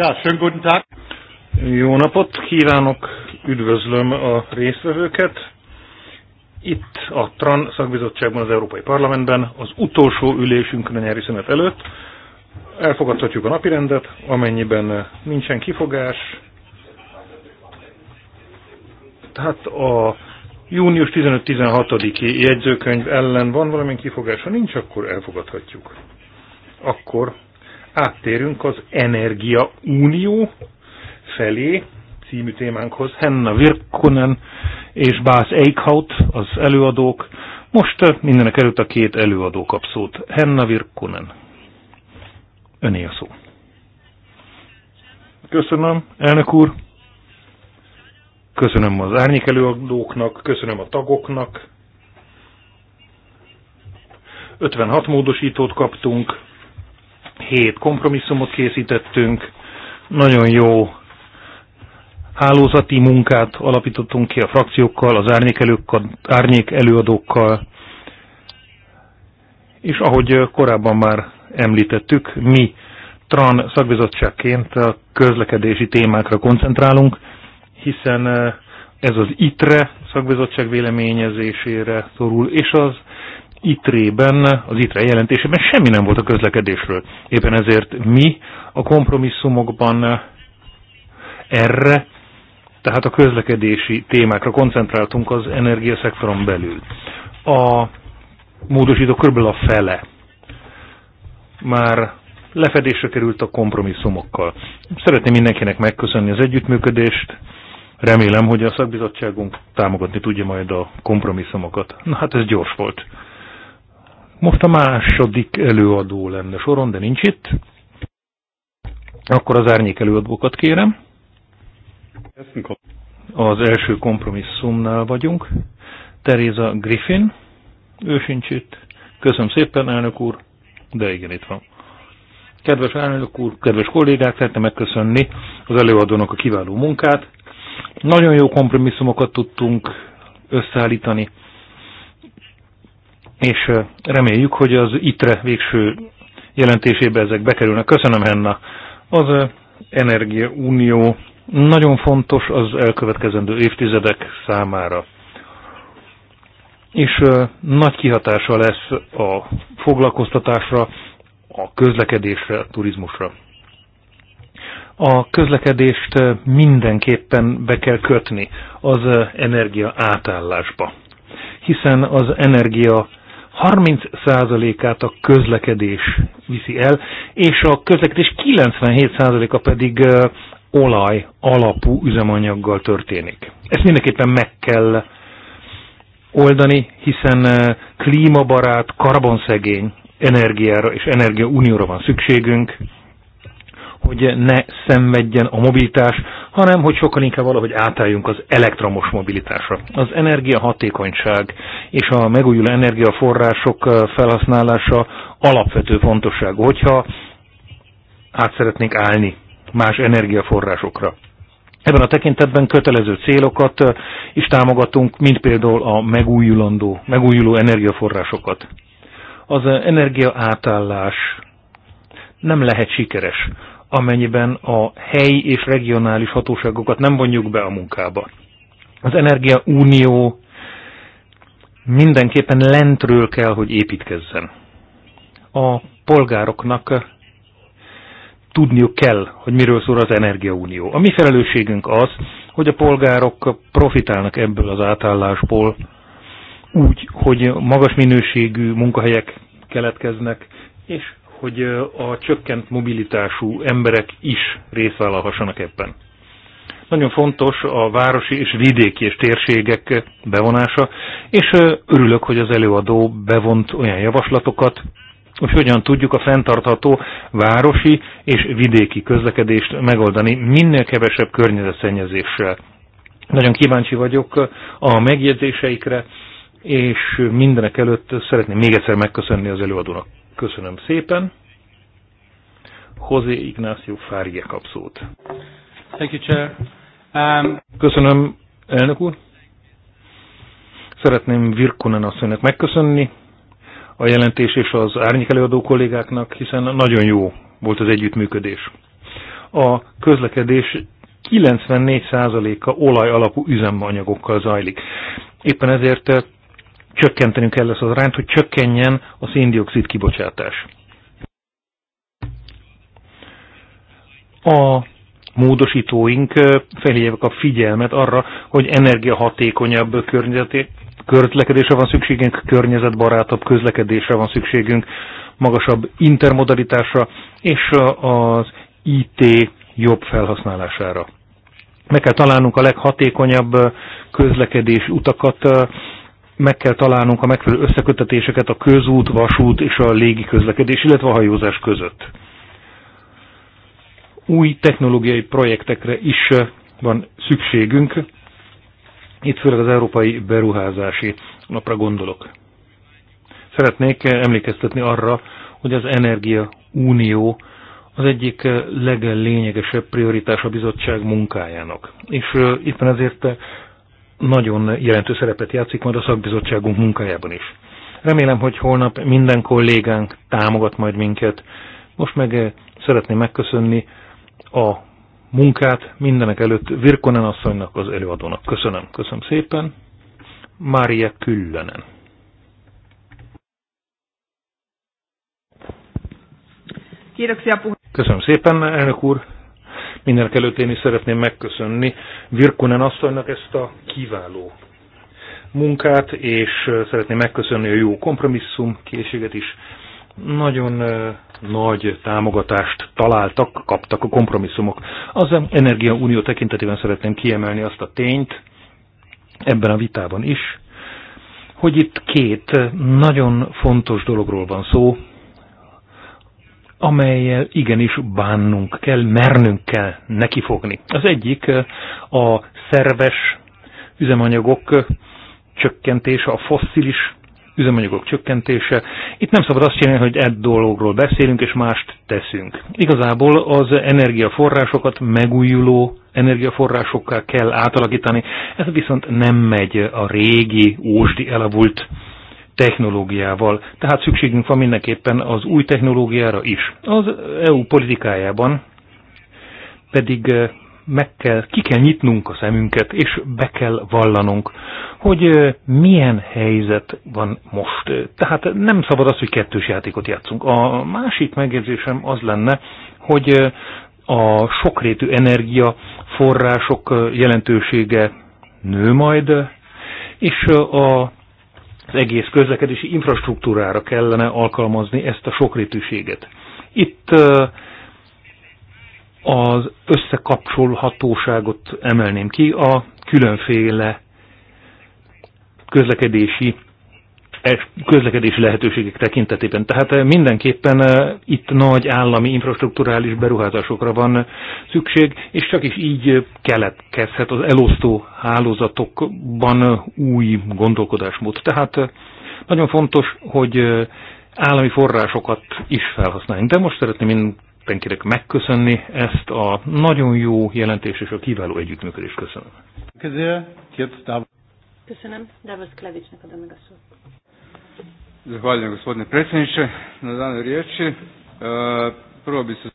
Ja, schönen guten Tag. Jó napot kívánok, üdvözlöm a résztvevőket. Itt a TRAN szakbizottságban az Európai Parlamentben az utolsó ülésünkön a nyári szünet előtt. Elfogadhatjuk a napirendet, amennyiben nincsen kifogás. Tehát a június 15-16-i jegyzőkönyv ellen van valamilyen ha nincs, akkor elfogadhatjuk. Akkor áttérünk az Energia Unió felé című témánkhoz. Henna Virkonen és Bász Eichhaut az előadók. Most eh, mindenek előtt a két előadó kap szót. Henna Virkonen. Öné a szó. Köszönöm, elnök úr. Köszönöm az árnyék előadóknak, köszönöm a tagoknak. 56 módosítót kaptunk, hét kompromisszumot készítettünk, nagyon jó hálózati munkát alapítottunk ki a frakciókkal, az árnyék előadókkal, és ahogy korábban már említettük, mi TRAN szakbizottságként a közlekedési témákra koncentrálunk, hiszen ez az ITRE szakbizottság véleményezésére szorul, és az ITRE-ben, az ITRE jelentésében semmi nem volt a közlekedésről. Éppen ezért mi a kompromisszumokban erre, tehát a közlekedési témákra koncentráltunk az energiaszektoron belül. A módosító körülbelül a fele már lefedésre került a kompromisszumokkal. Szeretném mindenkinek megköszönni az együttműködést, remélem, hogy a szakbizottságunk támogatni tudja majd a kompromisszumokat. Na hát ez gyors volt. Most a második előadó lenne soron, de nincs itt. Akkor az árnyék előadókat kérem. Az első kompromisszumnál vagyunk. Teresa Griffin, ő sincs itt. Köszönöm szépen, elnök úr, de igen, itt van. Kedves elnök úr, kedves kollégák, szeretném megköszönni az előadónak a kiváló munkát. Nagyon jó kompromisszumokat tudtunk összeállítani és reméljük, hogy az ITRE végső jelentésébe ezek bekerülnek. Köszönöm, Henna. Az Energia Unió nagyon fontos az elkövetkezendő évtizedek számára. És nagy kihatása lesz a foglalkoztatásra, a közlekedésre, a turizmusra. A közlekedést mindenképpen be kell kötni az energia átállásba, hiszen az energia 30%-át a közlekedés viszi el, és a közlekedés 97%-a pedig olaj alapú üzemanyaggal történik. Ezt mindenképpen meg kell oldani, hiszen klímabarát, karbonszegény energiára és energiaunióra van szükségünk, hogy ne szenvedjen a mobilitás, hanem hogy sokkal inkább valahogy átálljunk az elektromos mobilitásra. Az energiahatékonyság és a megújuló energiaforrások eh, felhasználása alapvető fontosság. hogyha át szeretnénk állni más energiaforrásokra. Ebben a tekintetben kötelező célokat eh, is támogatunk, mint például a megújulandó, megújuló energiaforrásokat. Az eh, energia átállás nem lehet sikeres, amennyiben a helyi és regionális hatóságokat nem vonjuk be a munkába. Az Energia Unió mindenképpen lentről kell, hogy építkezzen. A polgároknak tudniuk kell, hogy miről szól az Energiaunió. A mi felelősségünk az, hogy a polgárok profitálnak ebből az átállásból úgy, hogy magas minőségű munkahelyek keletkeznek, és hogy a csökkent mobilitású emberek is részvállalhassanak ebben. Nagyon fontos a városi és vidéki és térségek bevonása, és örülök, hogy az előadó bevont olyan javaslatokat, hogy hogyan tudjuk a fenntartható városi és vidéki közlekedést megoldani minél kevesebb környezetszennyezéssel. Nagyon kíváncsi vagyok a megjegyzéseikre, és mindenek előtt szeretném még egyszer megköszönni az előadónak. Köszönöm szépen. José Ignacio Fária kapszót. Thank you, Chair. Um... Köszönöm, elnök úr. Szeretném Virkunen asszonynak megköszönni a jelentés és az előadó kollégáknak, hiszen nagyon jó volt az együttműködés. A közlekedés 94%-a olaj alapú üzemanyagokkal zajlik. Éppen ezért csökkentenünk kell ezt az arányt, hogy csökkenjen a széndiokszid kibocsátás. A módosítóink felhívják a figyelmet arra, hogy energiahatékonyabb környezeti körtlekedésre van szükségünk, környezetbarátabb közlekedésre van szükségünk, magasabb intermodalitásra és az IT jobb felhasználására. Meg kell találnunk a leghatékonyabb közlekedés utakat, meg kell találnunk a megfelelő összekötetéseket a közút, vasút és a légi közlekedés, illetve a hajózás között. Új technológiai projektekre is eh, van szükségünk, itt főleg az európai beruházási napra gondolok. Szeretnék eh, emlékeztetni arra, hogy az Energia Unió az egyik eh, leglényegesebb prioritás a bizottság munkájának. És éppen ezért nagyon jelentős szerepet játszik majd a szakbizottságunk munkájában is. Remélem, hogy holnap minden kollégánk támogat majd minket. Most meg eh, szeretném megköszönni a munkát mindenek előtt Virkonen asszonynak, az előadónak. Köszönöm, köszönöm szépen. Mária Küllenen. Köszönöm szépen, elnök úr. Mindenek előtt én is szeretném megköszönni Virkunen asszonynak ezt a kiváló munkát, és szeretném megköszönni a jó kompromisszum készséget is. Nagyon nagy támogatást találtak, kaptak a kompromisszumok. Az Energia Unió tekintetében szeretném kiemelni azt a tényt, ebben a vitában is, hogy itt két nagyon fontos dologról van szó, amelyel igenis bánnunk kell, mernünk kell nekifogni. Az egyik a szerves üzemanyagok csökkentése, a fosszilis üzemanyagok csökkentése. Itt nem szabad azt csinálni, hogy egy dologról beszélünk, és mást teszünk. Igazából az energiaforrásokat megújuló energiaforrásokkal kell átalakítani. Ez viszont nem megy a régi, ósdi elavult technológiával. Tehát szükségünk van mindenképpen az új technológiára is. Az EU politikájában pedig eh, meg kell, ki kell nyitnunk a szemünket, és be kell vallanunk, hogy eh, milyen helyzet van most. Tehát nem szabad az, hogy kettős játékot játszunk. A másik megérzésem az lenne, hogy eh, a sokrétű energia források jelentősége nő majd, és a az egész közlekedési infrastruktúrára kellene alkalmazni ezt a sokrétűséget. Itt az összekapcsolhatóságot emelném ki a különféle közlekedési E, közlekedési lehetőségek tekintetében. Tehát e, mindenképpen e, itt nagy állami infrastruktúrális beruházásokra van szükség, és csak is így keletkezhet az elosztó hálózatokban új gondolkodásmód. Tehát nagyon fontos, hogy állami forrásokat is felhasználjunk. De most szeretném mindenkinek megköszönni ezt a nagyon jó jelentést és a kiváló együttműködést. Köszönöm. Köszönöm. Köszönöm. Davos Klevicsnek adom meg a szót. Zahvaljujem gospodine predsjedniče na danoj riječi. E, prvo bi se...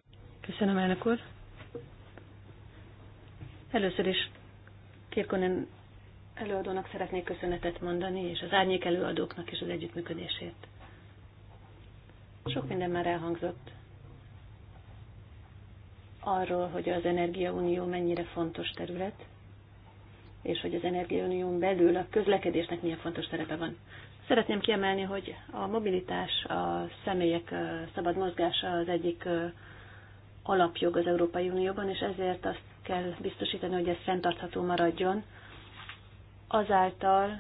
Köszönöm, elnök úr. Először is Kirkonen előadónak szeretnék köszönetet mondani, és az árnyék előadóknak is az együttműködését. Sok minden már elhangzott arról, hogy az Energiaunió mennyire fontos terület, és hogy az Energiaunión belül a közlekedésnek milyen fontos szerepe van. Szeretném kiemelni, hogy a mobilitás, a személyek szabad mozgása az egyik alapjog az Európai Unióban, és ezért azt kell biztosítani, hogy ez fenntartható maradjon, azáltal,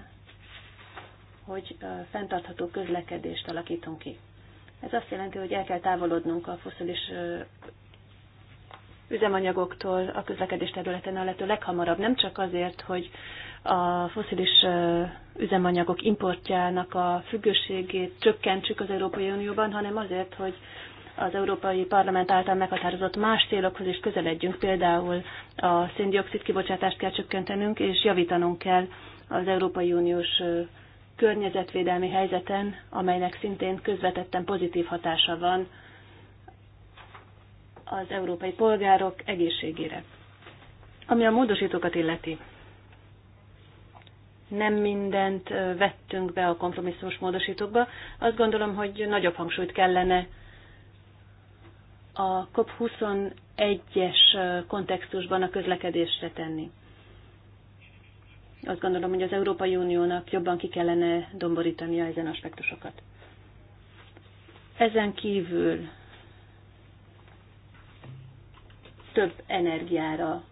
hogy fenntartható közlekedést alakítunk ki. Ez azt jelenti, hogy el kell távolodnunk a foszilis üzemanyagoktól a közlekedés területen a lehető leghamarabb, nem csak azért, hogy a foszilis üzemanyagok importjának a függőségét csökkentsük az Európai Unióban, hanem azért, hogy az Európai Parlament által meghatározott más célokhoz is közeledjünk, például a széndiokszid kibocsátást kell csökkentenünk, és javítanunk kell az Európai Uniós környezetvédelmi helyzeten, amelynek szintén közvetetten pozitív hatása van az európai polgárok egészségére. Ami a módosítókat illeti nem mindent vettünk be a kompromisszumos módosítókba. Azt gondolom, hogy nagyobb hangsúlyt kellene a COP21-es kontextusban a közlekedésre tenni. Azt gondolom, hogy az Európai Uniónak jobban ki kellene a ezen aspektusokat. Ezen kívül több energiára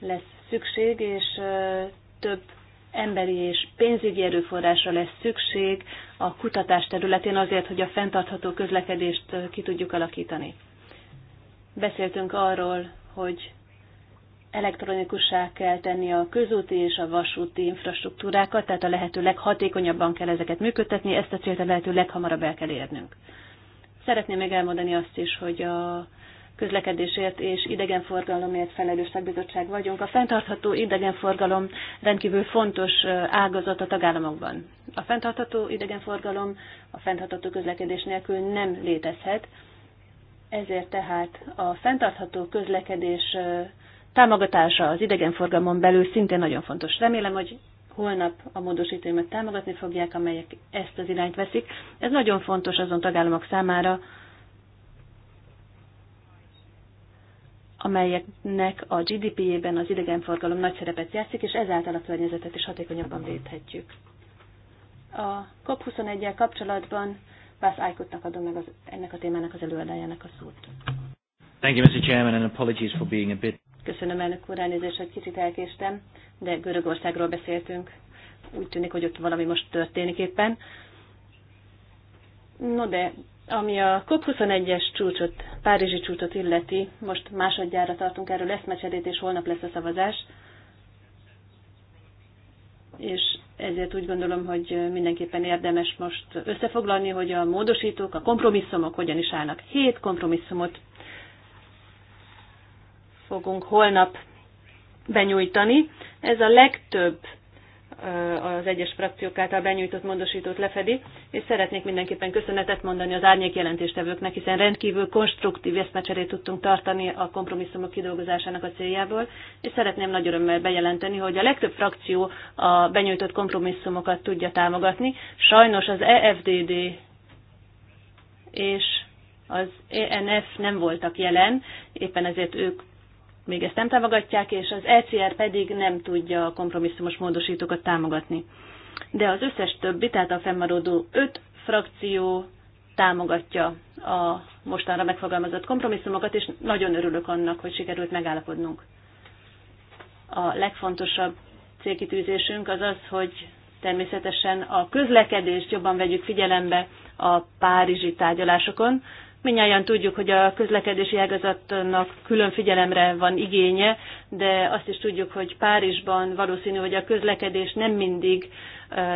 lesz szükség, és több emberi és pénzügyi erőforrásra lesz szükség a kutatás területén azért, hogy a fenntartható közlekedést ki tudjuk alakítani. Beszéltünk arról, hogy elektronikussá kell tenni a közúti és a vasúti infrastruktúrákat, tehát a lehető leghatékonyabban kell ezeket működtetni, ezt a célt a lehető leghamarabb el kell érnünk. Szeretném még elmondani azt is, hogy a közlekedésért és idegenforgalomért felelős szakbizottság vagyunk. A fenntartható idegenforgalom rendkívül fontos ágazat a tagállamokban. A fenntartható idegenforgalom a fenntartható közlekedés nélkül nem létezhet, ezért tehát a fenntartható közlekedés támogatása az idegenforgalmon belül szintén nagyon fontos. Remélem, hogy holnap a módosítóimat támogatni fogják, amelyek ezt az irányt veszik. Ez nagyon fontos azon tagállamok számára, amelyeknek a GDP-jében az idegenforgalom nagy szerepet játszik, és ezáltal a környezetet is hatékonyabban védhetjük. A COP21-el kapcsolatban Bász Ájkutnak adom meg az, ennek a témának az előadájának a szót. Thank you, Mr. Chairman, and apologies for being a bit... Köszönöm, elnök úr, elnézést, hogy kicsit elkéstem, de Görögországról beszéltünk. Úgy tűnik, hogy ott valami most történik éppen. No de, ami a COP21-es csúcsot, Párizsi csúcsot illeti, most másodjára tartunk erről eszmecserét, és holnap lesz a szavazás. És ezért úgy gondolom, hogy mindenképpen érdemes most összefoglalni, hogy a módosítók, a kompromisszumok hogyan is állnak. Hét kompromisszumot fogunk holnap benyújtani. Ez a legtöbb az egyes frakciók által benyújtott módosítót lefedi, és szeretnék mindenképpen köszönetet mondani az árnyék jelentéstevőknek, hiszen rendkívül konstruktív eszmecserét tudtunk tartani a kompromisszumok kidolgozásának a céljából, és szeretném nagy örömmel bejelenteni, hogy a legtöbb frakció a benyújtott kompromisszumokat tudja támogatni. Sajnos az EFDD és az ENF nem voltak jelen, éppen ezért ők még ezt nem támogatják, és az ECR pedig nem tudja a kompromisszumos módosítókat támogatni. De az összes többi, tehát a fennmaradó öt frakció támogatja a mostanra megfogalmazott kompromisszumokat, és nagyon örülök annak, hogy sikerült megállapodnunk. A legfontosabb célkitűzésünk az az, hogy természetesen a közlekedést jobban vegyük figyelembe a párizsi tárgyalásokon, Minnyáján tudjuk, hogy a közlekedési ágazatnak külön figyelemre van igénye, de azt is tudjuk, hogy Párizsban valószínű, hogy a közlekedés nem mindig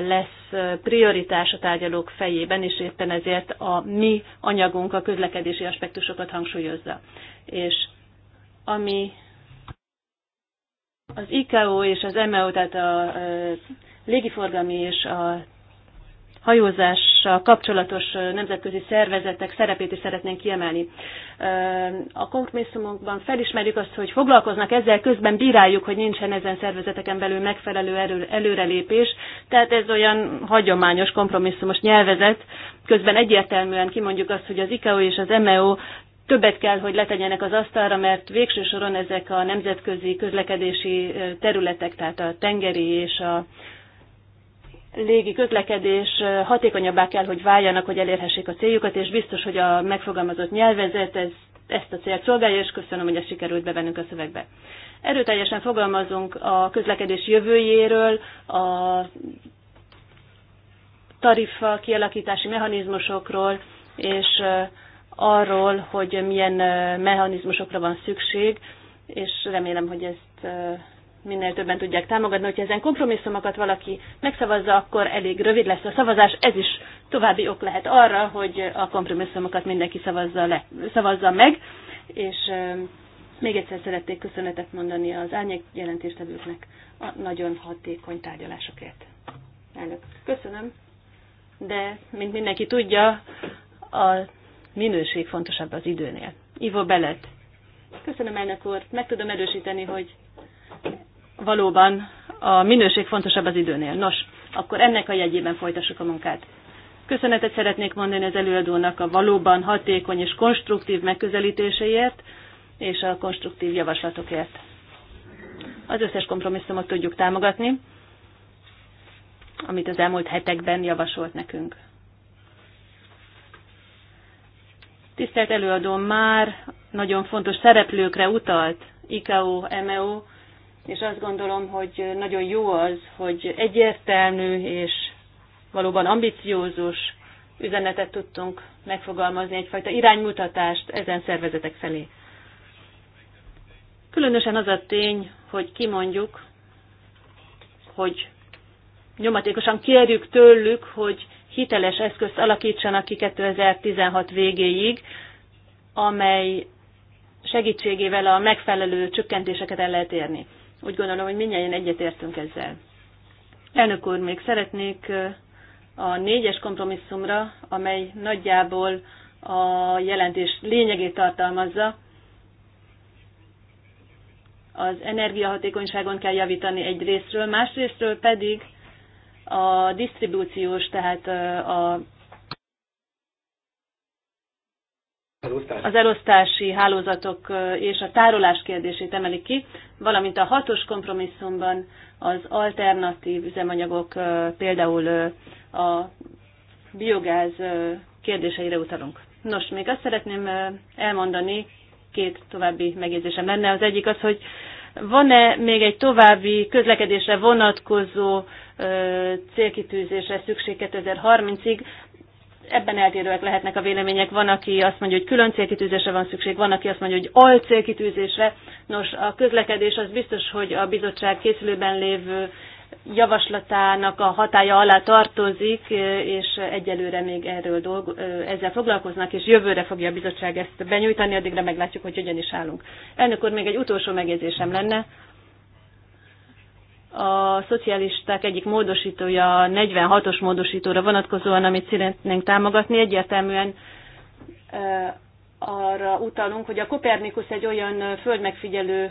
lesz prioritás a tárgyalók fejében, és éppen ezért a mi anyagunk a közlekedési aspektusokat hangsúlyozza. És ami az ICAO és az MEO, tehát a légiforgalmi és a hajózással kapcsolatos nemzetközi szervezetek szerepét is szeretnénk kiemelni. A kompromisszumokban felismerjük azt, hogy foglalkoznak ezzel, közben bíráljuk, hogy nincsen ezen szervezeteken belül megfelelő előrelépés, tehát ez olyan hagyományos kompromisszumos nyelvezet, közben egyértelműen kimondjuk azt, hogy az ICAO és az MEO többet kell, hogy letegyenek az asztalra, mert végső soron ezek a nemzetközi közlekedési területek, tehát a tengeri és a légi közlekedés hatékonyabbá kell, hogy váljanak, hogy elérhessék a céljukat, és biztos, hogy a megfogalmazott nyelvezet ez, ezt a célt szolgálja, és köszönöm, hogy ezt sikerült bevennünk a szövegbe. Erőteljesen fogalmazunk a közlekedés jövőjéről, a tarifa kialakítási mechanizmusokról, és arról, hogy milyen mechanizmusokra van szükség, és remélem, hogy ezt minél többen tudják támogatni. Hogyha ezen kompromisszumokat valaki megszavazza, akkor elég rövid lesz a szavazás. Ez is további ok lehet arra, hogy a kompromisszumokat mindenki szavazza, le, szavazza meg. És még egyszer szeretnék köszönetet mondani az árnyék jelentéstevőknek a nagyon hatékony tárgyalásokért. Elnök, köszönöm. De, mint mindenki tudja, a minőség fontosabb az időnél. Ivo Belet. Köszönöm, elnök úr. Meg tudom erősíteni, hogy valóban a minőség fontosabb az időnél. Nos, akkor ennek a jegyében folytassuk a munkát. Köszönetet szeretnék mondani az előadónak a valóban hatékony és konstruktív megközelítéseért és a konstruktív javaslatokért. Az összes kompromisszumot tudjuk támogatni, amit az elmúlt hetekben javasolt nekünk. Tisztelt előadó már nagyon fontos szereplőkre utalt, ICAO, MEO, és azt gondolom, hogy nagyon jó az, hogy egyértelmű és valóban ambiciózus üzenetet tudtunk megfogalmazni, egyfajta iránymutatást ezen szervezetek felé. Különösen az a tény, hogy kimondjuk, hogy nyomatékosan kérjük tőlük, hogy hiteles eszközt alakítsanak ki 2016 végéig, amely segítségével a megfelelő csökkentéseket el lehet érni. Úgy gondolom, hogy mindjárt egyetértünk ezzel. Elnök úr, még szeretnék a négyes kompromisszumra, amely nagyjából a jelentés lényegét tartalmazza, az energiahatékonyságon kell javítani egy részről, másrésztről pedig a disztribúciós, tehát a az elosztási hálózatok és a tárolás kérdését emelik ki, valamint a hatos kompromisszumban az alternatív üzemanyagok, például a biogáz kérdéseire utalunk. Nos, még azt szeretném elmondani, két további megjegyzésem lenne. Az egyik az, hogy van-e még egy további közlekedésre vonatkozó célkitűzésre szükség 2030-ig? ebben eltérőek lehetnek a vélemények. Van, aki azt mondja, hogy külön célkitűzésre van szükség, van, aki azt mondja, hogy al célkitűzésre. Nos, a közlekedés az biztos, hogy a bizottság készülőben lévő javaslatának a hatája alá tartozik, és egyelőre még erről dolgo, ezzel foglalkoznak, és jövőre fogja a bizottság ezt benyújtani, addigra meglátjuk, hogy hogyan is állunk. Elnök úr, még egy utolsó megjegyzésem lenne a szocialisták egyik módosítója, a 46-os módosítóra vonatkozóan, amit szeretnénk támogatni, egyértelműen arra utalunk, hogy a Kopernikus egy olyan földmegfigyelő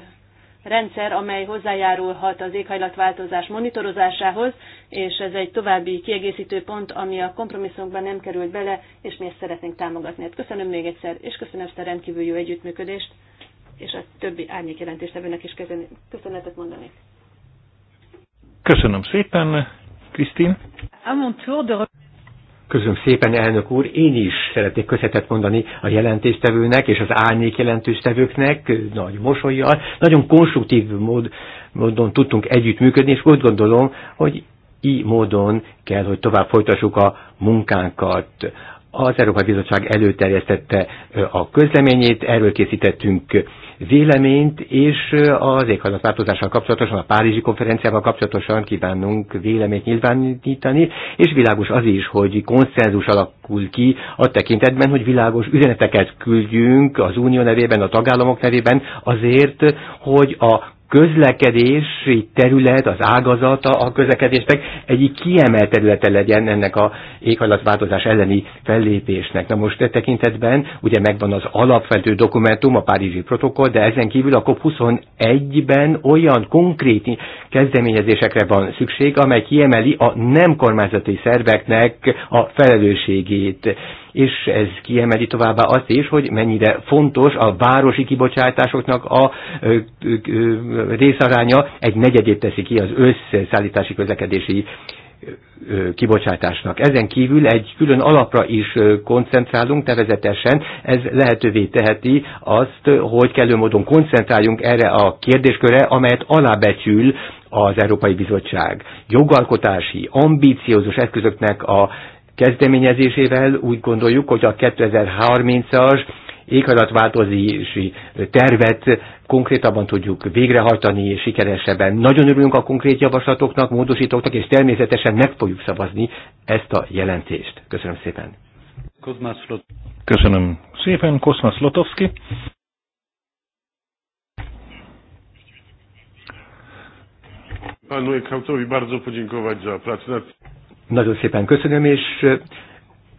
rendszer, amely hozzájárulhat az éghajlatváltozás monitorozásához, és ez egy további kiegészítő pont, ami a kompromisszunkban nem került bele, és mi ezt szeretnénk támogatni. Hát köszönöm még egyszer, és köszönöm ezt a rendkívül jó együttműködést, és a többi árnyék ebben is köszönetet mondanék. Köszönöm szépen, Krisztin. Köszönöm szépen, elnök úr. Én is szeretnék köszönetet mondani a jelentéstevőnek és az árnyék jelentéstevőknek nagy mosolyjal. Nagyon konstruktív mód, módon tudtunk együttműködni, és úgy gondolom, hogy így módon kell, hogy tovább folytassuk a munkánkat. Az Európai Bizottság előterjesztette a közleményét, erről készítettünk véleményt, és az éghajlatváltozással kapcsolatosan, a Párizsi konferenciával kapcsolatosan kívánunk véleményt nyilvánítani, és világos az is, hogy konszenzus alakul ki a tekintetben, hogy világos üzeneteket küldjünk az unió nevében, a tagállamok nevében azért, hogy a közlekedési terület, az ágazata a közlekedésnek egyik kiemelt területe legyen ennek a éghajlatváltozás elleni fellépésnek. Na most e tekintetben ugye megvan az alapvető dokumentum, a Párizsi protokoll, de ezen kívül a COP21-ben olyan konkrét kezdeményezésekre van szükség, amely kiemeli a nem kormányzati szerveknek a felelősségét és ez kiemeli továbbá azt is, hogy mennyire fontos a városi kibocsátásoknak a részaránya, egy negyedét teszi ki az összeszállítási közlekedési kibocsátásnak. Ezen kívül egy külön alapra is koncentrálunk nevezetesen, ez lehetővé teheti azt, hogy kellő módon koncentráljunk erre a kérdéskörre, amelyet alábecsül az Európai Bizottság. Jogalkotási, ambíciózus eszközöknek a kezdeményezésével úgy gondoljuk, hogy a 2030-as éghajlatváltozási tervet konkrétabban tudjuk végrehajtani és sikeresebben. Nagyon örülünk a konkrét javaslatoknak, módosítóknak, és természetesen meg fogjuk szavazni ezt a jelentést. Köszönöm szépen. Köszönöm szépen, Kosmas Lotovski. Panu Kautowi bardzo podziękować za pracę nad nagyon szépen köszönöm, és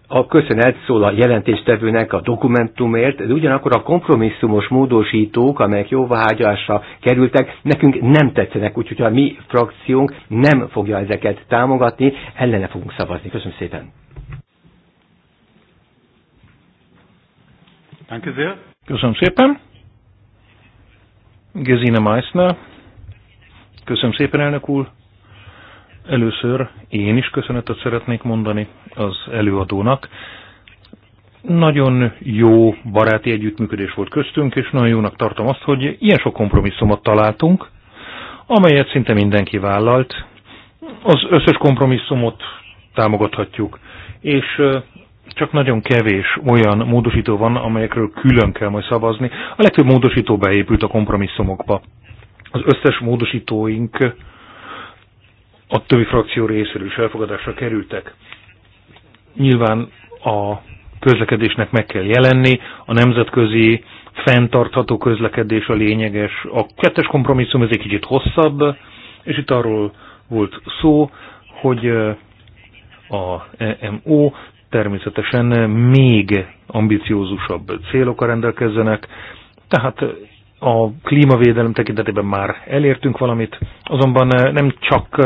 a köszönet szól a jelentéstevőnek a dokumentumért, de ugyanakkor a kompromisszumos módosítók, amelyek jóváhagyásra kerültek, nekünk nem tetszenek, úgyhogy a mi frakciónk nem fogja ezeket támogatni, ellene fogunk szavazni. Köszönöm szépen. Köszönöm szépen. Gesine Meissner. Köszönöm szépen, elnök úr. Először én is köszönetet szeretnék mondani az előadónak. Nagyon jó baráti együttműködés volt köztünk, és nagyon jónak tartom azt, hogy ilyen sok kompromisszumot találtunk, amelyet szinte mindenki vállalt. Az összes kompromisszumot támogathatjuk, és csak nagyon kevés olyan módosító van, amelyekről külön kell majd szavazni. A legtöbb módosító beépült a kompromisszumokba. Az összes módosítóink a többi frakció részéről is elfogadásra kerültek. Nyilván a közlekedésnek meg kell jelenni, a nemzetközi fenntartható közlekedés a lényeges. A kettes kompromisszum ez egy kicsit hosszabb, és itt arról volt szó, hogy a EMO természetesen még ambiciózusabb célokkal rendelkezzenek, tehát a klímavédelem tekintetében már elértünk valamit, azonban nem csak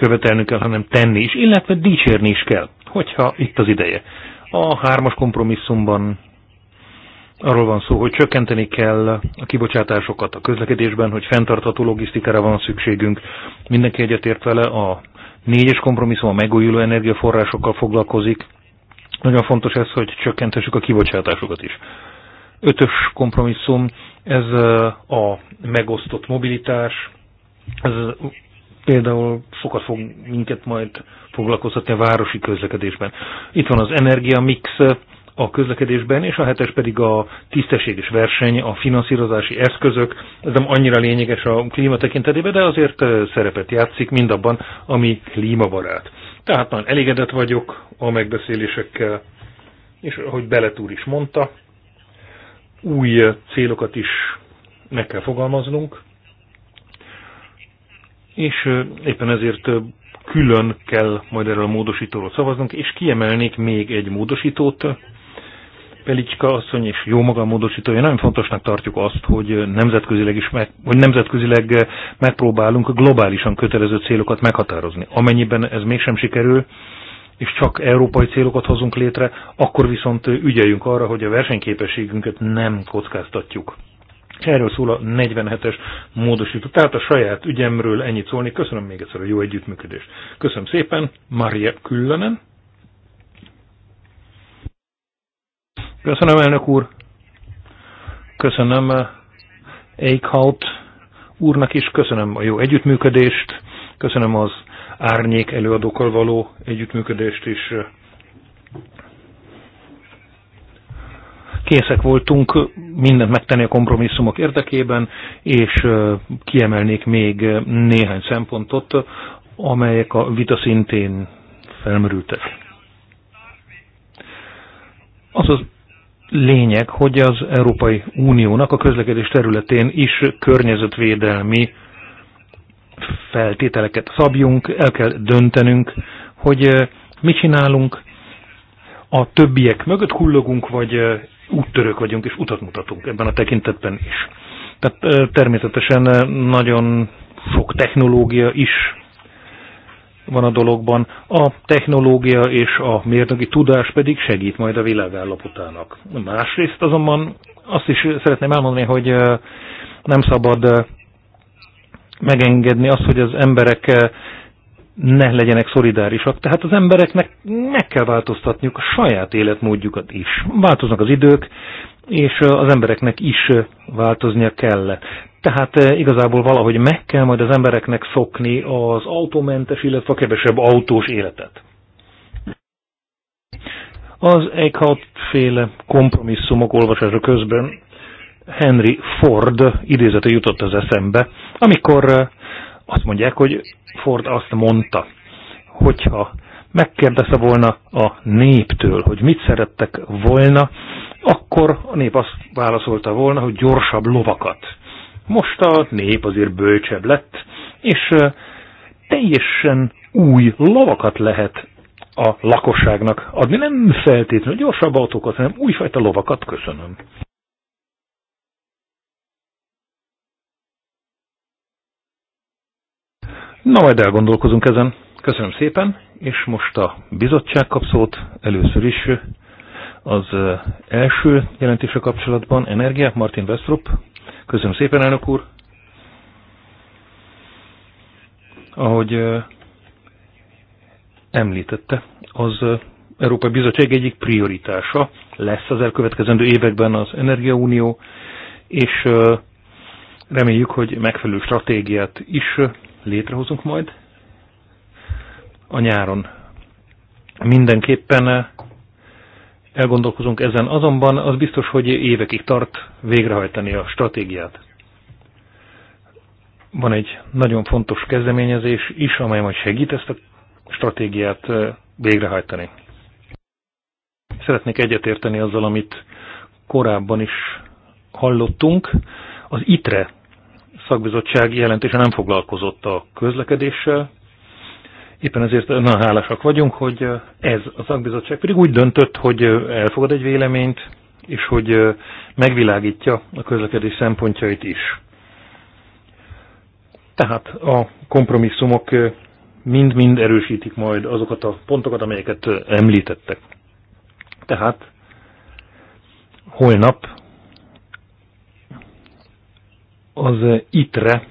követelnünk kell, hanem tenni is, illetve dicsérni is kell, hogyha itt az ideje. A hármas kompromisszumban arról van szó, hogy csökkenteni kell a kibocsátásokat a közlekedésben, hogy fenntartható logisztikára van szükségünk. Mindenki egyetért vele, a négyes kompromisszum a megújuló energiaforrásokkal foglalkozik. Nagyon fontos ez, hogy csökkentessük a kibocsátásokat is. Ötös kompromisszum, ez a megosztott mobilitás, ez például sokat fog minket majd foglalkoztatni a városi közlekedésben. Itt van az energia mix a közlekedésben, és a hetes pedig a tisztességes verseny, a finanszírozási eszközök. Ez nem annyira lényeges a klíma tekintetében, de azért szerepet játszik mindabban, ami klímabarát. Tehát már elégedett vagyok a megbeszélésekkel, és ahogy Beletúr is mondta, új célokat is meg kell fogalmaznunk, és éppen ezért külön kell majd erről a módosítóról szavaznunk, és kiemelnék még egy módosítót. Pelicska asszony és jó maga módosítója, nagyon fontosnak tartjuk azt, hogy nemzetközileg, is meg, hogy nemzetközileg megpróbálunk globálisan kötelező célokat meghatározni. Amennyiben ez mégsem sikerül, és csak európai célokat hozunk létre, akkor viszont ügyeljünk arra, hogy a versenyképességünket nem kockáztatjuk. Erről szól a 47-es módosító. Tehát a saját ügyemről ennyit szólni. Köszönöm még egyszer a jó együttműködést. Köszönöm szépen, Maria küllenen. Köszönöm, elnök úr. Köszönöm eh, Eichhout úrnak is, köszönöm a jó együttműködést, köszönöm az árnyék előadókkal való együttműködést is. készek voltunk mindent megtenni a kompromisszumok érdekében, és kiemelnék még néhány szempontot, amelyek a vita szintén felmerültek. Az az lényeg, hogy az Európai Uniónak a közlekedés területén is környezetvédelmi feltételeket szabjunk, el kell döntenünk, hogy mit csinálunk, a többiek mögött hullogunk, vagy úttörők vagyunk, és utat mutatunk ebben a tekintetben is. Tehát természetesen nagyon sok technológia is van a dologban. A technológia és a mérnöki tudás pedig segít majd a világállapotának. Másrészt azonban azt is szeretném elmondani, hogy nem szabad megengedni azt, hogy az emberek ne legyenek szolidárisak. Tehát az embereknek meg kell változtatniuk a saját életmódjukat is. Változnak az idők, és az embereknek is változnia kell. Tehát igazából valahogy meg kell majd az embereknek szokni az autómentes, illetve a kevesebb autós életet. Az Eichhardt féle kompromisszumok olvasása közben Henry Ford idézete jutott az eszembe, amikor azt mondják, hogy Ford azt mondta, hogyha megkérdezte volna a néptől, hogy mit szerettek volna, akkor a nép azt válaszolta volna, hogy gyorsabb lovakat. Most a nép azért bölcsebb lett, és teljesen új lovakat lehet a lakosságnak adni, nem feltétlenül gyorsabb autókat, hanem újfajta lovakat. Köszönöm. Na majd elgondolkozunk ezen. Köszönöm szépen, és most a bizottság kap szót, először is az első jelentése kapcsolatban, energia, Martin Westrup. Köszönöm szépen, elnök úr. Ahogy említette, az Európai Bizottság egyik prioritása lesz az elkövetkezendő években az Energiaunió, és reméljük, hogy megfelelő stratégiát is létrehozunk majd a nyáron. Mindenképpen elgondolkozunk ezen, azonban az biztos, hogy évekig tart végrehajtani a stratégiát. Van egy nagyon fontos kezdeményezés is, amely majd segít ezt a stratégiát végrehajtani. Szeretnék egyetérteni azzal, amit korábban is hallottunk. Az ITRE szakbizottsági jelentése nem foglalkozott a közlekedéssel, Éppen ezért nagyon hálásak vagyunk, hogy ez a szakbizottság pedig úgy döntött, hogy elfogad egy véleményt, és hogy megvilágítja a közlekedés szempontjait is. Tehát a kompromisszumok mind-mind erősítik majd azokat a pontokat, amelyeket említettek. Tehát holnap az eh, ITRE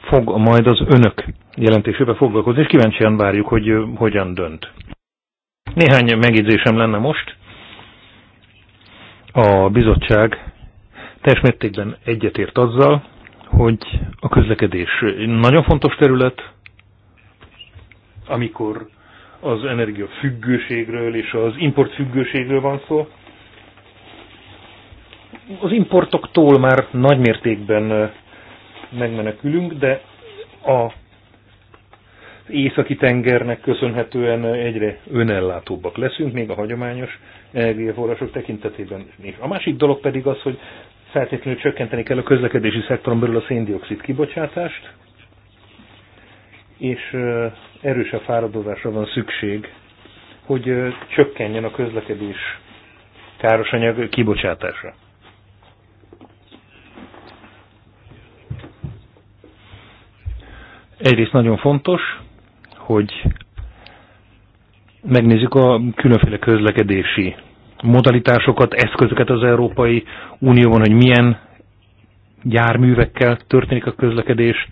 fog majd az önök jelentésébe foglalkozni, és kíváncsian várjuk, hogy eh, hogyan dönt. Néhány megjegyzésem lenne most. A bizottság testmértékben egyetért azzal, hogy a közlekedés nagyon fontos terület, amikor az energiafüggőségről és az importfüggőségről van szó, az importoktól már nagymértékben megmenekülünk, de a északi tengernek köszönhetően egyre önellátóbbak leszünk, még a hagyományos energiaforrások tekintetében is. A másik dolog pedig az, hogy feltétlenül csökkenteni kell a közlekedési szektoron belül a széndiokszid kibocsátást, és erősebb fáradozásra van szükség, hogy csökkenjen a közlekedés károsanyag kibocsátása. egyrészt nagyon fontos, hogy megnézzük a különféle közlekedési modalitásokat, eszközöket az Európai Unióban, hogy milyen járművekkel történik a közlekedés.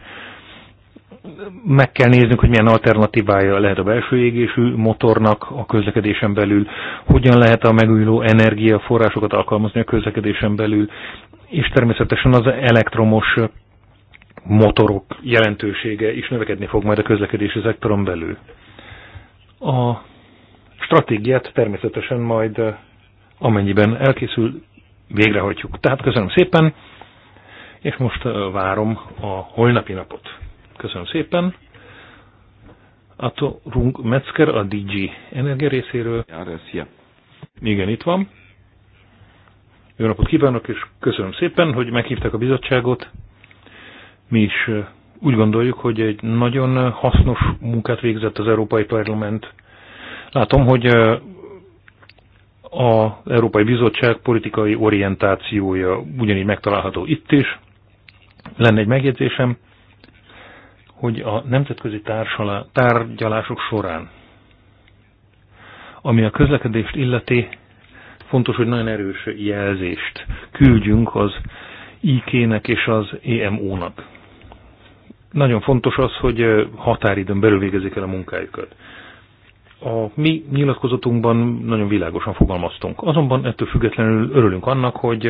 Meg kell néznünk, hogy milyen alternatívája lehet a belső égésű motornak a közlekedésen belül, hogyan lehet a megújuló energiaforrásokat alkalmazni a közlekedésen belül, és természetesen az elektromos motorok jelentősége is növekedni fog majd a közlekedési szektoron belül. A stratégiát természetesen majd eh, amennyiben elkészül, végrehajtjuk. Tehát köszönöm szépen, és most eh, várom a holnapi napot. Köszönöm szépen. Ato Rung Metzger a DG Energia részéről. Igen, itt van. Jó napot kívánok, és köszönöm szépen, hogy meghívtak a bizottságot. Mi is úgy gondoljuk, hogy egy nagyon hasznos munkát végzett az Európai Parlament. Látom, hogy az Európai Bizottság politikai orientációja ugyanígy megtalálható itt is. Lenne egy megjegyzésem, hogy a nemzetközi tárgyalások során, ami a közlekedést illeti, fontos, hogy nagyon erős jelzést küldjünk az IK-nek és az EMO-nak nagyon fontos az, hogy határidőn belül végezik el a munkájukat. A mi nyilatkozatunkban nagyon világosan fogalmaztunk. Azonban ettől függetlenül örülünk annak, hogy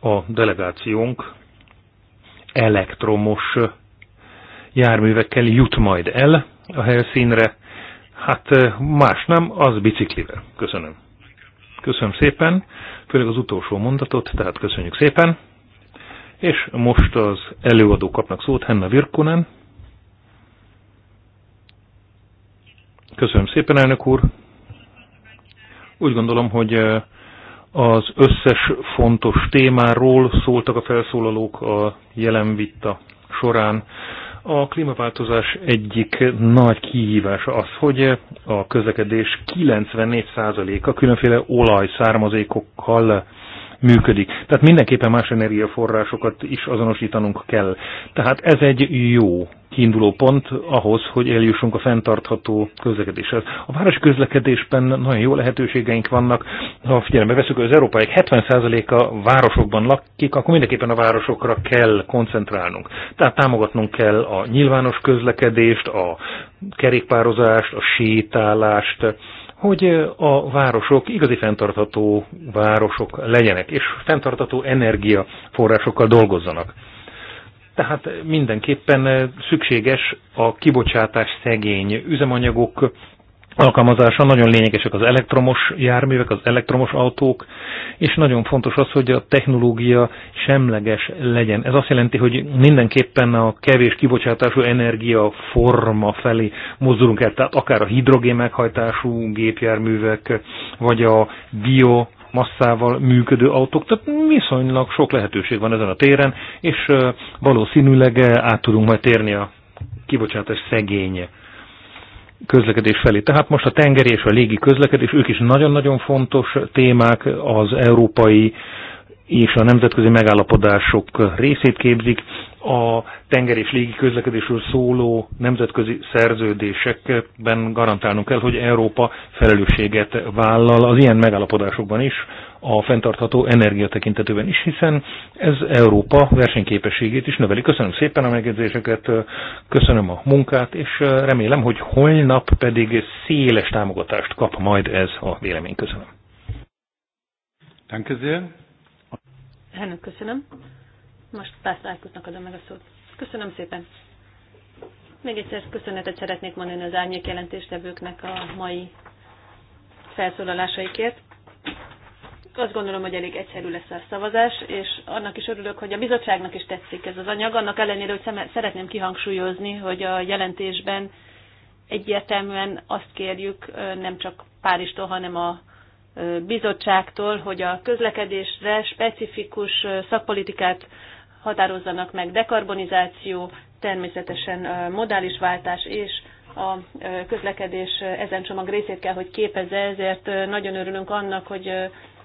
a delegációnk elektromos járművekkel jut majd el a helyszínre. Hát más nem, az biciklivel. Köszönöm. Köszönöm szépen, főleg az utolsó mondatot, tehát köszönjük szépen. És most az előadó kapnak szót, Henna Virkonen. Köszönöm szépen, elnök úr. Úgy gondolom, hogy eh, az összes fontos témáról szóltak a felszólalók a jelen vita során. A klímaváltozás egyik nagy kihívása az, hogy eh, a közlekedés 94%-a különféle olajszármazékokkal működik. Tehát mindenképpen más energiaforrásokat is azonosítanunk kell. Tehát ez egy jó kiinduló pont ahhoz, hogy eljussunk a fenntartható közlekedéshez. A város közlekedésben nagyon jó lehetőségeink vannak. Ha figyelembe veszük, hogy az európai 70%-a városokban lakik, akkor mindenképpen a városokra kell koncentrálnunk. Tehát támogatnunk kell a nyilvános közlekedést, a kerékpározást, a sétálást, hogy a városok igazi fenntartható városok legyenek, és fenntartható energiaforrásokkal dolgozzanak. Tehát mindenképpen szükséges a kibocsátás szegény üzemanyagok alkalmazása. Nagyon lényegesek az elektromos járművek, az elektromos autók, és nagyon fontos az, hogy a technológia semleges legyen. Ez azt jelenti, hogy mindenképpen a kevés kibocsátású energia forma felé mozdulunk el, tehát akár a hidrogén meghajtású gépjárművek, vagy a bio masszával működő autók, tehát viszonylag sok lehetőség van ezen a téren, és valószínűleg át tudunk majd térni a kibocsátás szegénye közlekedés felé. Tehát most a tenger és a légi közlekedés, ők is nagyon-nagyon fontos témák, az európai és a nemzetközi megállapodások részét képzik, a tenger és légi közlekedésről szóló nemzetközi szerződésekben garantálnunk kell, hogy Európa felelősséget vállal az ilyen megállapodásokban is, a fenntartható energia tekintetében is, hiszen ez Európa versenyképességét is növeli. Köszönöm szépen a megjegyzéseket, köszönöm a munkát, és remélem, hogy holnap pedig széles támogatást kap majd ez a vélemény. Köszönöm. Danke köszönöm. Most Pász Árkutnak adom meg a szót. Köszönöm szépen. Még egyszer köszönetet szeretnék mondani az árnyék jelentéstevőknek a mai felszólalásaikért. Azt gondolom, hogy elég egyszerű lesz a szavazás, és annak is örülök, hogy a bizottságnak is tetszik ez az anyag, annak ellenére, hogy szeretném kihangsúlyozni, hogy a jelentésben egyértelműen azt kérjük nem csak Párizstól, hanem a bizottságtól, hogy a közlekedésre specifikus szakpolitikát határozzanak meg dekarbonizáció, természetesen modális váltás és a közlekedés ezen csomag részét kell, hogy képezze, ezért nagyon örülünk annak, hogy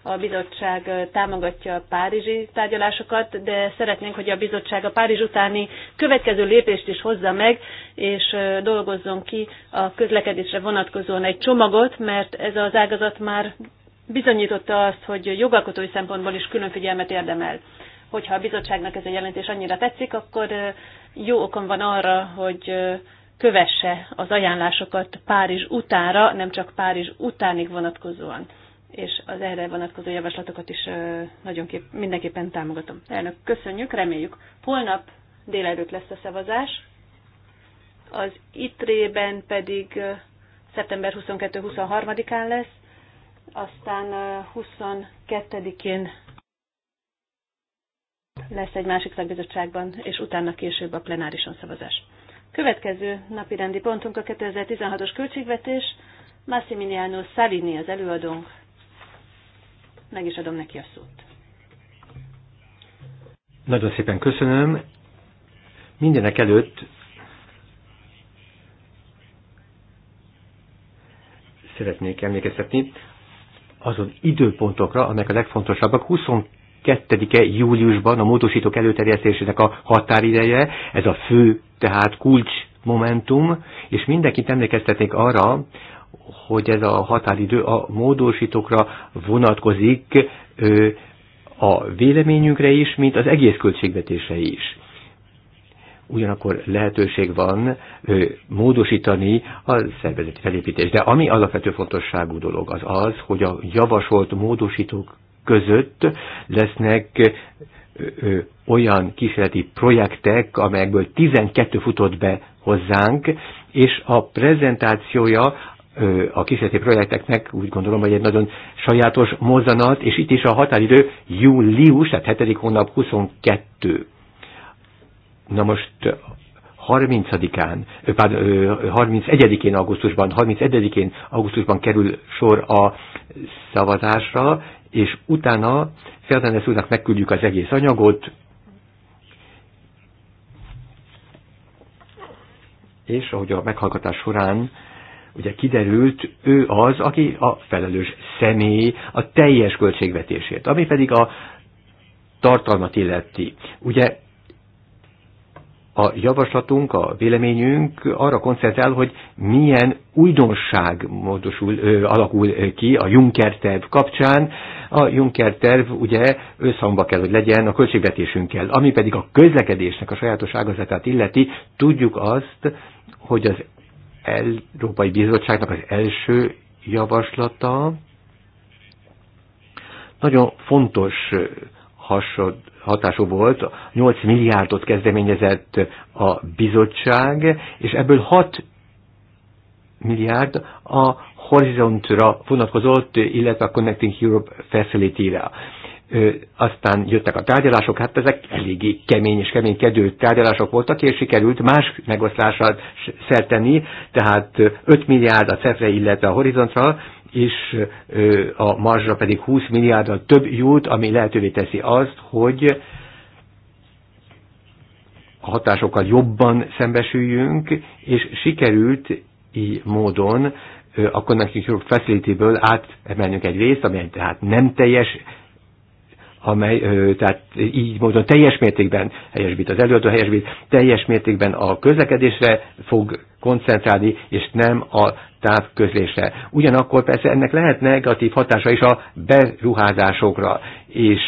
a bizottság támogatja a párizsi tárgyalásokat, de szeretnénk, hogy a bizottság a Párizs utáni következő lépést is hozza meg, és dolgozzon ki a közlekedésre vonatkozóan egy csomagot, mert ez az ágazat már bizonyította azt, hogy jogalkotói szempontból is külön figyelmet érdemel hogyha a bizottságnak ez a jelentés annyira tetszik, akkor jó okom van arra, hogy kövesse az ajánlásokat Párizs utára, nem csak Párizs utánig vonatkozóan. És az erre vonatkozó javaslatokat is nagyon kép, mindenképpen támogatom. Elnök, köszönjük, reméljük. Holnap délelőtt lesz a szavazás, az ITRE-ben pedig szeptember 22-23-án lesz, aztán 22-én lesz egy másik szakbizottságban, és utána később a plenárison szavazás. Következő napi rendi pontunk a 2016-os költségvetés. Massimiliano Salini az előadónk. Meg is adom neki a szót. Nagyon szépen köszönöm. Mindenek előtt szeretnék emlékeztetni azon időpontokra, amelyek a legfontosabbak. 22 2-e júliusban a módosítók előterjesztésének a határideje, ez a fő, tehát kulcs momentum, és mindenkit emlékeztetnék arra, hogy ez a határidő a módosítókra vonatkozik a véleményünkre is, mint az egész költségvetése is ugyanakkor lehetőség van ö, módosítani a szervezeti felépítést. De ami alapvető fontosságú dolog az az, hogy a javasolt módosítók között lesznek olyan kísérleti projektek, amelyekből 12 futott be hozzánk, és a prezentációja a kísérleti projekteknek úgy gondolom, hogy egy nagyon sajátos mozanat, és itt is a határidő július, tehát 7. hónap 22. Na most 30-án, pár, 31-én augusztusban, 31-én augusztusban kerül sor a szavazásra, és utána Fernández úrnak megküldjük az egész anyagot, és ahogy a meghallgatás során ugye kiderült, ő az, aki a felelős személy a teljes költségvetésért, ami pedig a tartalmat illeti. Ugye a javaslatunk, a véleményünk arra koncentrál, hogy milyen újdonság módosul, ö, alakul ki a Juncker terv kapcsán. A Juncker terv ugye összhangba kell, hogy legyen a költségvetésünkkel. Ami pedig a közlekedésnek a sajátos ágazatát illeti, tudjuk azt, hogy az Európai Bizottságnak az első javaslata nagyon fontos hasad hatású volt, 8 milliárdot kezdeményezett a bizottság, és ebből 6 milliárd a horizontra vonatkozott, illetve a Connecting Europe Facility-re aztán jöttek a tárgyalások, hát ezek eléggé kemény és keménykedő tárgyalások voltak, és sikerült más megoszlással szerteni, tehát 5 milliárd a CEF-re, illetve a Horizontra, és a marzsra pedig 20 milliárdal több jut, ami lehetővé teszi azt, hogy a hatásokkal jobban szembesüljünk, és sikerült így módon a Connecting Europe Facility-ből átemelnünk egy részt, amely tehát nem teljes, amely tehát így módon teljes mértékben helyesbít az előadó, helyesbít, teljes mértékben a közlekedésre fog koncentrálni, és nem a közlésre. Ugyanakkor persze ennek lehet negatív hatása is a beruházásokra, és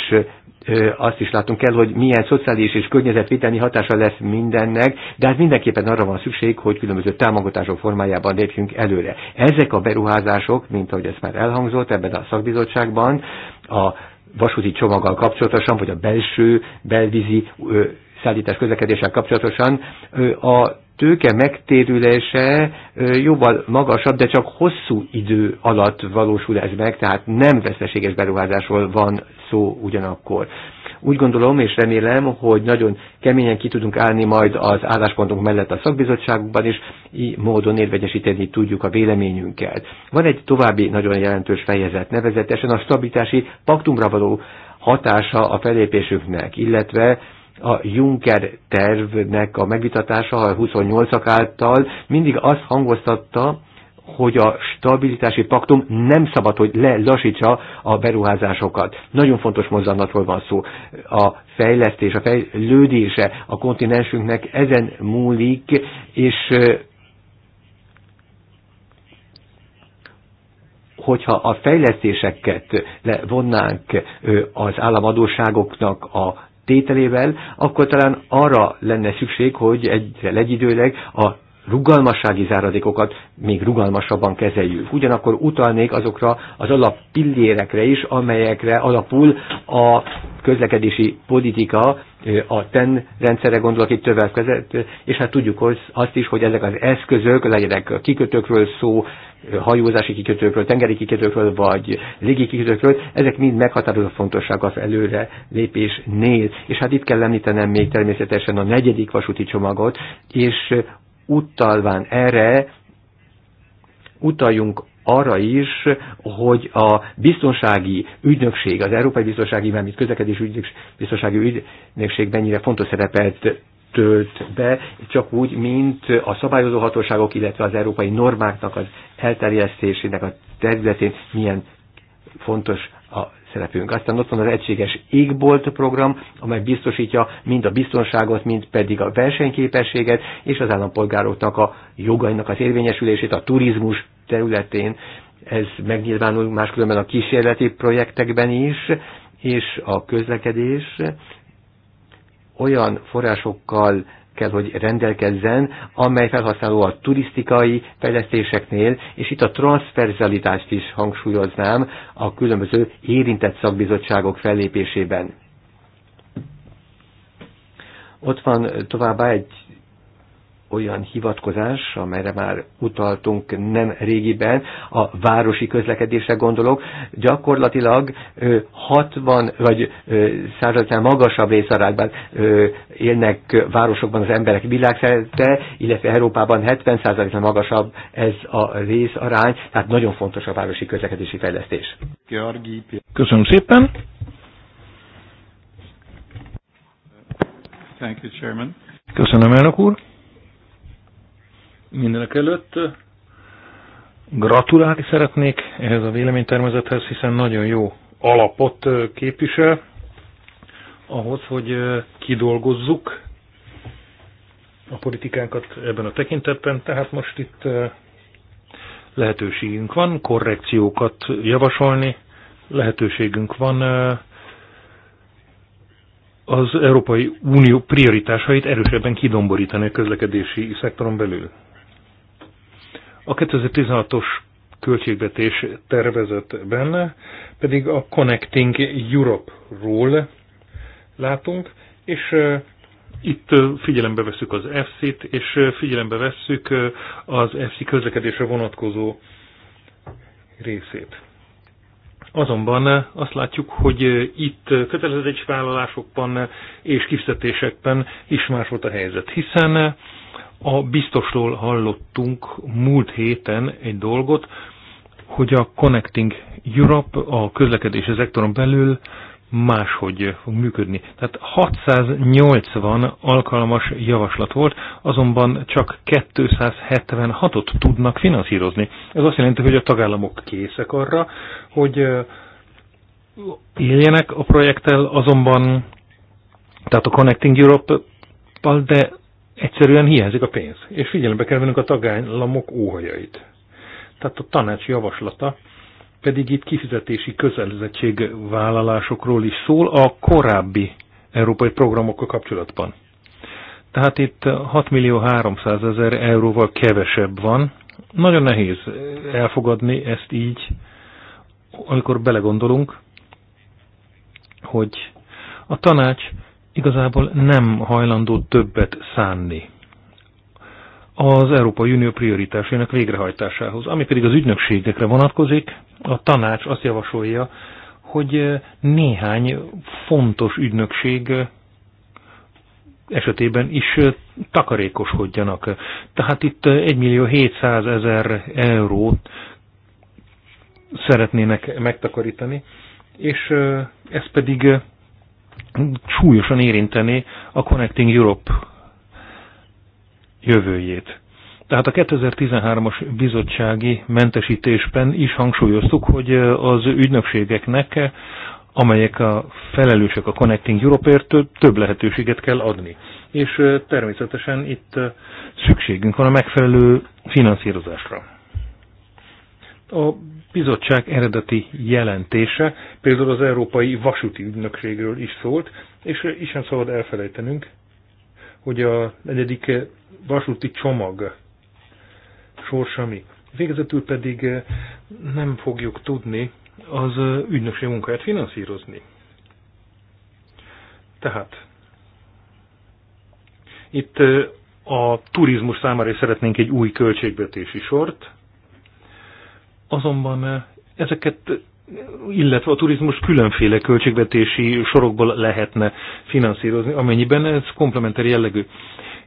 azt is látunk kell, hogy milyen szociális és környezetvédelmi hatása lesz mindennek, de hát mindenképpen arra van szükség, hogy különböző támogatások formájában lépjünk előre. Ezek a beruházások, mint ahogy ez már elhangzott ebben a szakbizottságban, a vasúti csomaggal kapcsolatosan, vagy a belső, belvízi szállítás közlekedéssel kapcsolatosan a tőke megtérülése jóval magasabb, de csak hosszú idő alatt valósul ez meg, tehát nem veszteséges beruházásról van szó ugyanakkor. Úgy gondolom és remélem, hogy nagyon keményen ki tudunk állni majd az álláspontunk mellett a szakbizottságban, is így módon érvegyesíteni tudjuk a véleményünket. Van egy további nagyon jelentős fejezet, nevezetesen a stabilitási paktumra való hatása a felépésünknek, illetve a Juncker tervnek a megvitatása a 28-ak által mindig azt hangoztatta, hogy a stabilitási paktum nem szabad, hogy lelassítsa a beruházásokat. Nagyon fontos mozzanatról van szó. A fejlesztés, a fejlődése a kontinensünknek ezen múlik, és hogyha a fejlesztéseket levonnánk az államadóságoknak a tételével, akkor talán arra lenne szükség, hogy egyre legyidőleg a rugalmassági záradékokat még rugalmasabban kezeljük. Ugyanakkor utalnék azokra az alappillérekre is, amelyekre alapul a közlekedési politika, a TEN rendszerre gondolok itt többek között, és hát tudjuk azt is, hogy ezek az eszközök, legyenek kikötőkről szó, hajózási kikötőkről, tengeri kikötőkről, vagy légi kikötőkről, ezek mind meghatározó fontosság az előre lépésnél. És hát itt kell említenem még természetesen a negyedik vasúti csomagot, és utalván erre utaljunk arra is, hogy a biztonsági ügynökség, az Európai Biztonsági, mármint közlekedés ügynökség, biztonsági ügynökség mennyire fontos szerepet tölt be, csak úgy, mint a szabályozó hatóságok, illetve az európai normáknak az elterjesztésének a területén milyen fontos a szerepünk. Aztán ott van az egységes égbolt program, amely biztosítja mind a biztonságot, mind pedig a versenyképességet, és az állampolgároknak a jogainak az érvényesülését a turizmus területén. Ez megnyilvánul máskülönben a kísérleti projektekben is, és a közlekedés olyan forrásokkal kell, hogy rendelkezzen, amely felhasználó a turisztikai fejlesztéseknél, és itt a transferzalitást is hangsúlyoznám a különböző érintett szakbizottságok fellépésében. Ott van továbbá egy olyan hivatkozás, amelyre már utaltunk nem régiben, a városi közlekedésre gondolok, gyakorlatilag 60 vagy százaléknál magasabb részarányban élnek városokban az emberek világszerte, illetve Európában 70 százaléknál magasabb ez a részarány, tehát nagyon fontos a városi közlekedési fejlesztés. Köszönöm szépen! Thank you, Chairman. Köszönöm, elnök úr! Mindenek előtt gratulálni szeretnék ehhez a véleménytermezethez, hiszen nagyon jó alapot képvisel ahhoz, hogy kidolgozzuk a politikánkat ebben a tekintetben, tehát most itt lehetőségünk van korrekciókat javasolni, lehetőségünk van az Európai Unió prioritásait erősebben kidomborítani a közlekedési szektoron belül. A 2016-os költségvetés tervezetben pedig a Connecting Europe-ról látunk, és itt figyelembe veszük az efsi t és figyelembe vesszük az EFSI közlekedésre vonatkozó részét. Azonban azt látjuk, hogy itt kötelezettségvállalásokban és kifizetésekben is más volt a helyzet, hiszen a biztosról hallottunk múlt héten egy dolgot, hogy a Connecting Europe a közlekedési szektoron belül máshogy fog működni. Tehát 680 alkalmas javaslat volt, azonban csak 276-ot tudnak finanszírozni. Ez azt jelenti, hogy a tagállamok készek arra, hogy éljenek a projekttel, azonban tehát a Connecting Europe-pal, de egyszerűen hiányzik a pénz, és figyelembe kell vennünk a tagállamok óhajait. Tehát a tanács javaslata pedig itt kifizetési vállalásokról is szól a korábbi európai programokkal kapcsolatban. Tehát itt 6 millió 300 ezer euróval kevesebb van. Nagyon nehéz elfogadni ezt így, amikor belegondolunk, hogy a tanács igazából nem hajlandó többet szánni az Európai Unió prioritásainak végrehajtásához. Ami pedig az ügynökségekre vonatkozik, a tanács azt javasolja, hogy eh, néhány fontos ügynökség eh, esetében is eh, takarékoskodjanak. Tehát itt 1 millió 700 ezer eurót szeretnének megtakarítani, és ez pedig súlyosan érinteni a Connecting Europe jövőjét. Tehát a 2013-as bizottsági mentesítésben is hangsúlyoztuk, hogy az ügynökségeknek, amelyek a felelősek a Connecting Europe-ért, több lehetőséget kell adni. És természetesen itt szükségünk van a megfelelő finanszírozásra. A bizottság eredeti jelentése például az Európai Vasúti Ügynökségről is szólt, és is sem szabad elfelejtenünk, hogy a negyedik vasúti csomag sorsa mi. Végezetül pedig nem fogjuk tudni az ügynökség munkáját finanszírozni. Tehát itt a turizmus számára is szeretnénk egy új költségvetési sort, Azonban eh, ezeket, eh, illetve a turizmus különféle költségvetési sorokból lehetne finanszírozni, amennyiben ez komplementer jellegű.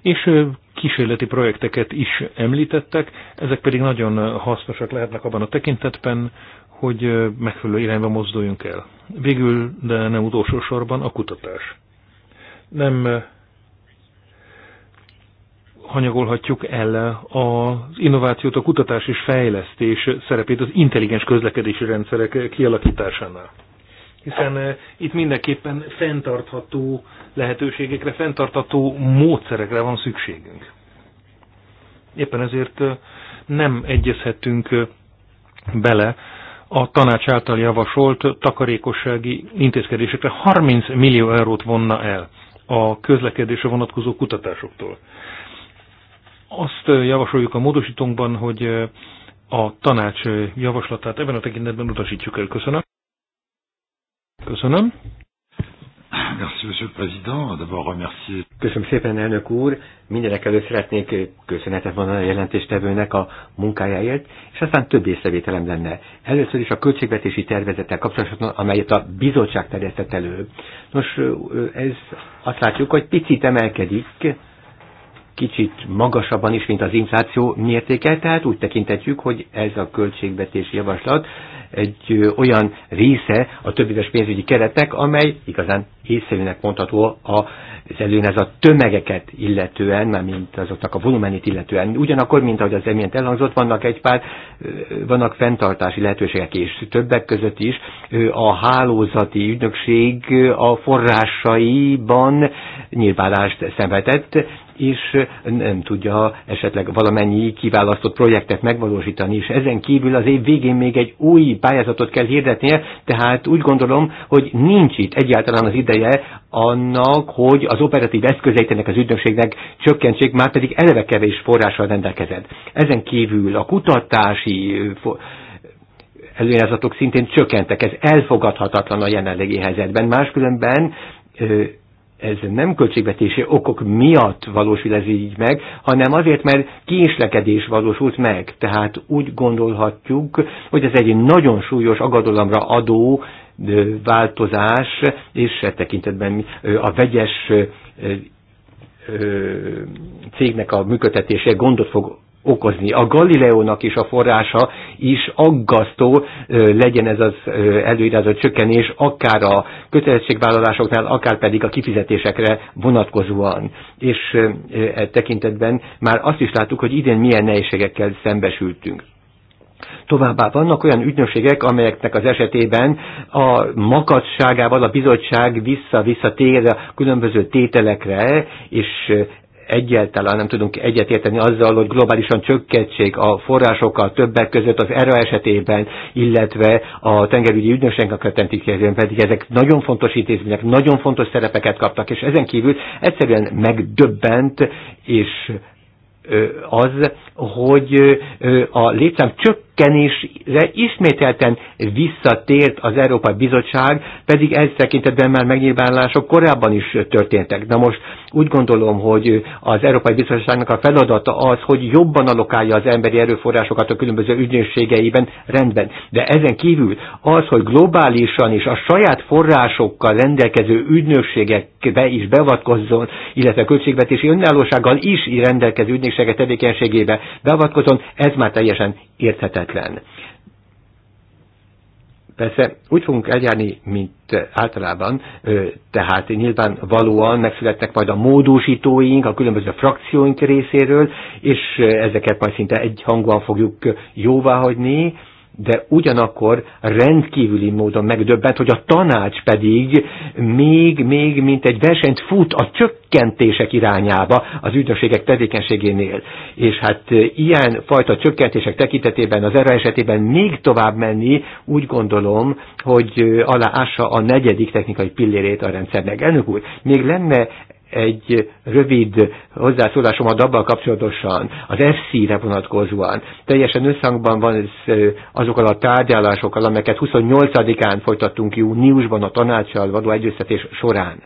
És eh, kísérleti projekteket is említettek, ezek pedig nagyon hasznosak lehetnek abban a tekintetben, hogy megfelelő irányba mozduljunk el. Végül, de nem utolsó sorban, a kutatás. Nem hanyagolhatjuk el az innovációt, a kutatás és fejlesztés szerepét az intelligens közlekedési rendszerek kialakításánál. Hiszen eh, itt mindenképpen fenntartható lehetőségekre, fenntartható módszerekre van szükségünk. Éppen ezért eh, nem egyezhetünk eh, bele a tanács által javasolt takarékossági intézkedésekre 30 millió eurót vonna el a közlekedésre vonatkozó kutatásoktól. Azt javasoljuk a módosítónkban, hogy a tanács javaslatát ebben a tekintetben utasítjuk el. Köszönöm. Köszönöm. Merci, Monsieur le Président. D'abord, remercier. Köszönöm szépen, elnök úr. Mindenek előtt szeretnék köszönetet mondani a jelentéstevőnek a munkájáért, és aztán több észrevételem lenne. Először is a költségvetési tervezettel kapcsolatban, amelyet a bizottság terjesztett elő. Nos, ez azt látjuk, hogy picit emelkedik, kicsit magasabban is, mint az infláció mértéke, tehát úgy tekintetjük, hogy ez a költségvetési javaslat egy olyan része a többéves pénzügyi keretek, amely igazán észszerűnek mondható az előn ez a tömegeket illetően, már mint azoknak a volumenit illetően. Ugyanakkor, mint ahogy az emiatt elhangzott, vannak egy pár, vannak fenntartási lehetőségek, és többek között is a hálózati ügynökség a forrásaiban nyilvánást szenvedett, és nem tudja esetleg valamennyi kiválasztott projektet megvalósítani, és ezen kívül az év végén még egy új pályázatot kell hirdetnie, tehát úgy gondolom, hogy nincs itt egyáltalán az ideje annak, hogy az operatív eszközeit ennek az ügynökségnek csökkentsék, már pedig eleve kevés forrással rendelkezett. Ezen kívül a kutatási előjelzatok szintén csökkentek. Ez elfogadhatatlan a jelenlegi helyzetben. Máskülönben ez nem költségvetési okok miatt valósul ez így meg, hanem azért, mert késlekedés valósult meg. Tehát úgy gondolhatjuk, hogy ez egy nagyon súlyos agadalomra adó változás, és se tekintetben a vegyes cégnek a működtetése gondot fog okozni. A Galileónak is a forrása is aggasztó legyen ez az előirányzott csökkenés, akár a kötelezettségvállalásoknál, akár pedig a kifizetésekre vonatkozóan. És e tekintetben már azt is láttuk, hogy idén milyen nehézségekkel szembesültünk. Továbbá vannak olyan ügynökségek, amelyeknek az esetében a makadságával a bizottság vissza-visszatér a különböző tételekre, és egyáltalán nem tudunk egyetérteni azzal, hogy globálisan csökkentsék a forrásokkal többek között az ERA esetében, illetve a tengerügyi ügynökségnek a kezében, pedig ezek nagyon fontos intézmények, nagyon fontos szerepeket kaptak, és ezen kívül egyszerűen megdöbbent, és az, hogy a létszám csökkenésre ismételten visszatért az Európai Bizottság, pedig ez tekintetben már megnyilvánulások korábban is történtek. Na most úgy gondolom, hogy az Európai Bizottságnak a feladata az, hogy jobban alokálja az emberi erőforrásokat a különböző ügynökségeiben rendben. De ezen kívül az, hogy globálisan is a saját forrásokkal rendelkező ügynökségekbe is beavatkozzon, illetve költségvetési önállósággal is rendelkező ügynökségekbe bizottsága tevékenységébe beavatkozom, ez már teljesen érthetetlen. Persze úgy fogunk eljárni, mint általában, tehát nyilván valóan megszületnek majd a módosítóink, a különböző frakcióink részéről, és ezeket majd szinte egyhangúan fogjuk jóváhagyni, de ugyanakkor rendkívüli módon megdöbbent, hogy a tanács pedig még, még mint egy versenyt fut a csökkentések irányába az ügynökségek tevékenységénél. És hát e, ilyen fajta csökkentések tekintetében, az erre esetében még tovább menni, úgy gondolom, hogy e, aláássa a negyedik technikai pillérét a rendszernek. Elnök úr, még lenne egy rövid hozzászólásomat abban kapcsolatosan, az FC-re vonatkozóan. Teljesen összhangban van ez azokkal a tárgyalásokkal, amelyeket 28-án folytattunk júniusban a tanácssal való egyeztetés során.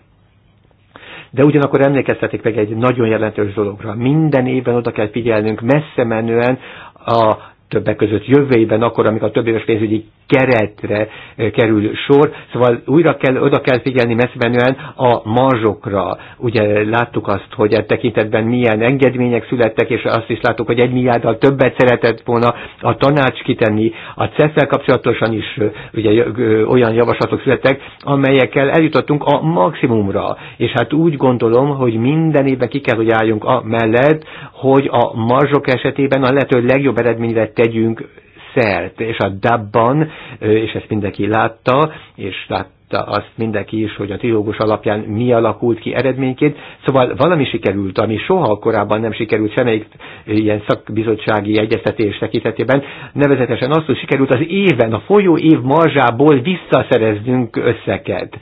De ugyanakkor emlékeztetik meg egy nagyon jelentős dologra. Minden évben oda kell figyelnünk messze menően a többek között jövő évben, akkor, amikor a több éves pénzügyi keretre eh, kerül sor. Szóval újra kell, oda kell figyelni messzebenően a marzsokra. Ugye láttuk azt, hogy e tekintetben milyen engedmények születtek, és azt is láttuk, hogy egy milliárddal többet szeretett volna a tanács kitenni. A CESZ-el kapcsolatosan is eh, ugye, eh, olyan javaslatok születtek, amelyekkel eljutottunk a maximumra. És hát úgy gondolom, hogy minden évben ki kell, hogy álljunk a mellett, hogy a marzsok esetében a lehető legjobb eredményre tegyünk szert, és a dabban, és ezt mindenki látta, és látta, azt mindenki is, hogy a trilógus alapján mi alakult ki eredményként. Szóval valami sikerült, ami soha korábban nem sikerült semmelyik ilyen szakbizottsági egyeztetés tekintetében, nevezetesen azt, hogy sikerült az éven, a folyó év marzsából visszaszereznünk összeket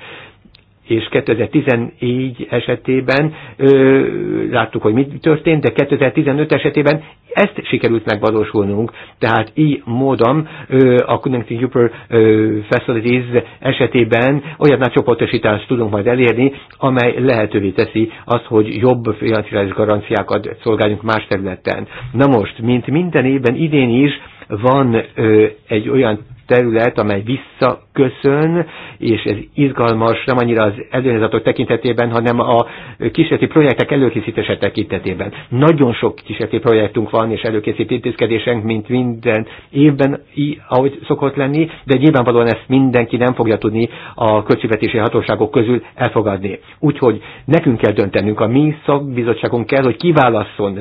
és 2014 esetében ö, láttuk, hogy mi történt, de 2015 esetében ezt sikerült megvalósulnunk, tehát így módon ö, a Connecting Super ö, Facilities esetében olyan csoportosítást tudunk majd elérni, amely lehetővé teszi azt, hogy jobb finanszírozási garanciákat szolgáljunk más területen. Na most, mint minden évben idén is, van ö, egy olyan terület, amely visszaköszön, és ez izgalmas nem annyira az előrehozatok tekintetében, hanem a kísérleti projektek előkészítése tekintetében. Nagyon sok kísérleti projektünk van, és előkészítő intézkedésünk, mint minden évben, ahogy szokott lenni, de nyilvánvalóan ezt mindenki nem fogja tudni a költségvetési hatóságok közül elfogadni. Úgyhogy nekünk kell döntenünk, a mi szakbizottságunk kell, hogy kiválasszon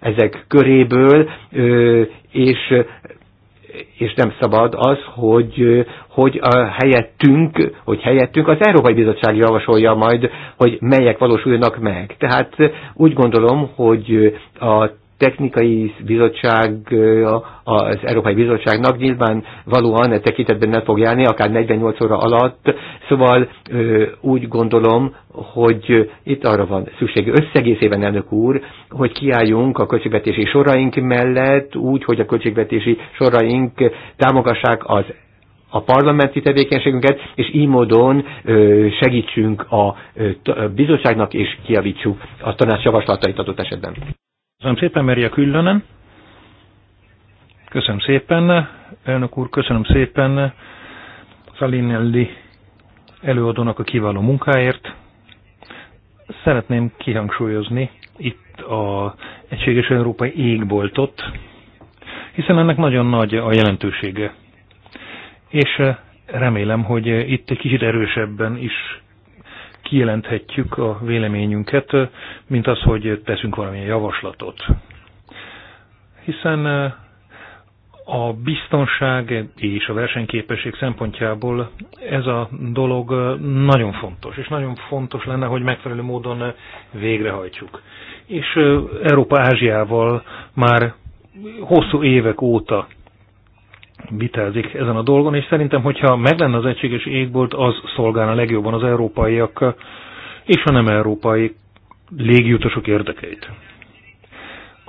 ezek köréből, és és nem szabad az, hogy, hogy a helyettünk, hogy helyettünk az Európai Bizottság javasolja majd, hogy melyek valósuljanak meg. Tehát úgy gondolom, hogy a technikai bizottság, az Európai Bizottságnak nyilván valóan e tekintetben nem fog járni, akár 48 óra alatt Szóval úgy gondolom, hogy itt arra van szükség összegészében, elnök úr, hogy kiálljunk a költségvetési soraink mellett, úgy, hogy a költségvetési soraink támogassák az a parlamenti tevékenységünket, és így módon ö, segítsünk a ö, bizottságnak, és kiavítsuk a tanács javaslatait adott esetben. Köszönöm szépen, Maria Küllönen. Köszönöm szépen, elnök úr, köszönöm szépen Szalinelli előadónak a kiváló munkáért. Szeretném kihangsúlyozni itt a Egységes Európai Égboltot, hiszen ennek nagyon nagy a jelentősége. És eh, remélem, hogy eh, itt egy kicsit erősebben is kijelenthetjük a véleményünket, eh, mint az, hogy teszünk valamilyen javaslatot. Hiszen a biztonság és a versenyképesség szempontjából ez a dolog nagyon fontos, és nagyon fontos lenne, hogy megfelelő módon végrehajtsuk. És Európa-Ázsiával már hosszú évek óta vitázik ezen a dolgon, és szerintem, hogyha meg lenne az egységes égbolt, az szolgálna legjobban az európaiak és a nem európai légiutosok érdekeit.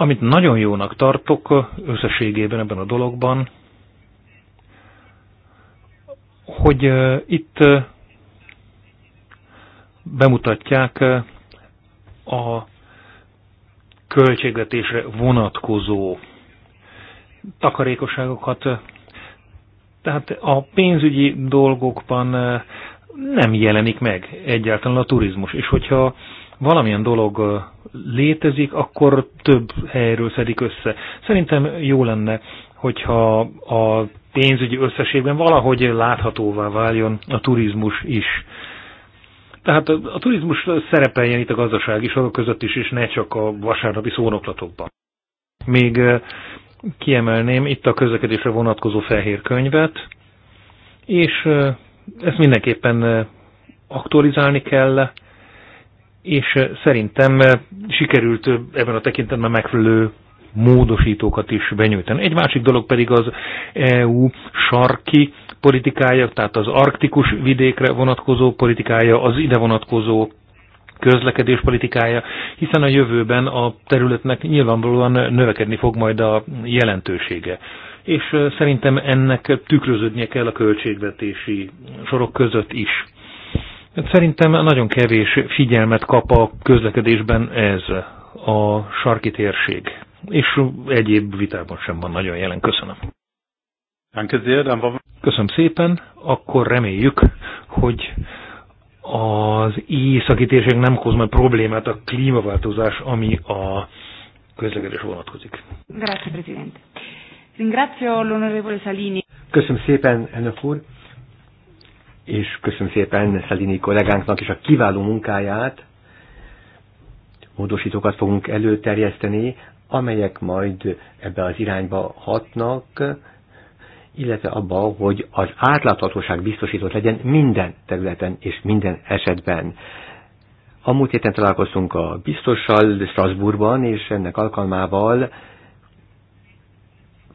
Amit nagyon jónak tartok összességében ebben a dologban, hogy itt bemutatják a költségvetésre vonatkozó takarékosságokat. Tehát a pénzügyi dolgokban nem jelenik meg egyáltalán a turizmus. És hogyha valamilyen dolog létezik, akkor több helyről szedik össze. Szerintem jó lenne, hogyha a pénzügyi összességben valahogy láthatóvá váljon a turizmus is. Tehát a, a turizmus szerepeljen itt a gazdasági sorok között is, és ne csak a vasárnapi szónoklatokban. Még kiemelném itt a közlekedésre vonatkozó fehér könyvet, és ezt mindenképpen aktualizálni kell, és szerintem sikerült ebben a tekintetben megfelelő módosítókat is benyújtani. Egy másik dolog pedig az EU sarki politikája, tehát az arktikus vidékre vonatkozó politikája, az ide vonatkozó közlekedés politikája, hiszen a jövőben a területnek nyilvánvalóan növekedni fog majd a jelentősége. És szerintem ennek tükröződnie kell a költségvetési sorok között is. Szerintem nagyon kevés figyelmet kap a közlekedésben ez a sarki térség, és egyéb vitában sem van nagyon jelen. Köszönöm. Köszönöm szépen, akkor reméljük, hogy az északi térség nem hoz majd problémát a klímaváltozás, ami a közlekedés vonatkozik. Grazie, Presidente. Ringrazio l'onorevole Salini. Köszönöm szépen, elnök úr és köszönöm szépen Szelini kollégánknak is a kiváló munkáját. Módosítókat fogunk előterjeszteni, amelyek majd ebbe az irányba hatnak, illetve abba, hogy az átláthatóság biztosított legyen minden területen és minden esetben. A múlt héten találkoztunk a biztossal Strasbourgban, és ennek alkalmával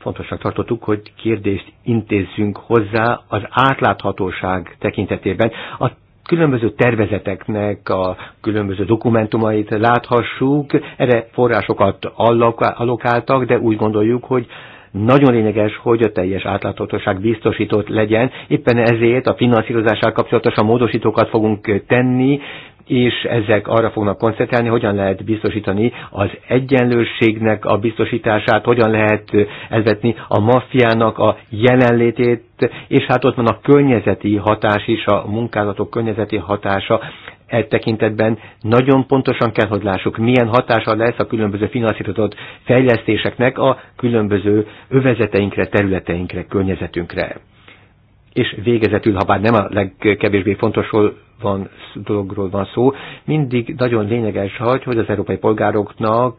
fontosnak tartottuk, hogy kérdést intézzünk hozzá az átláthatóság tekintetében. A különböző tervezeteknek a különböző dokumentumait láthassuk, erre forrásokat allokáltak, de úgy gondoljuk, hogy nagyon lényeges, hogy a teljes átláthatóság biztosított legyen. Éppen ezért a finanszírozással kapcsolatosan módosítókat fogunk tenni, és ezek arra fognak koncentrálni, hogyan lehet biztosítani az egyenlőségnek a biztosítását, hogyan lehet elvetni a maffiának a jelenlétét, és hát ott van a környezeti hatás is, a munkálatok környezeti hatása, e tekintetben nagyon pontosan kell, hogy lássuk, milyen hatása lesz a különböző finanszírozott fejlesztéseknek a különböző övezeteinkre, területeinkre, környezetünkre és végezetül, ha bár nem a legkevésbé fontosról van, dologról van szó, mindig nagyon lényeges, hogy, hogy az európai polgároknak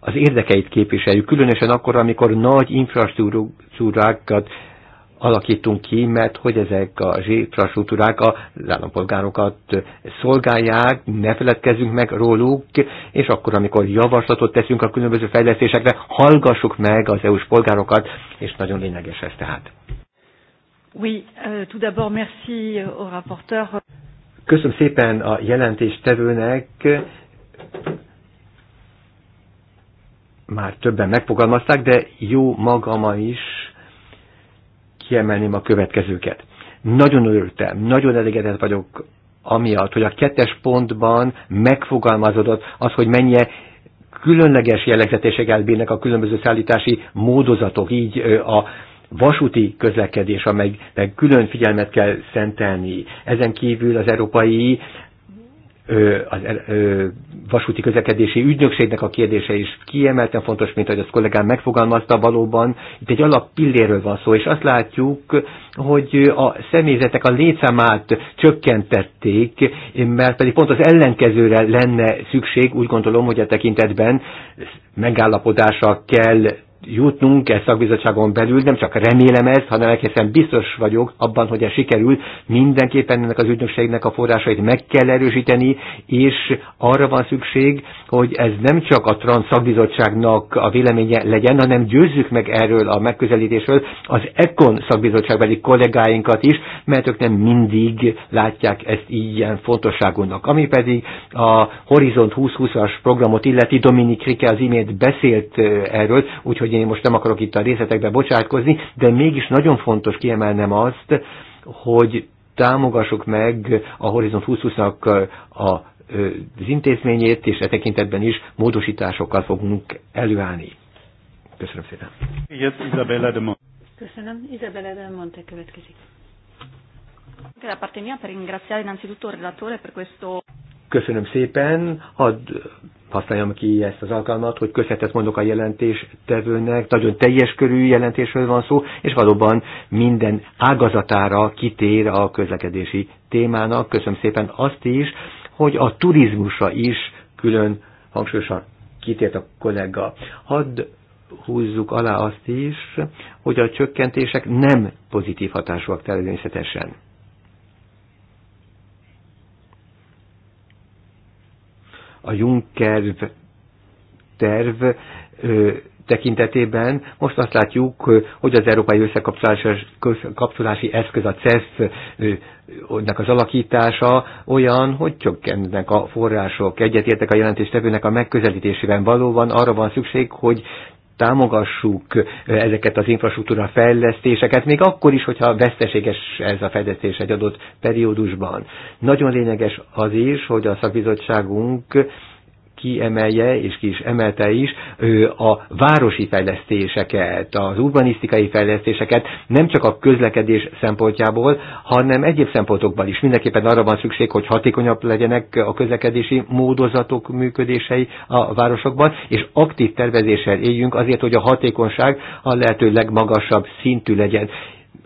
az érdekeit képviseljük, különösen akkor, amikor nagy infrastruktúrákat alakítunk ki, mert hogy ezek a infrastruktúrák az állampolgárokat szolgálják, ne feledkezzünk meg róluk, és akkor, amikor javaslatot teszünk a különböző fejlesztésekre, hallgassuk meg az EU-s polgárokat, és nagyon lényeges ez tehát. Euh, euh, Köszönöm szépen a jelentéstevőnek. Már többen megfogalmazták, de jó magama is kiemelném a következőket. Nagyon örültem, nagyon elégedett vagyok amiatt, hogy a kettes pontban megfogalmazódott az, hogy mennyire különleges jellegzetességgel elbírnak a különböző szállítási módozatok, így a vasúti közlekedés, amelynek külön figyelmet kell szentelni. Ezen kívül az európai az vasúti közlekedési ügynökségnek a kérdése is kiemelten fontos, mint ahogy az kollégám megfogalmazta valóban. Itt egy alap pilléről van szó, és azt látjuk, hogy a személyzetek a létszámát csökkentették, mert pedig pont az ellenkezőre lenne szükség, úgy gondolom, hogy a tekintetben megállapodásra kell jutnunk egy szakbizottságon belül, nem csak remélem ezt, hanem egészen biztos vagyok abban, hogy ez sikerül, mindenképpen ennek az ügynökségnek a forrásait meg kell erősíteni, és arra van szükség, hogy ez nem csak a trans szakbizottságnak a véleménye legyen, hanem győzzük meg erről a megközelítésről az ECON szakbizottságbeli kollégáinkat is, mert ők nem mindig látják ezt ilyen fontosságúnak. Ami pedig a Horizont 2020-as programot illeti, Dominik Rike az imént beszélt erről, úgyhogy hogy én most nem akarok itt a részletekbe bocsátkozni, de mégis nagyon fontos kiemelnem azt, hogy támogassuk meg a Horizon 2020-nak a az intézményét, és e tekintetben is módosításokkal fogunk előállni. Köszönöm szépen. Köszönöm. Izabella de Monte következik. Köszönöm szépen. Ad használjam ki ezt az alkalmat, hogy köszönetet mondok a jelentéstevőnek, nagyon teljes körű jelentésről van szó, és valóban minden ágazatára kitér a közlekedési témának. Köszönöm szépen azt is, hogy a turizmusra is külön hangsúlyosan kitért a kollega. Hadd húzzuk alá azt is, hogy a csökkentések nem pozitív hatásúak természetesen. a Juncker terv tekintetében most azt látjuk, hogy az európai összekapcsolási eszköz, a CESZ nek az alakítása olyan, hogy csökkennek a források. Egyetértek a jelentéstevőnek a megközelítésében. Valóban arra van szükség, hogy támogassuk ezeket az infrastruktúra fejlesztéseket, még akkor is, hogyha veszteséges ez a fejlesztés egy adott periódusban. Nagyon lényeges az is, hogy a szakbizottságunk kiemelje, és ki is emelte is, a városi fejlesztéseket, az urbanisztikai fejlesztéseket nem csak a közlekedés szempontjából, hanem egyéb szempontokban is. Mindenképpen arra van szükség, hogy hatékonyabb legyenek a közlekedési módozatok működései a városokban, és aktív tervezéssel éljünk azért, hogy a hatékonyság a lehető legmagasabb szintű legyen.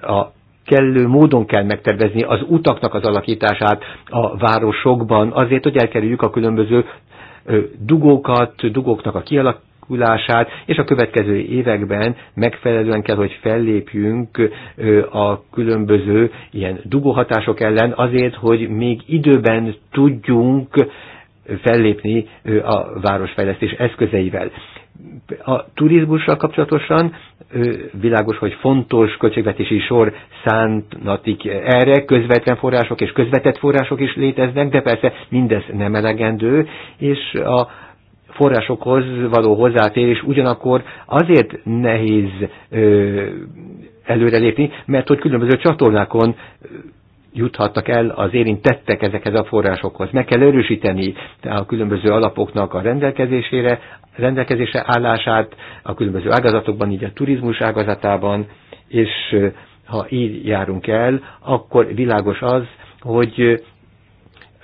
A kellő módon kell megtervezni az utaknak az alakítását a városokban, azért, hogy elkerüljük a különböző dugókat, dugóknak a kialakítását, és a következő években megfelelően kell, hogy fellépjünk a különböző ilyen dugóhatások ellen azért, hogy még időben tudjunk fellépni a városfejlesztés eszközeivel. A turizmussal kapcsolatosan világos, hogy fontos költségvetési sor szántnatik erre, közvetlen források és közvetett források is léteznek, de persze mindez nem elegendő, és a forrásokhoz való hozzátérés ugyanakkor azért nehéz előrelépni, mert hogy különböző csatornákon juthatnak el az érintettek ezekhez a forrásokhoz. Meg kell erősíteni a különböző alapoknak a rendelkezésére rendelkezésre állását a különböző ágazatokban, így a turizmus ágazatában, és ha így járunk el, akkor világos az, hogy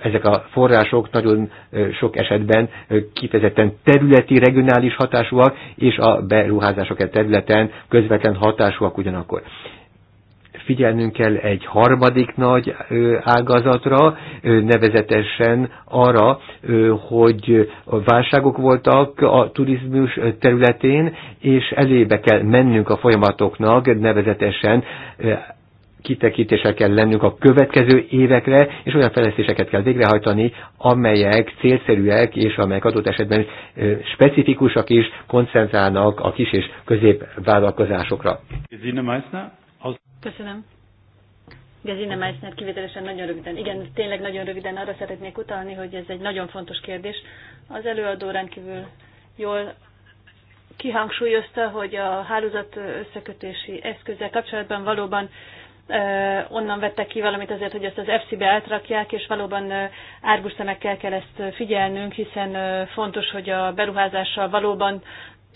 ezek a források nagyon sok esetben kifejezetten területi, regionális hatásúak, és a beruházások a e területen közvetlen hatásúak ugyanakkor figyelnünk kell egy harmadik nagy ágazatra, nevezetesen arra, hogy válságok voltak a turizmus területén, és elébe kell mennünk a folyamatoknak, nevezetesen kitekítéssel kell lennünk a következő évekre, és olyan fejlesztéseket kell végrehajtani, amelyek célszerűek, és amelyek adott esetben specifikusak is, koncentrálnak a kis és középvállalkozásokra. Gesine Meissner? Az... Köszönöm. Gezine Meissner kivételesen nagyon röviden. Igen, tényleg nagyon röviden arra szeretnék utalni, hogy ez egy nagyon fontos kérdés. Az előadó rendkívül jól kihangsúlyozta, hogy a hálózat összekötési eszközzel kapcsolatban valóban onnan vettek ki valamit azért, hogy ezt az FC-be átrakják, és valóban árgus szemekkel kell ezt figyelnünk, hiszen fontos, hogy a beruházással valóban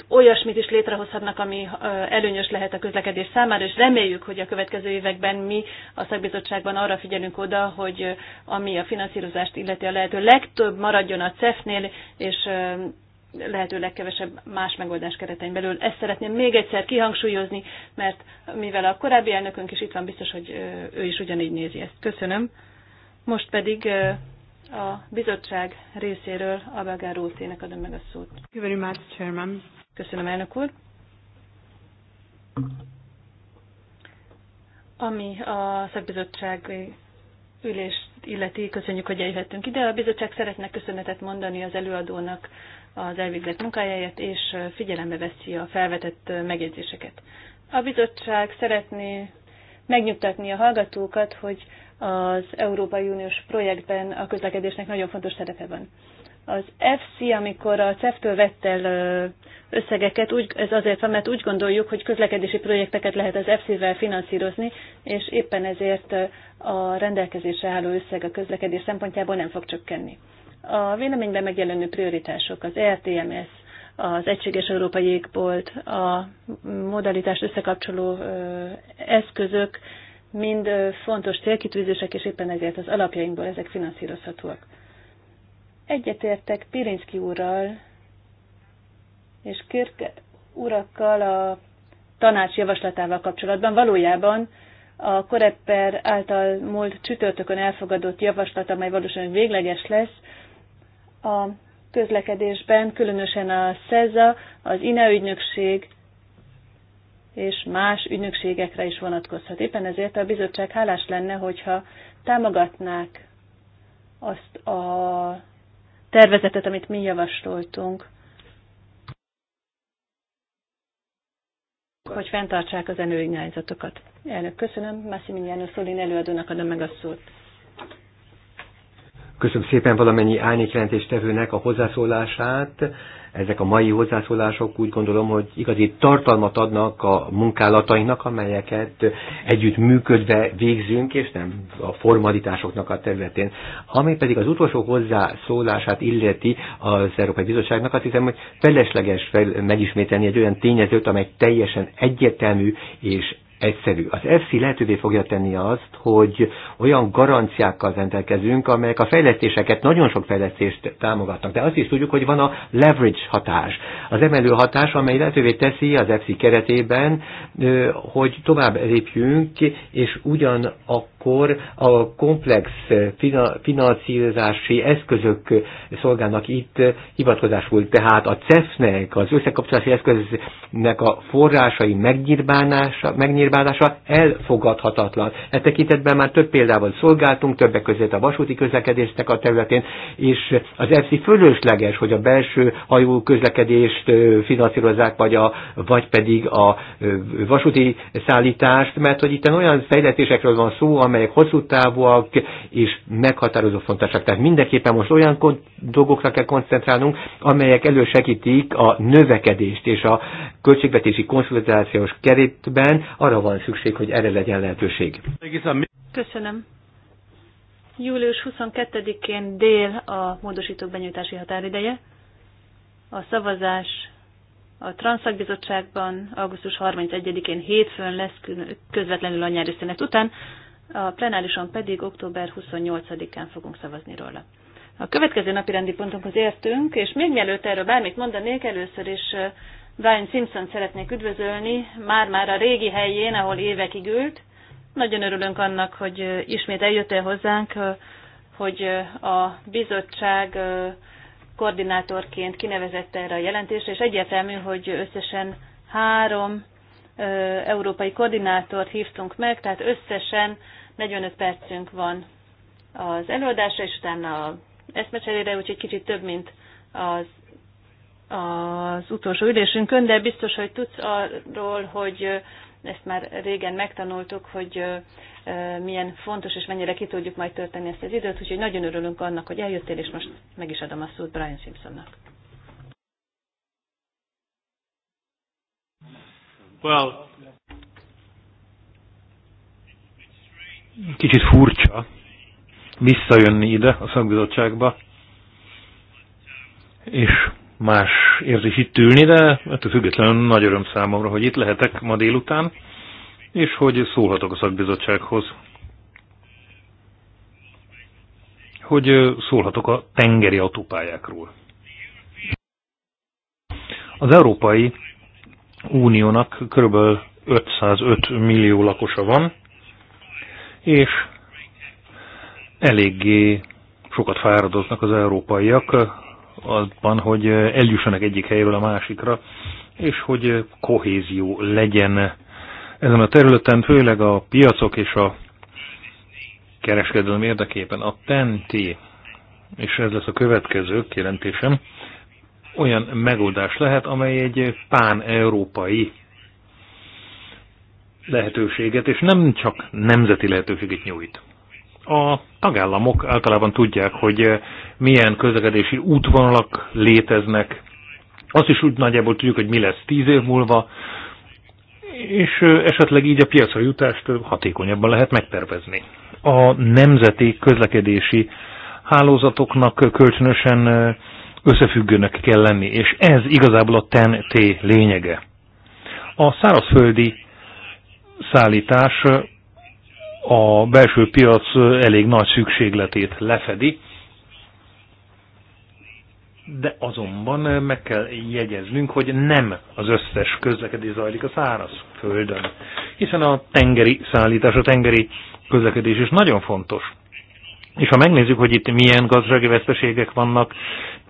olyasmit is létrehozhatnak, ami előnyös lehet a közlekedés számára, és reméljük, hogy a következő években mi a szakbizottságban arra figyelünk oda, hogy ami a finanszírozást illeti a lehető legtöbb maradjon a CEF-nél, és lehető legkevesebb más megoldás keretein belül. Ezt szeretném még egyszer kihangsúlyozni, mert mivel a korábbi elnökünk is itt van, biztos, hogy ő is ugyanígy nézi ezt. Köszönöm. Most pedig a bizottság részéről a Belgár adom meg a szót. Thank you very much, Chairman. Köszönöm, elnök úr. Ami a szakbizottság ülést illeti, köszönjük, hogy eljöhettünk ide. A bizottság szeretne köszönetet mondani az előadónak az elvégzett munkájáért, és figyelembe veszi a felvetett megjegyzéseket. A bizottság szeretné megnyugtatni a hallgatókat, hogy az Európai Uniós projektben a közlekedésnek nagyon fontos szerepe van. Az FC, amikor a CEF-től vett el összegeket, úgy, ez azért van, mert úgy gondoljuk, hogy közlekedési projekteket lehet az FC-vel finanszírozni, és éppen ezért a rendelkezésre álló összeg a közlekedés szempontjából nem fog csökkenni. A véleményben megjelenő prioritások az ERTMS, az Egységes Európai Égbolt, a modalitást összekapcsoló eszközök mind fontos célkitűzések, és éppen ezért az alapjainkból ezek finanszírozhatóak. Egyetértek Pirinszki úrral és Kirk urakkal a tanács javaslatával kapcsolatban. Valójában a Korepper által múlt csütörtökön elfogadott javaslat, amely valószínűleg végleges lesz, a közlekedésben, különösen a SZEZA, az INE ügynökség és más ügynökségekre is vonatkozhat. Éppen ezért a bizottság hálás lenne, hogyha támogatnák azt a tervezetet, amit mi javasoltunk, hogy fenntartsák az előirányzatokat. Elnök, köszönöm. Massimiliano Szolin előadónak adom meg a szót. Köszönöm szépen valamennyi árnyékjelentéstevőnek a hozzászólását. Ezek a mai hozzászólások úgy gondolom, hogy igazi tartalmat adnak a munkálatainknak, amelyeket együtt működve végzünk, és nem a formalitásoknak a területén. Ami pedig az utolsó hozzászólását illeti az Európai Bizottságnak, azt hiszem, hogy felesleges fel megismételni egy olyan tényezőt, amely teljesen egyértelmű és egyszerű. Az EFSI lehetővé fogja tenni azt, hogy olyan garanciákkal rendelkezünk, amelyek a fejlesztéseket, nagyon sok fejlesztést támogatnak. De azt is tudjuk, hogy van a leverage hatás, az emelő hatás, amely lehetővé teszi az EFSI keretében, hogy tovább lépjünk, és ugyanakkor akkor a komplex finanszírozási eszközök szolgálnak itt hivatkozásul. Tehát a CEF-nek, az összekapcsolási eszköznek a forrásai megnyírbálása, megnyírbálása elfogadhatatlan. E tekintetben már több példával szolgáltunk, többek között a vasúti közlekedésnek a területén, és az FC fölösleges, hogy a belső hajó közlekedést finanszírozzák, vagy, a, vagy pedig a vasúti szállítást, mert hogy itt olyan fejletésekről van szó, amely amelyek hosszú távúak és meghatározó fontosak. Tehát mindenképpen most olyan dolgokra kell koncentrálnunk, amelyek elősegítik a növekedést és a költségvetési konszolidációs keretben arra van szükség, hogy erre legyen lehetőség. Köszönöm. Július 22-én dél a módosítók benyújtási határideje. A szavazás a Transzakbizottságban augusztus 31-én hétfőn lesz közvetlenül a nyári szünet után, a plenárison pedig október 28-án fogunk szavazni róla. A következő napi rendi pontunkhoz értünk, és még mielőtt erről bármit mondanék, először is Brian Simpson szeretnék üdvözölni, már-már a régi helyén, ahol évekig ült. Nagyon örülünk annak, hogy ismét eljöttél hozzánk, hogy a bizottság koordinátorként kinevezett erre a jelentésre, és egyértelmű, hogy összesen három európai koordinátort hívtunk meg, tehát összesen 45 percünk van az előadásra, és utána a eszmecserére, úgyhogy kicsit több, mint az, az utolsó ülésünkön, de biztos, hogy tudsz arról, hogy ezt már régen megtanultuk, hogy milyen fontos és mennyire ki tudjuk majd tölteni ezt az időt, úgyhogy nagyon örülünk annak, hogy eljöttél, és most meg is adom a szót Brian Simpsonnak. Well, kicsit furcsa visszajönni ide a szakbizottságba, és más érzés itt ülni, de ettől függetlenül nagy öröm számomra, hogy itt lehetek ma délután, és hogy szólhatok a szakbizottsághoz. Hogy szólhatok a tengeri autópályákról. Az európai Uniónak kb. 505 millió lakosa van, és eléggé sokat fáradoznak az európaiak abban, hogy eljussanak egyik helyről a másikra, és hogy kohézió legyen ezen a területen, főleg a piacok és a kereskedelem érdekében. A TENTI, és ez lesz a következő jelentésem, olyan megoldás lehet, amely egy pán-európai lehetőséget, és nem csak nemzeti lehetőséget nyújt. A tagállamok általában tudják, hogy milyen közlekedési útvonalak léteznek, azt is úgy nagyjából tudjuk, hogy mi lesz tíz év múlva, és esetleg így a piacra jutást hatékonyabban lehet megtervezni. A nemzeti közlekedési hálózatoknak kölcsönösen összefüggőnek kell lenni, és ez igazából a TEN-T lényege. A szárazföldi szállítás a belső piac elég nagy szükségletét lefedi, de azonban meg kell jegyeznünk, hogy nem az összes közlekedés zajlik a szárazföldön, hiszen a tengeri szállítás, a tengeri közlekedés is nagyon fontos. És ha megnézzük, hogy itt milyen gazdasági veszteségek vannak,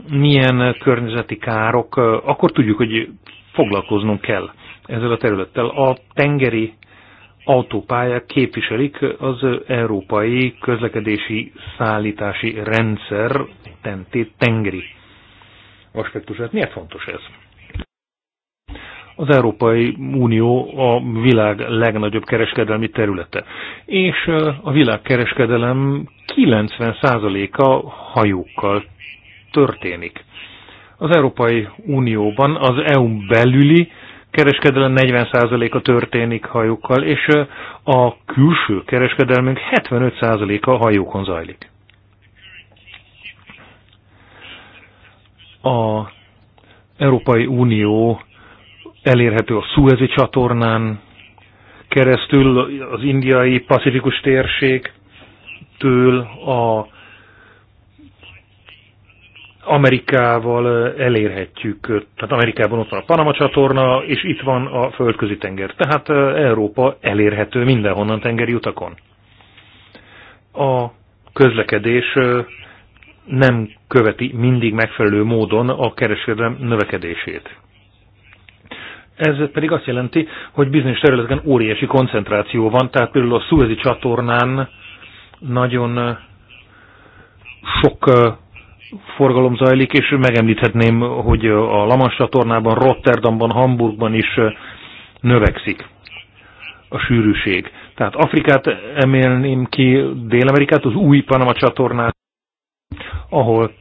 milyen környezeti károk, akkor tudjuk, hogy foglalkoznunk kell ezzel a területtel. A tengeri autópályák képviselik az európai közlekedési szállítási rendszer tentét tengeri aspektusát. Miért fontos ez? az Európai Unió a világ legnagyobb kereskedelmi területe, és a világkereskedelem 90%-a hajókkal történik. Az Európai Unióban az EU-n belüli kereskedelem 40%-a történik hajókkal, és a külső kereskedelmünk 75%-a hajókon zajlik. A Európai Unió elérhető a Suezi csatornán, keresztül az indiai pacifikus térség től a Amerikával elérhetjük, tehát Amerikában ott van a Panama csatorna, és itt van a földközi tenger. Tehát Európa elérhető mindenhonnan tengeri utakon. A közlekedés nem követi mindig megfelelő módon a kereskedelem növekedését. Ez pedig azt jelenti, hogy bizonyos területeken óriási koncentráció van, tehát például a Suezi csatornán nagyon sok forgalom zajlik, és megemlíthetném, hogy a Lamas csatornában, Rotterdamban, Hamburgban is növekszik a sűrűség. Tehát Afrikát emelném ki, Dél-Amerikát, az új Panama csatornát, ahol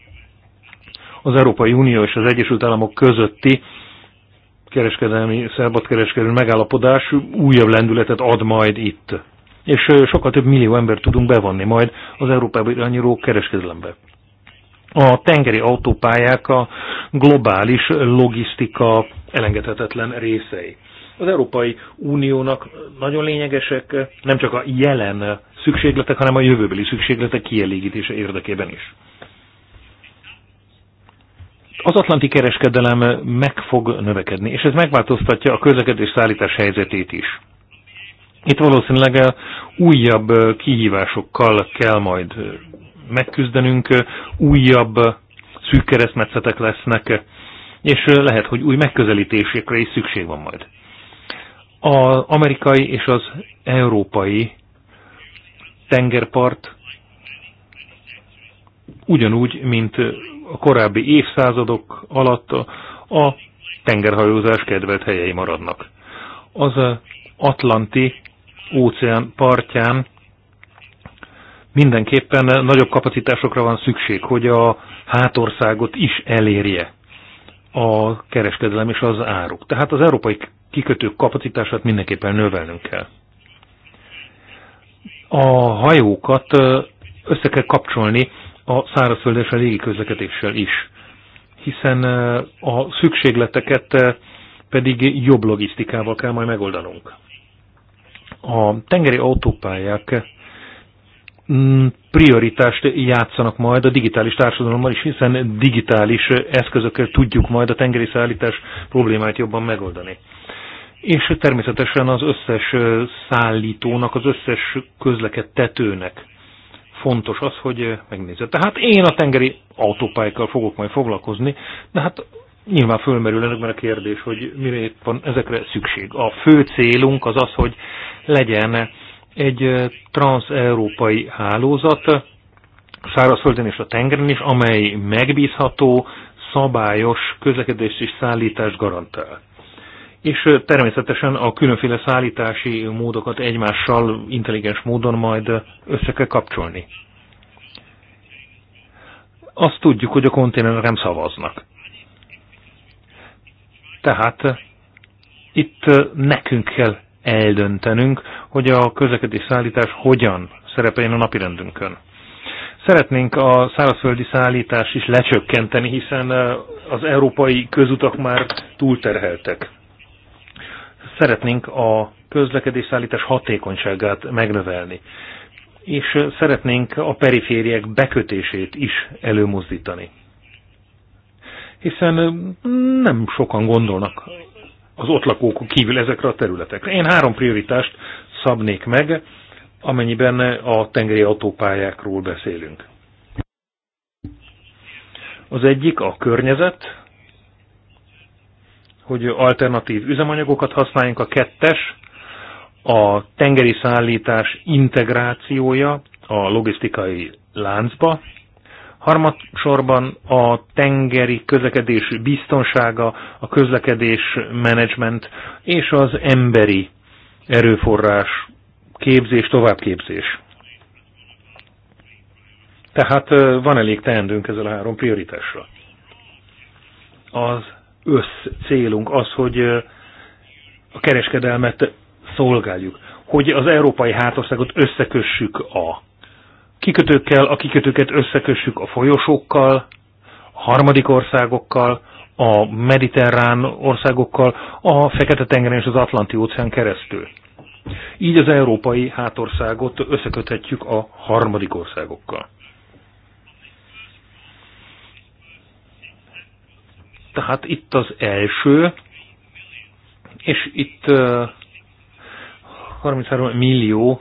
az Európai Unió és az Egyesült Államok közötti kereskedelmi, szabadkereskedelmi megállapodás újabb lendületet ad majd itt. És sokkal több millió ember tudunk bevonni majd az Európába irányuló kereskedelembe. A tengeri autópályák a globális logisztika elengedhetetlen részei. Az Európai Uniónak nagyon lényegesek nem csak a jelen szükségletek, hanem a jövőbeli szükségletek kielégítése érdekében is az atlanti kereskedelem meg fog növekedni, és ez megváltoztatja a közlekedés szállítás helyzetét is. Itt valószínűleg újabb kihívásokkal kell majd megküzdenünk, újabb szűk keresztmetszetek lesznek, és lehet, hogy új megközelítésekre is szükség van majd. Az amerikai és az európai tengerpart ugyanúgy, mint a korábbi évszázadok alatt a tengerhajózás kedvelt helyei maradnak. Az Atlanti óceán partján mindenképpen nagyobb kapacitásokra van szükség, hogy a hátországot is elérje a kereskedelem és az áruk. Tehát az európai kikötők kapacitását mindenképpen növelnünk kell. A hajókat össze kell kapcsolni a szárazföld és a légi közlekedéssel is, hiszen a szükségleteket pedig jobb logisztikával kell majd megoldanunk. A tengeri autópályák mm, prioritást játszanak majd a digitális társadalommal is, hiszen digitális eszközökkel tudjuk majd a tengeri szállítás problémáit jobban megoldani. És természetesen az összes szállítónak, az összes közlekedtetőnek fontos az, hogy eh, megnézze. Tehát én a tengeri autópályákkal fogok majd foglalkozni, de hát nyilván fölmerül önökben a kérdés, hogy mire van ezekre szükség. A fő célunk az az, hogy legyen egy eh, transeurópai hálózat, szárazföldön és a tengeren is, amely megbízható, szabályos közlekedés és szállítás garantál és természetesen a különféle szállítási módokat egymással intelligens módon majd össze kell kapcsolni. Azt tudjuk, hogy a konténer nem szavaznak. Tehát itt nekünk kell eldöntenünk, hogy a közlekedés szállítás hogyan szerepeljen a napirendünkön. Szeretnénk a szárazföldi szállítást is lecsökkenteni, hiszen az európai közutak már túlterheltek szeretnénk a szállítás hatékonyságát megnövelni, és szeretnénk a perifériek bekötését is előmozdítani. Hiszen nem sokan gondolnak az ott lakók kívül ezekre a területekre. Én három prioritást szabnék meg, amennyiben a tengeri autópályákról beszélünk. Az egyik a környezet, hogy alternatív üzemanyagokat használjunk. A kettes, a tengeri szállítás integrációja a logisztikai láncba. Harmadsorban a tengeri közlekedés biztonsága, a közlekedés menedzsment és az emberi erőforrás képzés, továbbképzés. Tehát van elég teendőnk ezzel a három prioritásra. Az össz célunk az, hogy a kereskedelmet szolgáljuk, hogy az európai hátországot összekössük a kikötőkkel, a kikötőket összekössük a folyosókkal, a harmadik országokkal, a mediterrán országokkal, a Fekete-tengeren és az Atlanti-óceán keresztül. Így az európai hátországot összeköthetjük a harmadik országokkal. Tehát itt az első, és itt 33 millió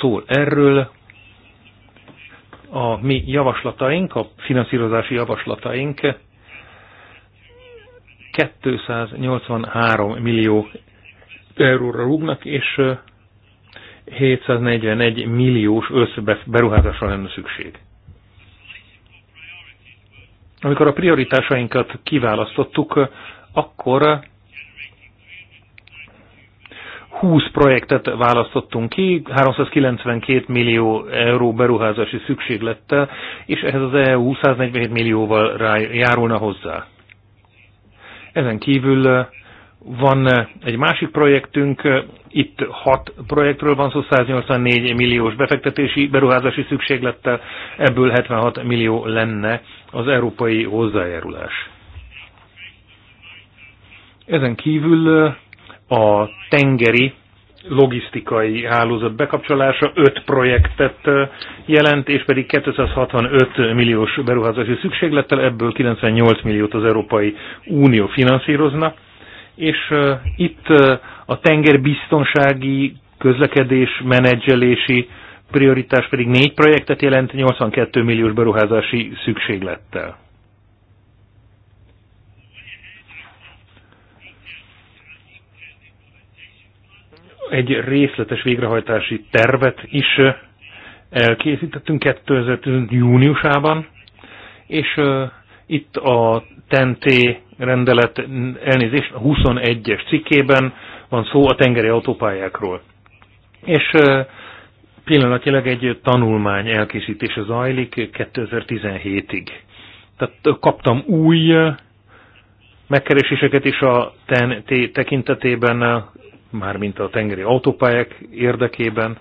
szól erről. A mi javaslataink, a finanszírozási javaslataink 283 millió euróra rúgnak, és 741 milliós beruházásra lenne szükség. Amikor a prioritásainkat kiválasztottuk, akkor 20 projektet választottunk ki, 392 millió euró beruházási szükséglettel, és ehhez az EU 147 millióval járulna hozzá. Ezen kívül van eh, egy másik projektünk, eh, itt hat projektről van szó, 184 milliós befektetési, beruházási szükséglettel, ebből 76 millió lenne az európai hozzájárulás. Ezen kívül eh, a tengeri logisztikai hálózat bekapcsolása 5 projektet jelent, és pedig 265 milliós beruházási szükséglettel, ebből 98 milliót az Európai Unió finanszírozna, és itt a tengerbiztonsági közlekedés menedzselési prioritás pedig négy projektet jelent 82 milliós beruházási szükséglettel. Egy részletes végrehajtási tervet is elkészítettünk 2015. júniusában, és itt a TENT rendelet elnézést 21-es cikkében van szó a tengeri autópályákról. És pillanatilag egy tanulmány elkészítése zajlik 2017-ig. Tehát kaptam új megkereséseket is a TNT tekintetében, mármint a tengeri autópályák érdekében.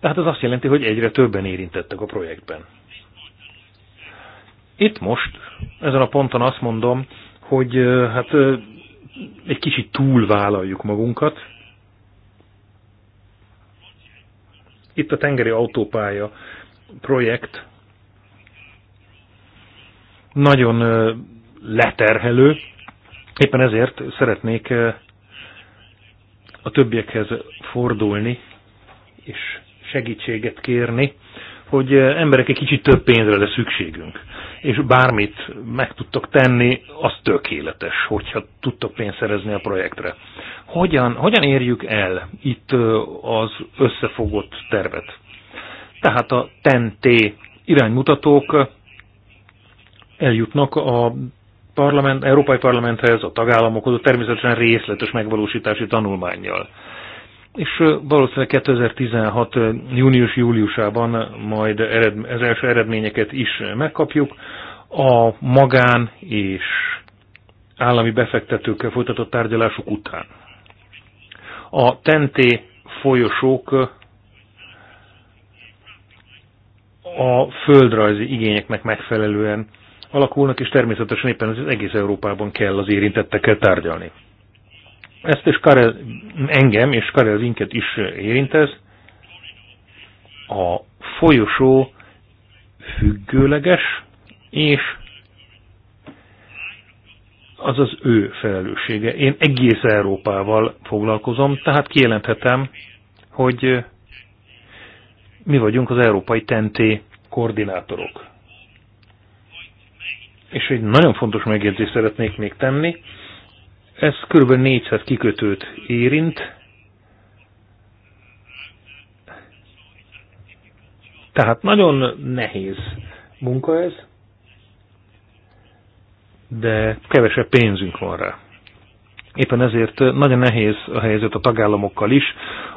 Tehát az azt jelenti, hogy egyre többen érintettek a projektben. Itt most ezen a ponton azt mondom, hogy hát egy kicsit túlvállaljuk magunkat. Itt a tengeri autópálya projekt nagyon leterhelő, éppen ezért szeretnék a többiekhez fordulni és segítséget kérni hogy eh, emberek egy kicsit több pénzre lesz szükségünk. És bármit meg tudtok tenni, az tökéletes, hogyha tudtak pénzt szerezni a projektre. Hogyan, hogyan érjük el itt eh, az összefogott tervet? Tehát a TEN-T iránymutatók eh, eljutnak a parlament, Európai Parlamenthez, a tagállamokhoz, a természetesen részletes megvalósítási tanulmányjal és valószínűleg 2016. június-júliusában majd az első eredményeket is megkapjuk. A magán és állami befektetőkkel folytatott tárgyalások után. A tenté folyosók a földrajzi igényeknek megfelelően alakulnak, és természetesen éppen az egész Európában kell az érintettekkel tárgyalni ezt is Karel, engem és Karel Vinket is érintez a folyosó függőleges, és az az ő felelőssége. Én egész Európával foglalkozom, tehát kijelenthetem, hogy mi vagyunk az európai tenté koordinátorok. És egy nagyon fontos megjegyzést szeretnék még tenni, ez kb. 400 kikötőt érint, tehát nagyon nehéz munka ez, de kevesebb pénzünk van rá. Éppen ezért nagyon nehéz a helyzet a tagállamokkal is,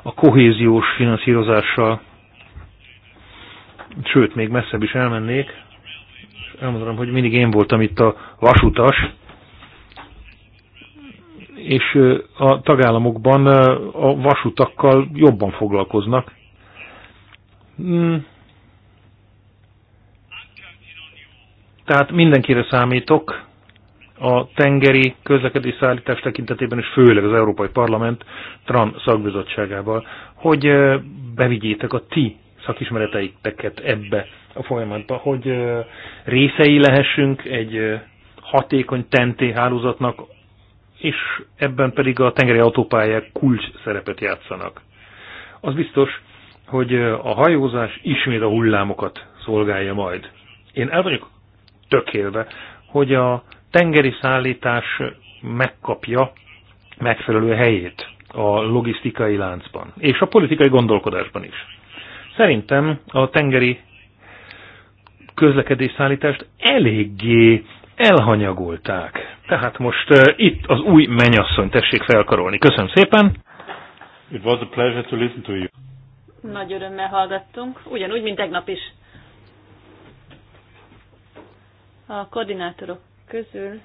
a kohéziós finanszírozással, sőt, még messzebb is elmennék, elmondanám, hogy mindig én voltam itt a vasutas, és a tagállamokban a vasutakkal jobban foglalkoznak. Hmm. Tehát mindenkire számítok, a tengeri közlekedés szállítás tekintetében, és főleg az Európai Parlament TRAN szakbizottságával, hogy bevigyétek a ti szakismereteiteket ebbe a folyamatba, hogy részei lehessünk egy hatékony tenté hálózatnak, és ebben pedig a tengeri autópályák kulcs szerepet játszanak. Az biztos, hogy a hajózás ismét a hullámokat szolgálja majd. Én el vagyok tökélve, hogy a tengeri szállítás megkapja megfelelő helyét a logisztikai láncban, és a politikai gondolkodásban is. Szerintem a tengeri közlekedés szállítást eléggé elhanyagolták. Tehát most uh, itt az új menyasszony tessék felkarolni. Köszönöm szépen! It was a pleasure to listen to you. Nagy örömmel hallgattunk, ugyanúgy, mint tegnap is. A koordinátorok közül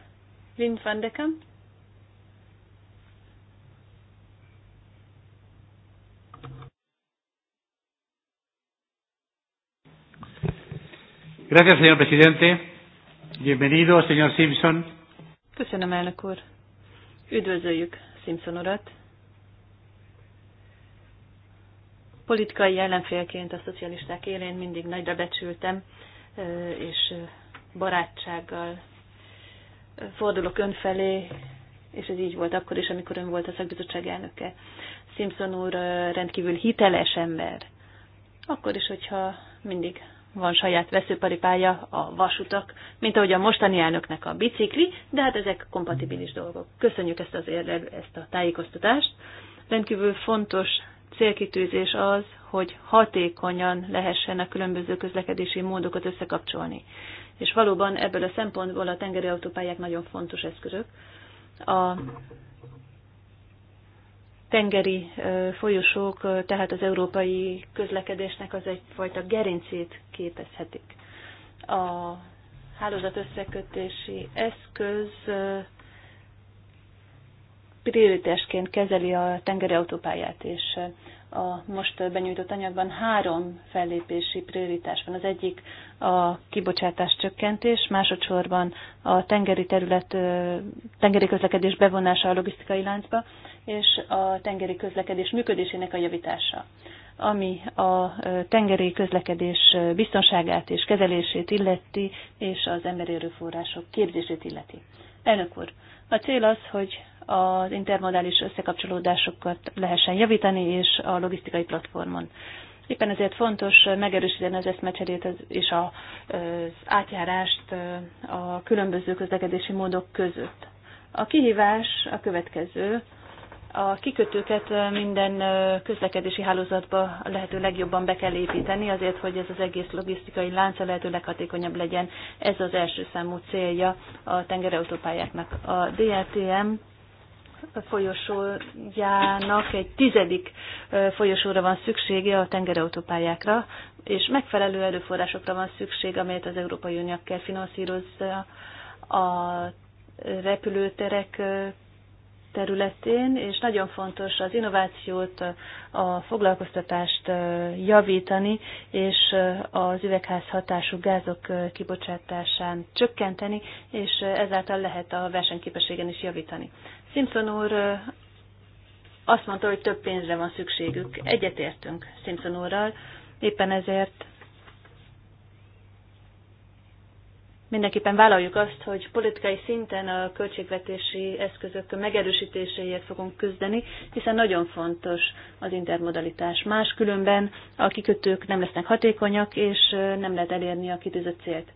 Lind van de Kamp. Gracias, señor presidente. Bienvenido, señor Simpson. Köszönöm, elnök úr. Üdvözöljük Simpson urat. Politikai ellenfélként a szocialisták élén mindig nagyra becsültem, és barátsággal fordulok ön felé, és ez így volt akkor is, amikor ön volt a szakbizottság elnöke. Simpson úr rendkívül hiteles ember. Akkor is, hogyha mindig van saját veszőparipája a vasutak, mint ahogy a mostani elnöknek a bicikli, de hát ezek kompatibilis dolgok. Köszönjük ezt az érlel, ezt a tájékoztatást. Rendkívül fontos célkitűzés az, hogy hatékonyan lehessen a különböző közlekedési módokat összekapcsolni. És valóban ebből a szempontból a tengeri autópályák nagyon fontos eszközök. A tengeri folyosók, tehát az európai közlekedésnek az egyfajta gerincét képezhetik. A hálózat összekötési eszköz prioritásként kezeli a tengeri autópályát, és a most benyújtott anyagban három fellépési prioritás van. Az egyik a kibocsátás csökkentés, másodszorban a tengeri terület, tengeri közlekedés bevonása a logisztikai láncba, és a tengeri közlekedés működésének a javítása ami a tengeri közlekedés biztonságát és kezelését illeti, és az emberi erőforrások képzését illeti. Elnök úr, a cél az, hogy az intermodális összekapcsolódásokat lehessen javítani, és a logisztikai platformon. Éppen ezért fontos megerősíteni az eszmecserét és az átjárást a különböző közlekedési módok között. A kihívás a következő. A kikötőket minden közlekedési hálózatba lehető legjobban be kell építeni, azért, hogy ez az egész logisztikai lánca lehető leghatékonyabb legyen. Ez az első számú célja a tengerautópályáknak. A DRTM folyosójának egy tizedik folyosóra van szüksége a tengerautópályákra, és megfelelő erőforrásokra van szükség, amelyet az Európai Unió kell finanszírozza a repülőterek területén, és nagyon fontos az innovációt, a foglalkoztatást javítani, és az üvegház hatású gázok kibocsátásán csökkenteni, és ezáltal lehet a versenyképességen is javítani. Simpson úr azt mondta, hogy több pénzre van szükségük. Egyetértünk Simpson úrral, éppen ezért mindenképpen vállaljuk azt, hogy politikai szinten a költségvetési eszközök megerősítéséért fogunk küzdeni, hiszen nagyon fontos az intermodalitás. Máskülönben a kikötők nem lesznek hatékonyak, és nem lehet elérni a kitűzött célt.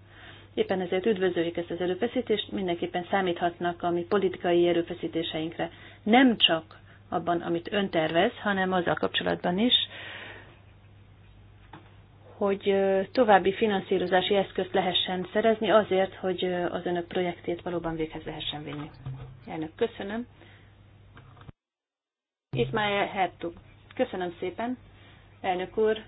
Éppen ezért üdvözöljük ezt az előfeszítést, mindenképpen számíthatnak a mi politikai erőfeszítéseinkre. Nem csak abban, amit ön tervez, hanem azzal kapcsolatban is, hogy további finanszírozási eszközt lehessen szerezni azért, hogy az önök projektét valóban véghez lehessen vinni. Elnök, köszönöm. Itt már Köszönöm szépen. Elnök úr,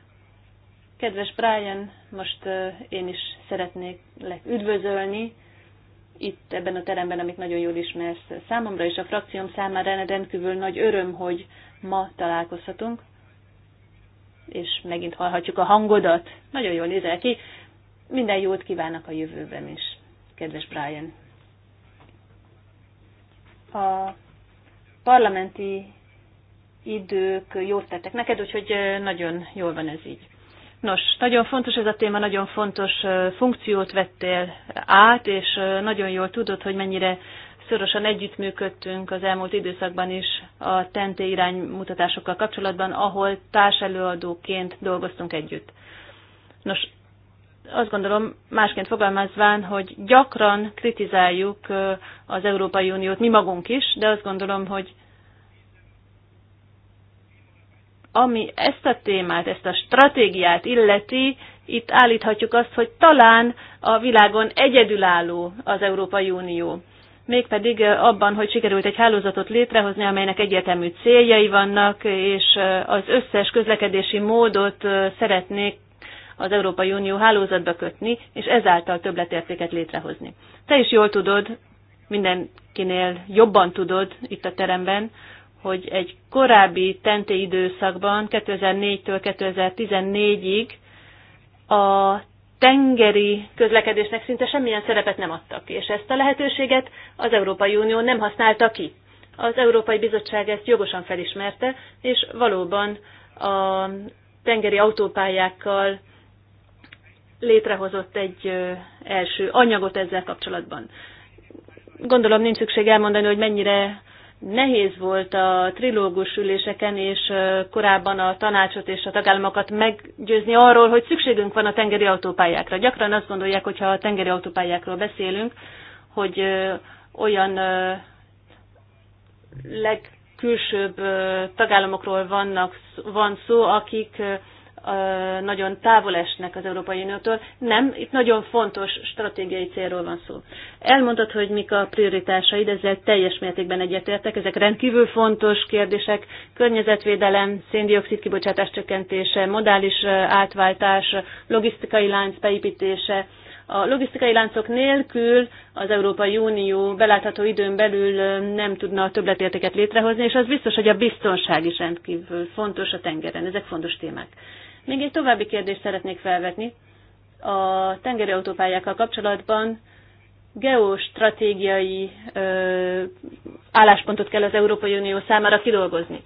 Kedves Brian, most én is szeretnék üdvözölni itt ebben a teremben, amit nagyon jól ismersz számomra, és a frakcióm számára rendkívül nagy öröm, hogy ma találkozhatunk, és megint hallhatjuk a hangodat. Nagyon jól nézel ki. Minden jót kívánok a jövőben is, kedves Brian. A parlamenti idők jót tettek neked, úgyhogy nagyon jól van ez így. Nos, nagyon fontos ez a téma, nagyon fontos funkciót vettél át, és nagyon jól tudod, hogy mennyire szorosan együttműködtünk az elmúlt időszakban is a TNT iránymutatásokkal kapcsolatban, ahol társelőadóként dolgoztunk együtt. Nos, azt gondolom, másként fogalmazván, hogy gyakran kritizáljuk az Európai Uniót mi magunk is, de azt gondolom, hogy Ami ezt a témát, ezt a stratégiát illeti, itt állíthatjuk azt, hogy talán a világon egyedülálló az Európai Unió. Mégpedig abban, hogy sikerült egy hálózatot létrehozni, amelynek egyetemű céljai vannak, és az összes közlekedési módot szeretnék az Európai Unió hálózatba kötni, és ezáltal többletértéket létrehozni. Te is jól tudod, mindenkinél jobban tudod itt a teremben, hogy egy korábbi tenté időszakban, 2004-től 2014-ig a tengeri közlekedésnek szinte semmilyen szerepet nem adtak, és ezt a lehetőséget az Európai Unió nem használta ki. Az Európai Bizottság ezt jogosan felismerte, és valóban a tengeri autópályákkal létrehozott egy első anyagot ezzel kapcsolatban. Gondolom nincs szükség elmondani, hogy mennyire Nehéz volt a trilógus üléseken és korábban a tanácsot és a tagállamokat meggyőzni arról, hogy szükségünk van a tengeri autópályákra. Gyakran azt gondolják, hogyha a tengeri autópályákról beszélünk, hogy olyan legkülsőbb tagállamokról vannak, van szó, akik nagyon távol esnek az Európai Uniótól. Nem, itt nagyon fontos stratégiai célról van szó. Elmondod, hogy mik a prioritásaid, ezzel teljes mértékben egyetértek. Ezek rendkívül fontos kérdések, környezetvédelem, széndiokszid kibocsátás csökkentése, modális átváltás, logisztikai lánc beépítése, a logisztikai láncok nélkül az Európai Unió belátható időn belül nem tudna a többletértéket létrehozni, és az biztos, hogy a biztonság is rendkívül fontos a tengeren. Ezek fontos témák. Még egy további kérdést szeretnék felvetni. A tengeri autópályákkal kapcsolatban geostratégiai ö, álláspontot kell az Európai Unió számára kidolgozni.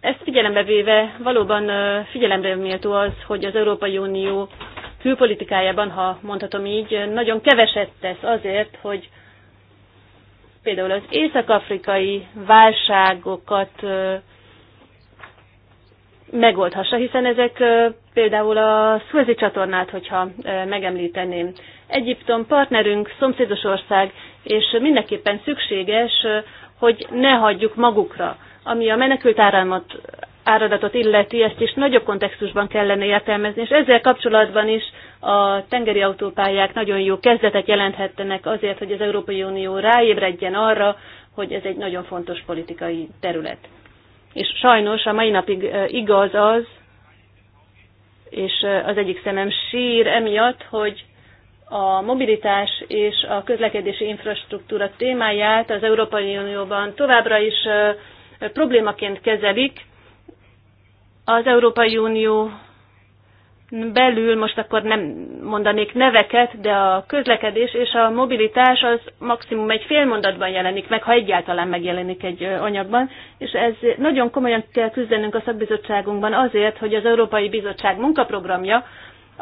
Ezt figyelembe véve valóban ö, figyelembe méltó az, hogy az Európai Unió külpolitikájában, ha mondhatom így, nagyon keveset tesz azért, hogy például az észak-afrikai válságokat megoldhassa, hiszen ezek például a Suezi csatornát, hogyha megemlíteném. Egyiptom partnerünk, szomszédos ország, és mindenképpen szükséges, hogy ne hagyjuk magukra. Ami a menekült áramot, áradatot illeti, ezt is nagyobb kontextusban kellene értelmezni, és ezzel kapcsolatban is a tengeri autópályák nagyon jó kezdetet jelenthettenek azért, hogy az Európai Unió ráébredjen arra, hogy ez egy nagyon fontos politikai terület. És sajnos a mai napig igaz az, és az egyik szemem sír emiatt, hogy a mobilitás és a közlekedési infrastruktúra témáját az Európai Unióban továbbra is problémaként kezelik. Az Európai Unió belül most akkor nem mondanék neveket, de a közlekedés és a mobilitás az maximum egy fél mondatban jelenik meg, ha egyáltalán megjelenik egy anyagban, és ez nagyon komolyan kell küzdenünk a szakbizottságunkban azért, hogy az Európai Bizottság munkaprogramja,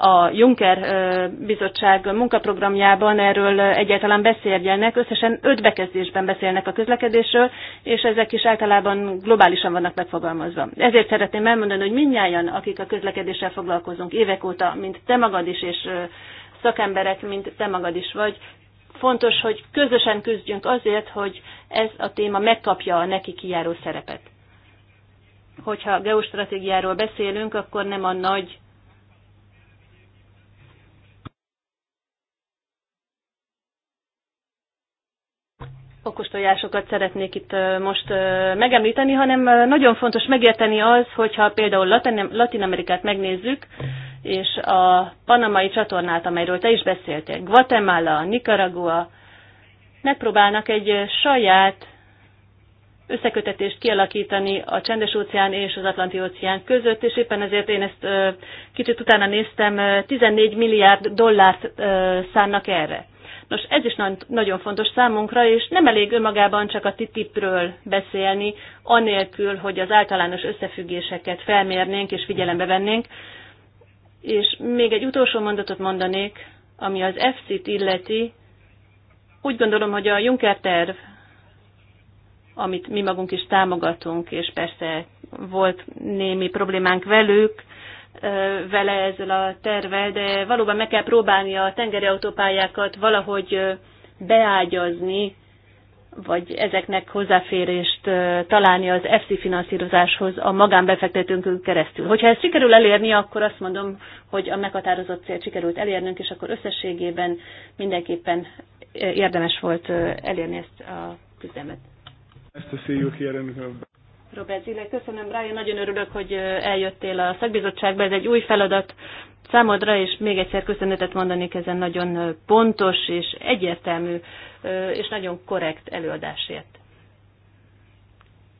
a Juncker bizottság munkaprogramjában erről egyáltalán beszéljenek. Összesen öt bekezdésben beszélnek a közlekedésről, és ezek is általában globálisan vannak megfogalmazva. Ezért szeretném elmondani, hogy mindnyájan, akik a közlekedéssel foglalkozunk évek óta, mint te magad is, és szakemberek, mint te magad is vagy, fontos, hogy közösen küzdjünk azért, hogy ez a téma megkapja a neki kijáró szerepet. Hogyha geostratégiáról beszélünk, akkor nem a nagy tojásokat szeretnék itt most megemlíteni, hanem nagyon fontos megérteni az, hogyha például Latin, Latin Amerikát megnézzük, és a panamai csatornát, amelyről te is beszéltél, Guatemala, Nicaragua, megpróbálnak egy saját összekötetést kialakítani a csendes óceán és az atlanti óceán között, és éppen ezért én ezt kicsit utána néztem, 14 milliárd dollárt szánnak erre. Nos, ez is nagyon fontos számunkra, és nem elég önmagában csak a TTIP-ről beszélni, anélkül, hogy az általános összefüggéseket felmérnénk és figyelembe vennénk. És még egy utolsó mondatot mondanék, ami az FC t illeti. Úgy gondolom, hogy a Juncker terv, amit mi magunk is támogatunk, és persze volt némi problémánk velük, vele ezzel a tervel, de valóban meg kell próbálni a tengeri autópályákat valahogy beágyazni, vagy ezeknek hozzáférést találni az FC finanszírozáshoz a magánbefektetőnk keresztül. Hogyha ezt sikerül elérni, akkor azt mondom, hogy a meghatározott cél sikerült elérnünk, és akkor összességében mindenképpen érdemes volt elérni ezt a küzdelmet. Ezt a széljük Robert Zille. Köszönöm, Brian, nagyon örülök, hogy eljöttél a szakbizottságba. Ez egy új feladat számodra, és még egyszer köszönetet mondanék ezen nagyon pontos és egyértelmű és nagyon korrekt előadásért.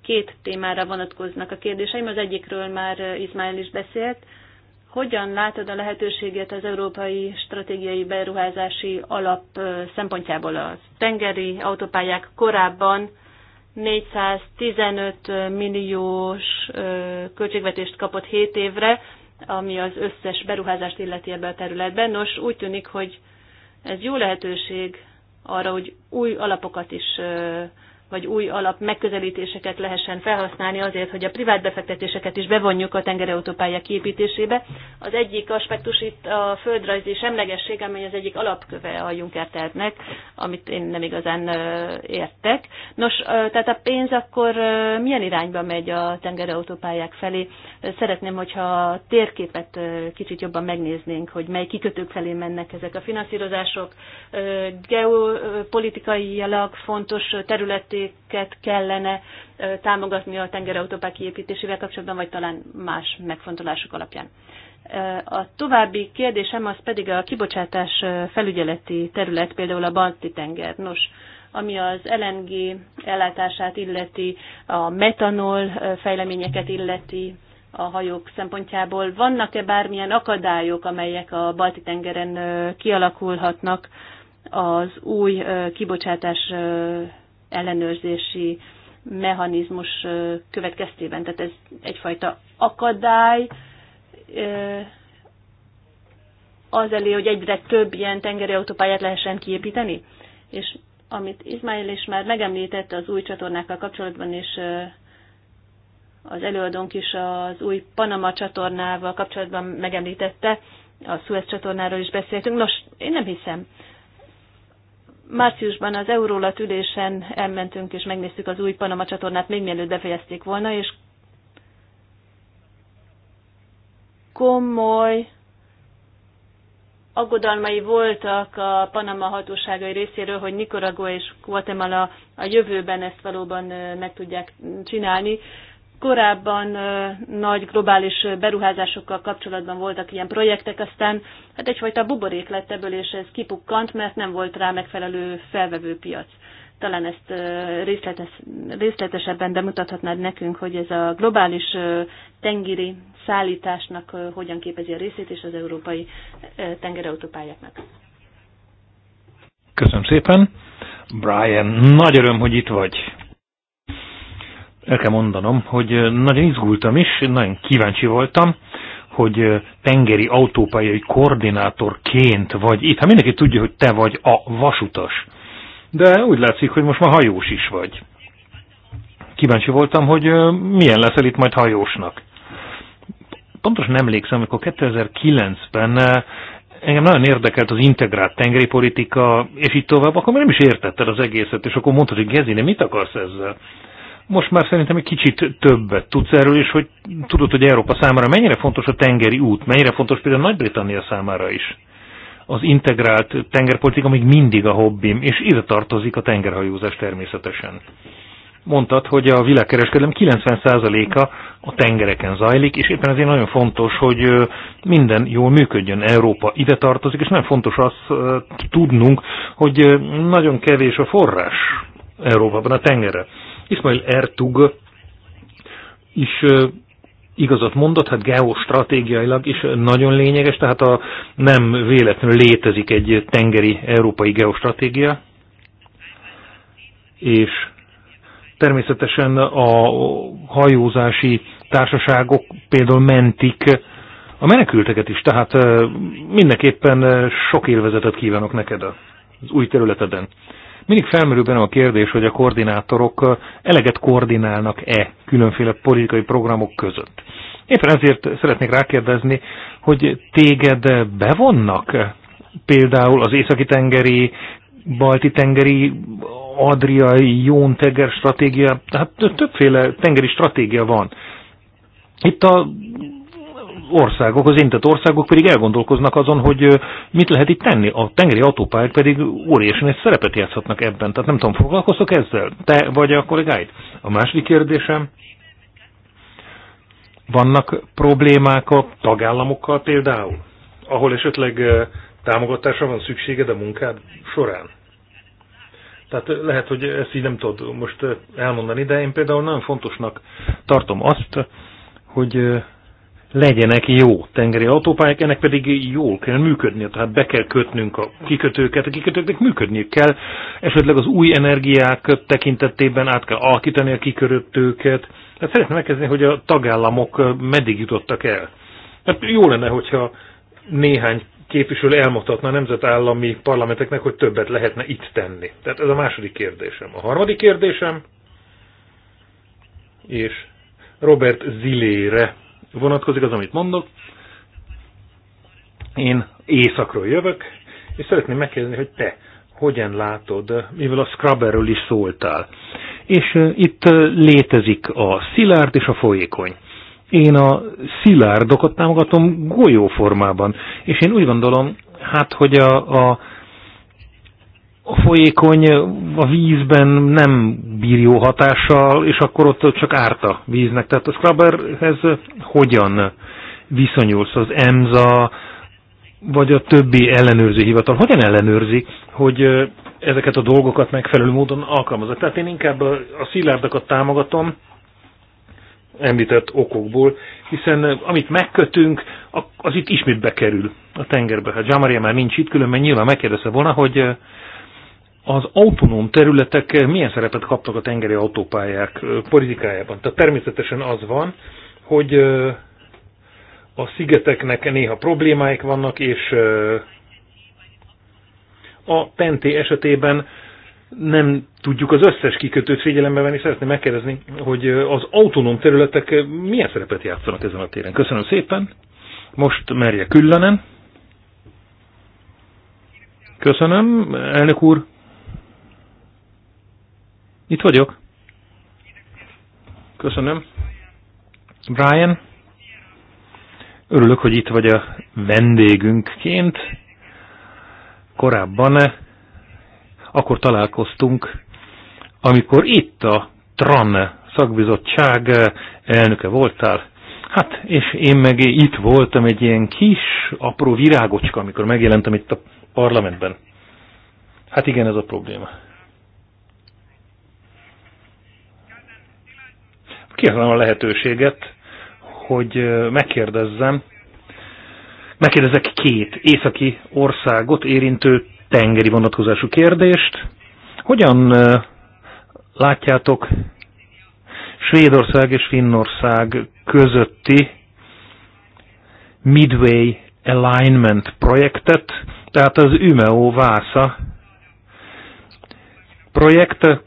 Két témára vonatkoznak a kérdéseim, az egyikről már Izmael is beszélt. Hogyan látod a lehetőséget az Európai Stratégiai Beruházási Alap szempontjából a tengeri autópályák korábban 415 milliós költségvetést kapott 7 évre, ami az összes beruházást illeti ebbe a területben. Nos, úgy tűnik, hogy ez jó lehetőség arra, hogy új alapokat is vagy új alap megközelítéseket lehessen felhasználni azért, hogy a privát befektetéseket is bevonjuk a tengeri autópálya kiépítésébe. Az egyik aspektus itt a földrajzi semlegesség, amely az egyik alapköve a Juncker tervnek, amit én nem igazán értek. Nos, tehát a pénz akkor milyen irányba megy a tengerautópályák felé? Szeretném, hogyha a térképet kicsit jobban megnéznénk, hogy mely kikötők felé mennek ezek a finanszírozások, geopolitikailag fontos területi projekteket kellene támogatni a tengerautópák kiépítésével kapcsolatban, vagy talán más megfontolások alapján. A további kérdésem az pedig a kibocsátás felügyeleti terület, például a Balti-tenger. Nos, ami az LNG ellátását illeti, a metanol fejleményeket illeti, a hajók szempontjából. Vannak-e bármilyen akadályok, amelyek a Balti-tengeren kialakulhatnak az új kibocsátás ellenőrzési mechanizmus következtében. Tehát ez egyfajta akadály az elé, hogy egyre több ilyen tengeri autópályát lehessen kiépíteni. És amit Izmail is már megemlítette az új csatornákkal kapcsolatban, és az előadónk is az új Panama csatornával kapcsolatban megemlítette, a Suez csatornáról is beszéltünk. Nos, én nem hiszem, Márciusban az Eurólat ülésen elmentünk és megnéztük az új Panama csatornát, még mielőtt befejezték volna, és komoly aggodalmai voltak a Panama hatóságai részéről, hogy Nicaragua és Guatemala a jövőben ezt valóban meg tudják csinálni korábban nagy globális beruházásokkal kapcsolatban voltak ilyen projektek, aztán hát egyfajta buborék lett ebből, és ez kipukkant, mert nem volt rá megfelelő felvevő piac. Talán ezt részletes, részletesebben bemutathatnád nekünk, hogy ez a globális tengeri szállításnak hogyan képezi a részét, és az európai tengerautópályáknak. Köszönöm szépen. Brian, nagy öröm, hogy itt vagy el kell mondanom, hogy nagyon izgultam is, nagyon kíváncsi voltam, hogy tengeri autópályai koordinátorként vagy itt. Hát mindenki tudja, hogy te vagy a vasutas. De úgy látszik, hogy most már hajós is vagy. Kíváncsi voltam, hogy milyen leszel itt majd hajósnak. Pontosan emlékszem, amikor 2009-ben engem nagyon érdekelt az integrált tengeri politika, és így tovább, akkor már nem is értetted az egészet, és akkor mondtad, hogy Gezi, mit akarsz ezzel? Most már szerintem egy kicsit többet tudsz erről is, hogy tudod, hogy Európa számára mennyire fontos a tengeri út, mennyire fontos például Nagy-Britannia számára is. Az integrált tengerpolitika még mindig a hobbim, és ide tartozik a tengerhajózás természetesen. Mondtad, hogy a világkereskedelem 90%-a a tengereken zajlik, és éppen ezért nagyon fontos, hogy minden jól működjön. Európa ide tartozik, és nagyon fontos azt tudnunk, hogy nagyon kevés a forrás Európában a tengerre. Ismail Ertug is igazat mondott, hát geostratégiailag is nagyon lényeges, tehát a nem véletlenül létezik egy tengeri európai geostratégia, és természetesen a hajózási társaságok például mentik a menekülteket is, tehát mindenképpen sok élvezetet kívánok neked az új területeden. Mindig felmerül bennem a kérdés, hogy a koordinátorok eleget koordinálnak-e különféle politikai programok között. Éppen ezért szeretnék rákérdezni, hogy téged bevonnak például az északi-tengeri, balti-tengeri, adriai, jón-tenger stratégia, tehát többféle tengeri stratégia van. Itt a országok, az intett országok pedig elgondolkoznak azon, hogy mit lehet itt tenni. A tengeri autópályák pedig óriási egy szerepet játszhatnak ebben. Tehát nem tudom, foglalkoztok ezzel? Te vagy a kollégáid? A másik kérdésem, vannak problémák a tagállamokkal például, ahol esetleg támogatásra van szükséged a munkád során? Tehát lehet, hogy ezt így nem tudod most elmondani, de én például nagyon fontosnak tartom azt, hogy legyenek jó tengeri autópályák, ennek pedig jól kell működnie, tehát be kell kötnünk a kikötőket, a kikötőknek működniük kell, esetleg az új energiák tekintetében át kell alakítani a kikötőket. Tehát szeretném megkezdeni, hogy a tagállamok meddig jutottak el. Hát jó lenne, hogyha néhány képviselő elmutatna a nemzetállami parlamenteknek, hogy többet lehetne itt tenni. Tehát ez a második kérdésem. A harmadik kérdésem, és Robert Zilére vonatkozik az, amit mondok. Én éjszakról jövök, és szeretném megkérdezni, hogy te hogyan látod, mivel a Scrubberről is szóltál. És itt létezik a szilárd és a folyékony. Én a szilárdokat támogatom golyóformában, és én úgy gondolom, hát, hogy a, a a folyékony a vízben nem bír jó hatással, és akkor ott csak árta víznek. Tehát a scrubberhez hogyan viszonyulsz az EMSA, vagy a többi ellenőrző hivatal? Hogyan ellenőrzi, hogy ezeket a dolgokat megfelelő módon alkalmazott? Tehát én inkább a szilárdakat támogatom, említett okokból, hiszen amit megkötünk, az itt ismét bekerül a tengerbe. Hát Jamaria már nincs itt, különben nyilván megkérdezte volna, hogy az autonóm területek milyen szerepet kaptak a tengeri autópályák politikájában. Tehát természetesen az van, hogy a szigeteknek néha problémáik vannak, és a tenté esetében nem tudjuk az összes kikötőt figyelembe venni. Szeretném megkérdezni, hogy az autonóm területek milyen szerepet játszanak ezen a téren. Köszönöm szépen. Most Merje Küllenen. Köszönöm, elnök úr. Itt vagyok. Köszönöm. Brian, örülök, hogy itt vagy a vendégünkként. Korábban akkor találkoztunk, amikor itt a TRAN szakbizottság elnöke voltál. Hát, és én meg itt voltam egy ilyen kis, apró virágocska, amikor megjelentem itt a parlamentben. Hát igen, ez a probléma. kihasználom a lehetőséget, hogy megkérdezzem, megkérdezek két északi országot érintő tengeri vonatkozású kérdést. Hogyan látjátok Svédország és Finnország közötti Midway Alignment projektet, tehát az Ümeó Vásza projekt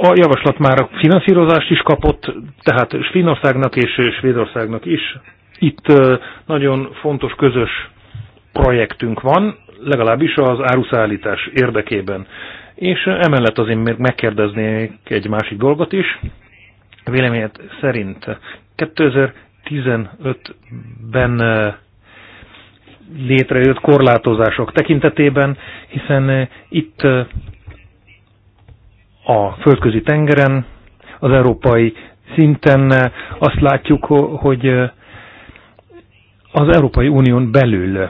a javaslat már a finanszírozást is kapott, tehát Finnországnak és Svédországnak is. Itt nagyon fontos közös projektünk van, legalábbis az áruszállítás érdekében. És emellett azért még megkérdeznék egy másik dolgot is. Véleményed szerint 2015-ben létrejött korlátozások tekintetében, hiszen itt a földközi tengeren, az európai szinten azt látjuk, hogy az Európai Unión belül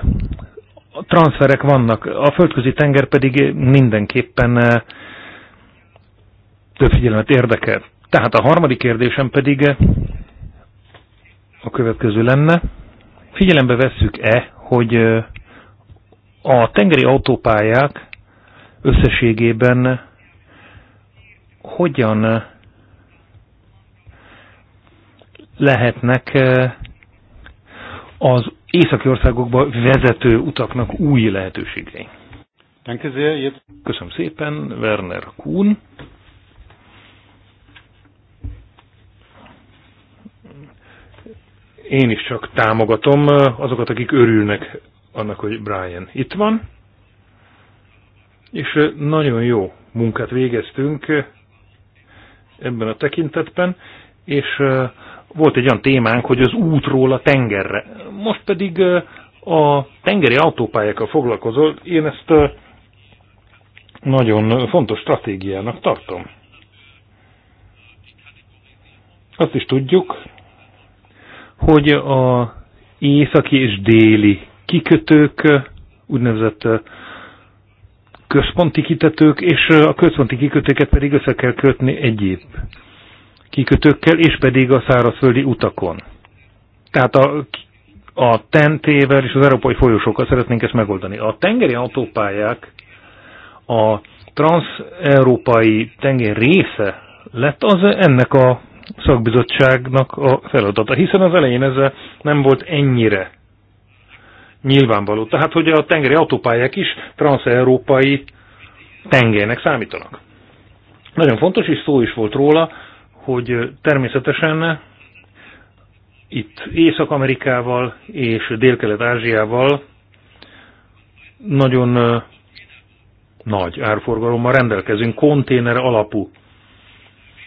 transferek vannak, a földközi tenger pedig mindenképpen több figyelmet érdekel. Tehát a harmadik kérdésem pedig a következő lenne. Figyelembe vesszük-e, hogy a tengeri autópályák összességében hogyan eh, lehetnek eh, az északi országokba vezető utaknak új lehetőségei. Köszönöm szépen, Werner Kuhn. Én is csak támogatom eh, azokat, akik örülnek annak, hogy Brian itt van. És nagyon jó munkát végeztünk ebben a tekintetben, és volt egy olyan témánk, hogy az útról a tengerre. Most pedig a tengeri autópályákkal foglalkozol, én ezt nagyon fontos stratégiának tartom. Azt is tudjuk, hogy a északi és déli kikötők úgynevezett központi kitetők, és a központi kikötőket pedig össze kell kötni egyéb kikötőkkel, és pedig a szárazföldi utakon. Tehát a, a tentével és az európai folyosókkal szeretnénk ezt megoldani. A tengeri autópályák a transeurópai tenger része lett az ennek a szakbizottságnak a feladata, hiszen az elején ezzel nem volt ennyire nyilvánvaló. Tehát, hogy a tengeri autópályák is transeurópai tengelynek számítanak. Nagyon fontos, és szó is volt róla, hogy természetesen itt Észak-Amerikával és Dél-Kelet-Ázsiával nagyon nagy árforgalommal rendelkezünk, konténer alapú.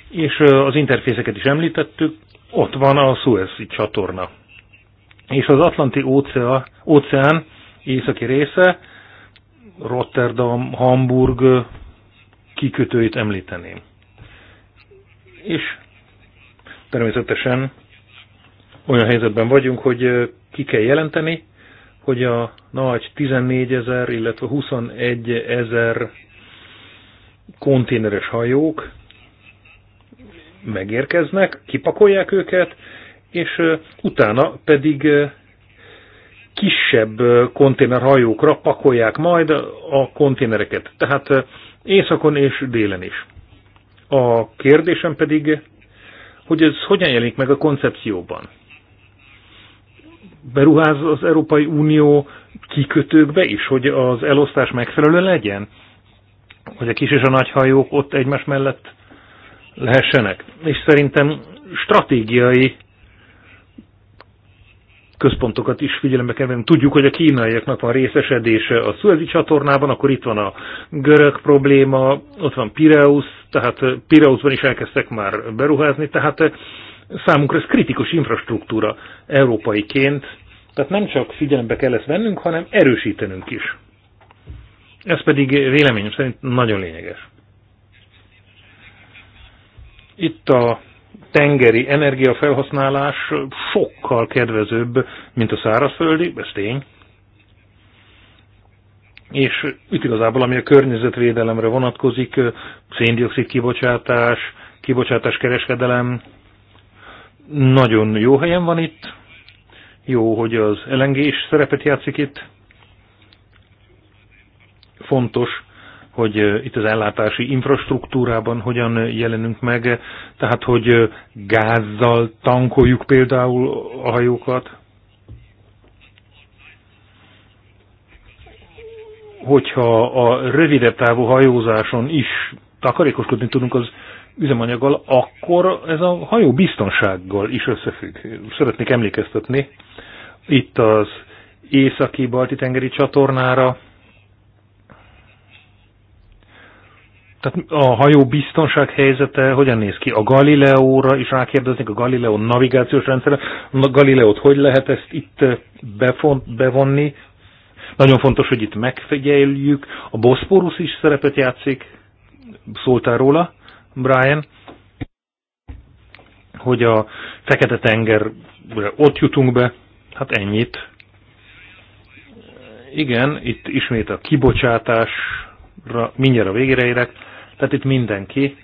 És az interfészeket is említettük, ott van a Suez csatorna és az Atlanti óceán, óceán északi része, Rotterdam, Hamburg kikötőit említeném. És természetesen olyan helyzetben vagyunk, hogy ki kell jelenteni, hogy a nagy 14 ezer, illetve 21 ezer konténeres hajók megérkeznek, kipakolják őket, és utána pedig kisebb konténerhajókra pakolják majd a konténereket, tehát északon és délen is. A kérdésem pedig, hogy ez hogyan jelenik meg a koncepcióban? Beruház az Európai Unió kikötőkbe is, hogy az elosztás megfelelő legyen? Hogy a kis és a nagy hajók ott egymás mellett lehessenek? És szerintem stratégiai központokat is figyelembe kell venni. Tudjuk, hogy a kínaiaknak van részesedése a szuezi csatornában, akkor itt van a görög probléma, ott van Pireus, tehát Pireusban is elkezdtek már beruházni, tehát számunkra ez kritikus infrastruktúra európaiként, tehát nem csak figyelembe kell ezt vennünk, hanem erősítenünk is. Ez pedig véleményem szerint nagyon lényeges. Itt a tengeri energiafelhasználás sokkal kedvezőbb, mint a szárazföldi, ez tény. És itt igazából, ami a környezetvédelemre vonatkozik, széndiokszid kibocsátás, kibocsátás kereskedelem, nagyon jó helyen van itt, jó, hogy az LNG is szerepet játszik itt, fontos, hogy itt az ellátási infrastruktúrában hogyan jelenünk meg, tehát hogy gázzal tankoljuk például a hajókat, hogyha a rövidebb távú hajózáson is takarékoskodni tudunk az üzemanyaggal, akkor ez a hajó biztonsággal is összefügg. Szeretnék emlékeztetni itt az északi balti tengeri csatornára, Tehát a hajó biztonság helyzete hogyan néz ki? A Galileóra is rákérdeznék, a Galileo navigációs rendszerre. A Galileót hogy lehet ezt itt eh, befont, bevonni? Nagyon fontos, hogy itt megfigyeljük. A Bosporus is szerepet játszik, szóltál róla, Brian, hogy a Fekete-tenger ott jutunk be, hát ennyit. Igen, itt ismét a kibocsátás mindjárt a végére érek. Tehát itt mindenki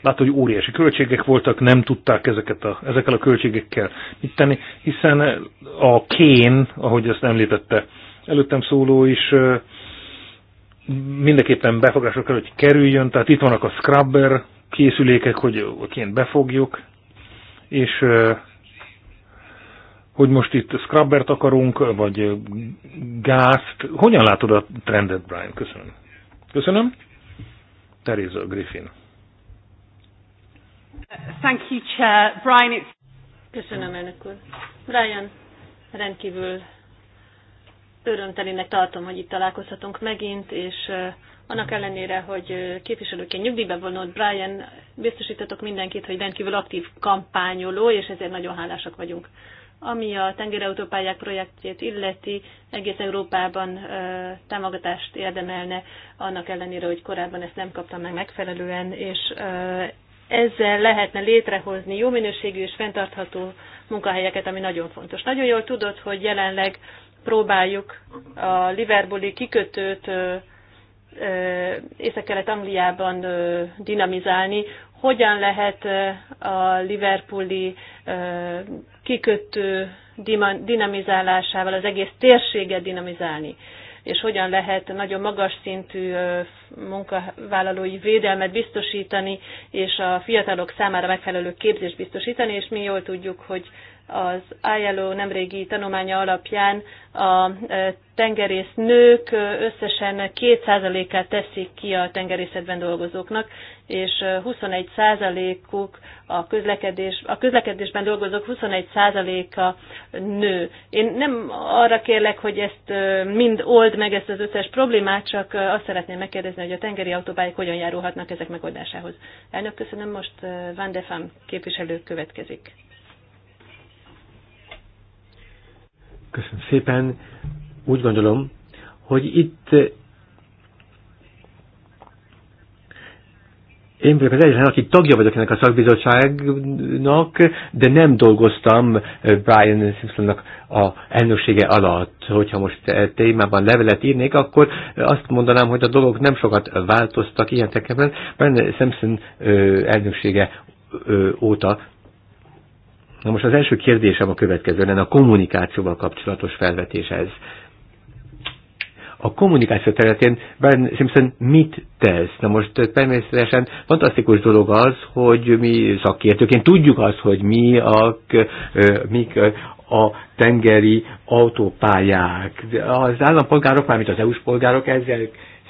látta, hogy óriási költségek voltak, nem tudták ezeket a, ezekkel a költségekkel mit tenni, hiszen a kén, ahogy ezt említette előttem szóló is, mindenképpen befogásra kell, hogy kerüljön, tehát itt vannak a scrubber készülékek, hogy a kén befogjuk, és hogy most itt scrubbert akarunk, vagy gázt. Hogyan látod a trendet, Brian? Köszönöm. Köszönöm. Teresa Griffin. Thank you, Chair. Brian, it's... Köszönöm, elnök úr. Brian, rendkívül örömtelének tartom, hogy itt találkozhatunk megint, és annak ellenére, hogy képviselőként nyugdíjban vonult Brian, biztosítatok mindenkit, hogy rendkívül aktív kampányoló, és ezért nagyon hálásak vagyunk. Ami a tengerautópályák projektjét illeti, egész Európában ö, támogatást érdemelne, annak ellenére, hogy korábban ezt nem kaptam meg megfelelően, és ö, ezzel lehetne létrehozni jó minőségű és fenntartható munkahelyeket, ami nagyon fontos. Nagyon jól tudod, hogy jelenleg próbáljuk a Liverpooli kikötőt ö, észak-kelet Angliában dinamizálni, hogyan lehet a Liverpooli kikötő dinamizálásával az egész térséget dinamizálni, és hogyan lehet nagyon magas szintű munkavállalói védelmet biztosítani, és a fiatalok számára megfelelő képzést biztosítani, és mi jól tudjuk, hogy az ILO nemrégi tanulmánya alapján a e, tengerész nők e, összesen 2%-át teszik ki a tengerészetben dolgozóknak, és 21%-uk e, a, közlekedés, a közlekedésben dolgozók 21%-a nő. Én nem arra kérlek, hogy ezt mind old meg ezt az összes problémát, csak azt szeretném megkérdezni, hogy a tengeri autópályák hogyan járulhatnak ezek megoldásához. Elnök, köszönöm, most Van de Fem képviselő következik. Köszönöm szépen. Úgy gondolom, hogy itt én vagyok az egyetlen, aki tagja vagyok ennek a szakbizottságnak, de nem dolgoztam Brian Simpsonnak a elnöksége alatt. Hogyha most e témában levelet írnék, akkor azt mondanám, hogy a dolgok nem sokat változtak ilyen tekemben. Brian Simpson elnöksége óta Na most az első kérdésem a következő lenne a kommunikációval kapcsolatos felvetés ez. A kommunikáció területén Brian Simpson mit tesz? Na most természetesen fantasztikus dolog az, hogy mi szakértőként tudjuk azt, hogy mi a, mik a tengeri autópályák. Az állampolgárok, mármint az EU-s polgárok ezzel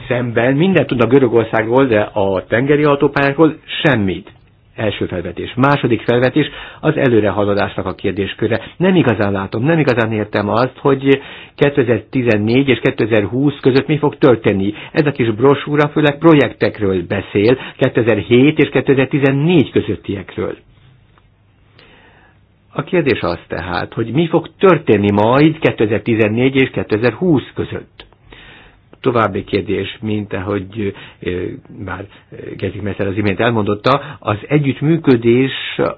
szemben mindent tudnak Görögországról, de a tengeri autópályákról semmit első felvetés. Második felvetés az haladásnak a kérdésköre. Nem igazán látom, nem igazán értem azt, hogy 2014 és 2020 között mi fog történni. Ez a kis brosúra főleg projektekről beszél, 2007 és 2014 közöttiekről. A kérdés az tehát, hogy mi fog történni majd 2014 és 2020 között további kérdés, mint ahogy már Gezik Mester az imént elmondotta, az együttműködés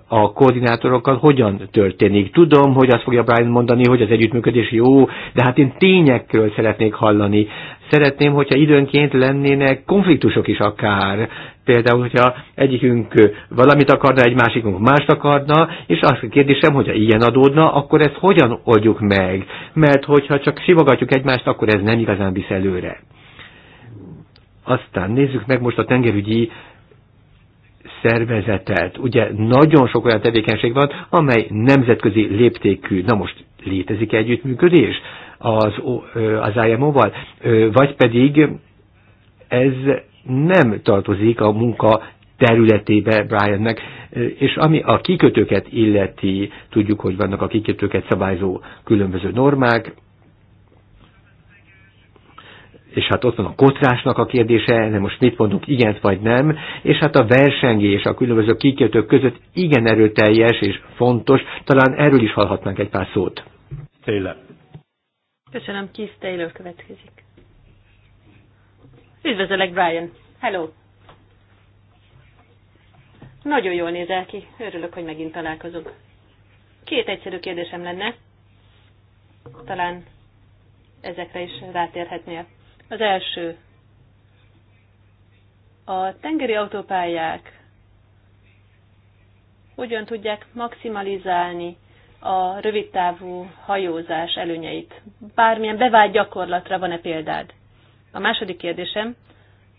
a koordinátorokkal hogyan történik. Tudom, hogy azt fogja Brian mondani, hogy az együttműködés jó, de hát én tényekről szeretnék hallani. Szeretném, hogyha időnként lennének konfliktusok is akár, Például, hogyha egyikünk valamit akarna, egy másikunk mást akarna, és azt a kérdésem, hogyha ilyen adódna, akkor ezt hogyan oldjuk meg? Mert hogyha csak simogatjuk egymást, akkor ez nem igazán visz előre. Aztán nézzük meg most a tengerügyi szervezetet. Ugye nagyon sok olyan tevékenység van, amely nemzetközi léptékű. Na most létezik -e együttműködés az, az IMO-val? Vagy pedig ez nem tartozik a munka területébe Briannek, és ami a kikötőket illeti, tudjuk, hogy vannak a kikötőket szabályzó különböző normák, és hát ott van a kotrásnak a kérdése, nem most mit mondunk, igen vagy nem, és hát a versengés a különböző kikötők között igen erőteljes és fontos, talán erről is hallhatnánk egy pár szót. Taylor. Köszönöm, Kis Taylor következik. Üdvözöllek, Brian! Hello! Nagyon jól nézel ki. Örülök, hogy megint találkozunk. Két egyszerű kérdésem lenne. Talán ezekre is rátérhetnél. Az első. A tengeri autópályák hogyan tudják maximalizálni a rövidtávú hajózás előnyeit? Bármilyen bevált gyakorlatra van-e példád? A második kérdésem,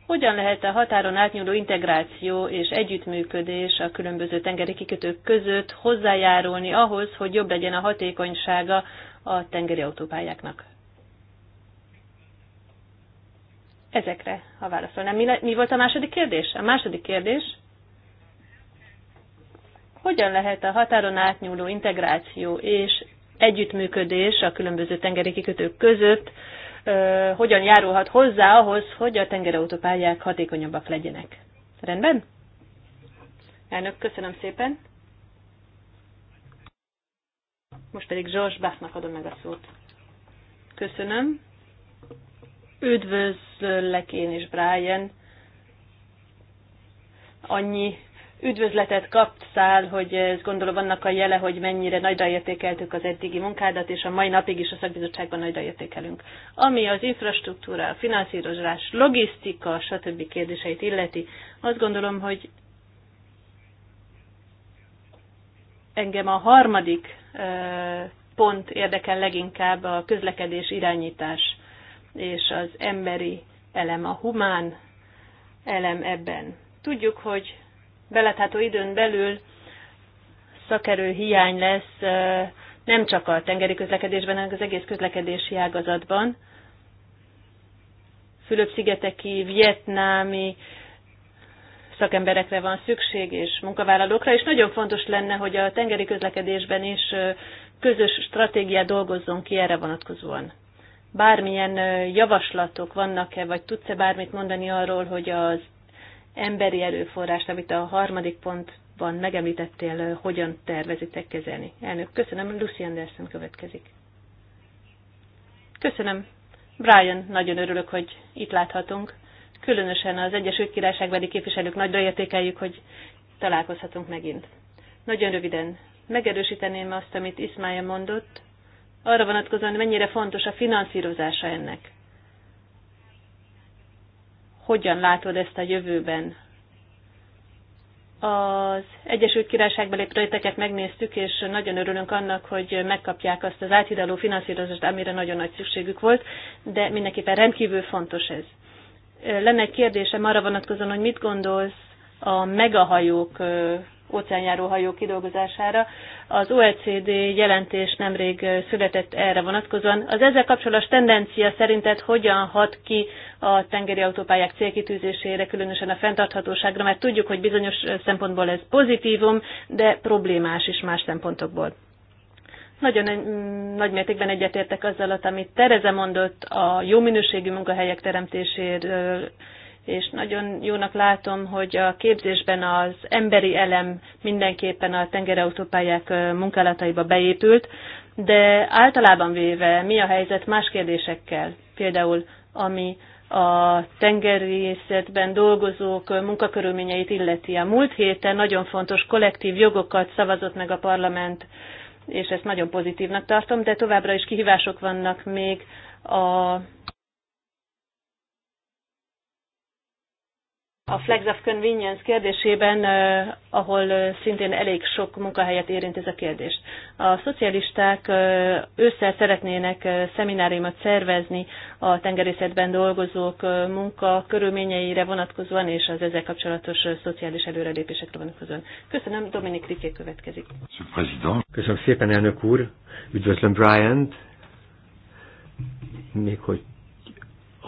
hogyan lehet a határon átnyúló integráció és együttműködés a különböző tengeri kikötők között hozzájárulni ahhoz, hogy jobb legyen a hatékonysága a tengeri autópályáknak? Ezekre a válaszolnám. Mi, le, mi volt a második kérdés? A második kérdés, hogyan lehet a határon átnyúló integráció és együttműködés a különböző tengeri kikötők között hogyan járulhat hozzá ahhoz, hogy a tengerautópályák hatékonyabbak legyenek. Rendben? Elnök, köszönöm szépen. Most pedig George Bassnak adom meg a szót. Köszönöm. Üdvözöllek én is, Brian. Annyi üdvözletet kaptál, hogy ez gondolom annak a jele, hogy mennyire nagyra értékeltük az eddigi munkádat, és a mai napig is a szakbizottságban nagyra értékelünk. Ami az infrastruktúra, finanszírozás, logisztika, stb. kérdéseit illeti, azt gondolom, hogy engem a harmadik pont érdekel leginkább a közlekedés irányítás és az emberi elem, a humán elem ebben. Tudjuk, hogy belátható időn belül szakerő hiány lesz nem csak a tengeri közlekedésben, hanem az egész közlekedési ágazatban. Fülöp-szigeteki, vietnámi szakemberekre van szükség, és munkavállalókra, és nagyon fontos lenne, hogy a tengeri közlekedésben is közös stratégiát dolgozzon ki erre vonatkozóan. Bármilyen javaslatok vannak-e, vagy tudsz-e bármit mondani arról, hogy az emberi erőforrást, amit a harmadik pontban megemlítettél, hogyan tervezitek kezelni. Elnök, köszönöm. Lucy Anderson következik. Köszönöm. Brian, nagyon örülök, hogy itt láthatunk. Különösen az Egyesült Királyságbeli képviselők nagyra értékeljük, hogy találkozhatunk megint. Nagyon röviden megerősíteném azt, amit Ismája mondott, arra vonatkozóan, mennyire fontos a finanszírozása ennek hogyan látod ezt a jövőben? Az Egyesült Királyságbeli projekteket megnéztük, és nagyon örülünk annak, hogy megkapják azt az áthidaló finanszírozást, amire nagyon nagy szükségük volt, de mindenképpen rendkívül fontos ez. Lenne egy kérdésem arra vonatkozóan, hogy mit gondolsz a megahajók óceánjáró hajók kidolgozására. Az OECD jelentés nemrég született erre vonatkozóan. Az ezzel kapcsolatos tendencia szerinted hogyan hat ki a tengeri autópályák célkitűzésére, különösen a fenntarthatóságra, mert tudjuk, hogy bizonyos szempontból ez pozitívum, de problémás is más szempontokból. Nagyon mm, nagy mértékben egyetértek azzal, amit Tereze mondott a jó minőségű munkahelyek teremtéséről, és nagyon jónak látom, hogy a képzésben az emberi elem mindenképpen a tengerautópályák munkálataiba beépült, de általában véve mi a helyzet más kérdésekkel, például ami a tengerészetben dolgozók munkakörülményeit illeti. A múlt héten nagyon fontos kollektív jogokat szavazott meg a parlament, és ezt nagyon pozitívnak tartom, de továbbra is kihívások vannak még a a Flags of Convenience kérdésében, ahol szintén elég sok munkahelyet érint ez a kérdés. A szocialisták ősszel szeretnének szemináriumot szervezni a tengerészetben dolgozók munka körülményeire vonatkozóan és az ezzel kapcsolatos szociális előrelépésekre vonatkozóan. Köszönöm, Dominik Riké következik. Köszönöm szépen, elnök úr. Üdvözlöm Bryant. Még hogy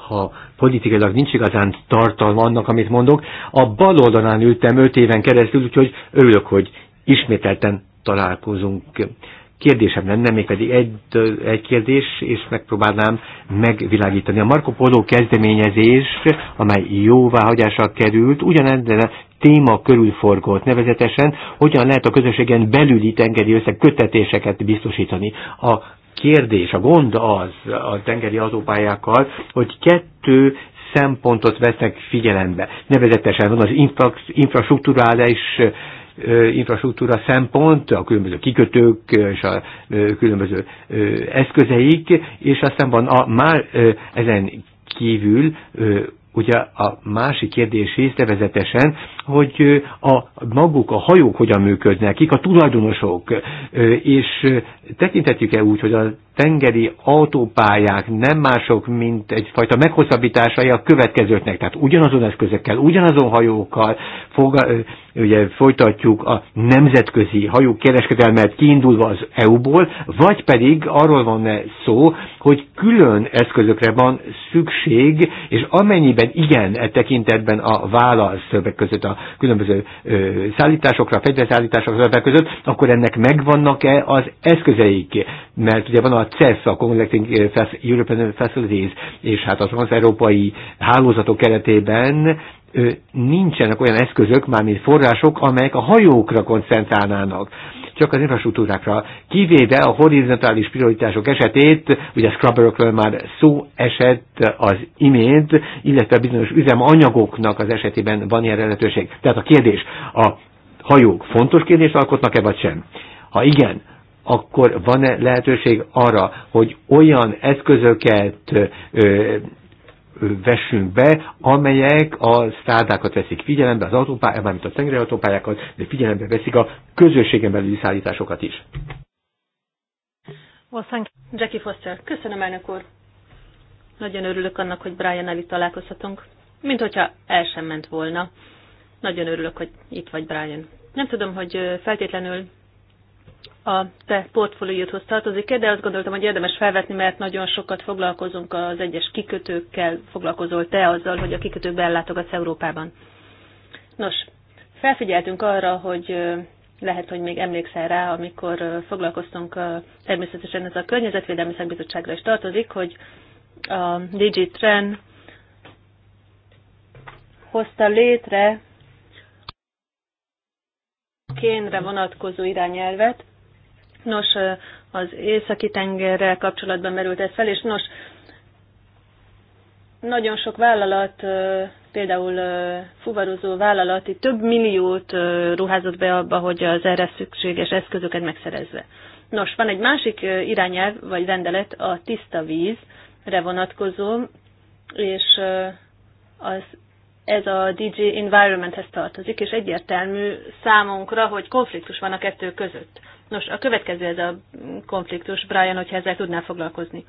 ha politikailag nincs igazán tartalma annak, amit mondok, a bal oldalán ültem öt éven keresztül, úgyhogy örülök, hogy ismételten találkozunk. Kérdésem lenne, pedig egy, egy kérdés, és megpróbálnám megvilágítani. A Marco Polo kezdeményezés, amely jóváhagyásra került, ugyanezzel téma körül forgott, nevezetesen hogyan lehet a közösségen belüli tengeri összekötetéseket biztosítani. A kérdés, a gond az a tengeri autópályákkal, hogy kettő szempontot vesznek figyelembe. Nevezetesen van az infra, infrastruktúrális infrastruktúra szempont, a különböző kikötők és a különböző eszközeik, és aztán van a már ezen kívül ugye a másik kérdés is nevezetesen, hogy a maguk, a hajók hogyan működnek, kik a tulajdonosok, és tekinthetjük-e úgy, hogy a tengeri autópályák nem mások, mint egyfajta meghosszabbításai a következőknek, tehát ugyanazon eszközökkel, ugyanazon hajókkal foga, ugye, folytatjuk a nemzetközi hajók kereskedelmet kiindulva az EU-ból, vagy pedig arról van -e szó, hogy külön eszközökre van szükség, és amennyiben igen, e tekintetben a válasz többek között a különböző ö, szállításokra, fegyverszállításokra többek között, akkor ennek megvannak-e az eszközök? éveig, mert ugye van a CESZ, a Connecting eh, European Facilities, és hát az európai hálózatok keretében nincsenek olyan eszközök, mármint források, amelyek a hajókra koncentrálnának csak az infrastruktúrákra, kivéve a horizontális prioritások esetét, ugye scrubberökről már szó esett az imént, illetve bizonyos üzemanyagoknak az esetében van ilyen lehetőség. Tehát a kérdés, a hajók fontos kérdést alkotnak-e vagy sem? Ha igen, akkor van-e lehetőség arra, hogy olyan eszközöket ö, vessünk be, amelyek a sztárdákat veszik figyelembe, az autópályákat, mármint a tengeri autópályákat, de figyelembe veszik a közösségen belüli szállításokat is. Well, thank you. Jackie Foster, köszönöm elnök úr. Nagyon örülök annak, hogy Brian el itt találkozhatunk. Mint hogyha el sem ment volna. Nagyon örülök, hogy itt vagy, Brian. Nem tudom, hogy feltétlenül a te portfóliódhoz tartozik-e, de azt gondoltam, hogy érdemes felvetni, mert nagyon sokat foglalkozunk az egyes kikötőkkel, foglalkozol te azzal, hogy a kikötőkbe ellátogatsz Európában. Nos, felfigyeltünk arra, hogy lehet, hogy még emlékszel rá, amikor foglalkoztunk, természetesen ez a Környezetvédelmi Szakbizottságra is tartozik, hogy a DigiTren hozta létre kénre vonatkozó irányelvet, Nos, az északi tengerrel kapcsolatban merült ez fel, és nos, nagyon sok vállalat, például fuvarozó vállalati több milliót ruházott be abba, hogy az erre szükséges eszközöket megszerezze. Nos, van egy másik irányelv vagy rendelet a tiszta vízre vonatkozó, és az, ez a DJ Environmenthez tartozik, és egyértelmű számunkra, hogy konfliktus van a kettő között. Nos, a következő ez a konfliktus, Brian, hogyha ezzel tudnál foglalkozni.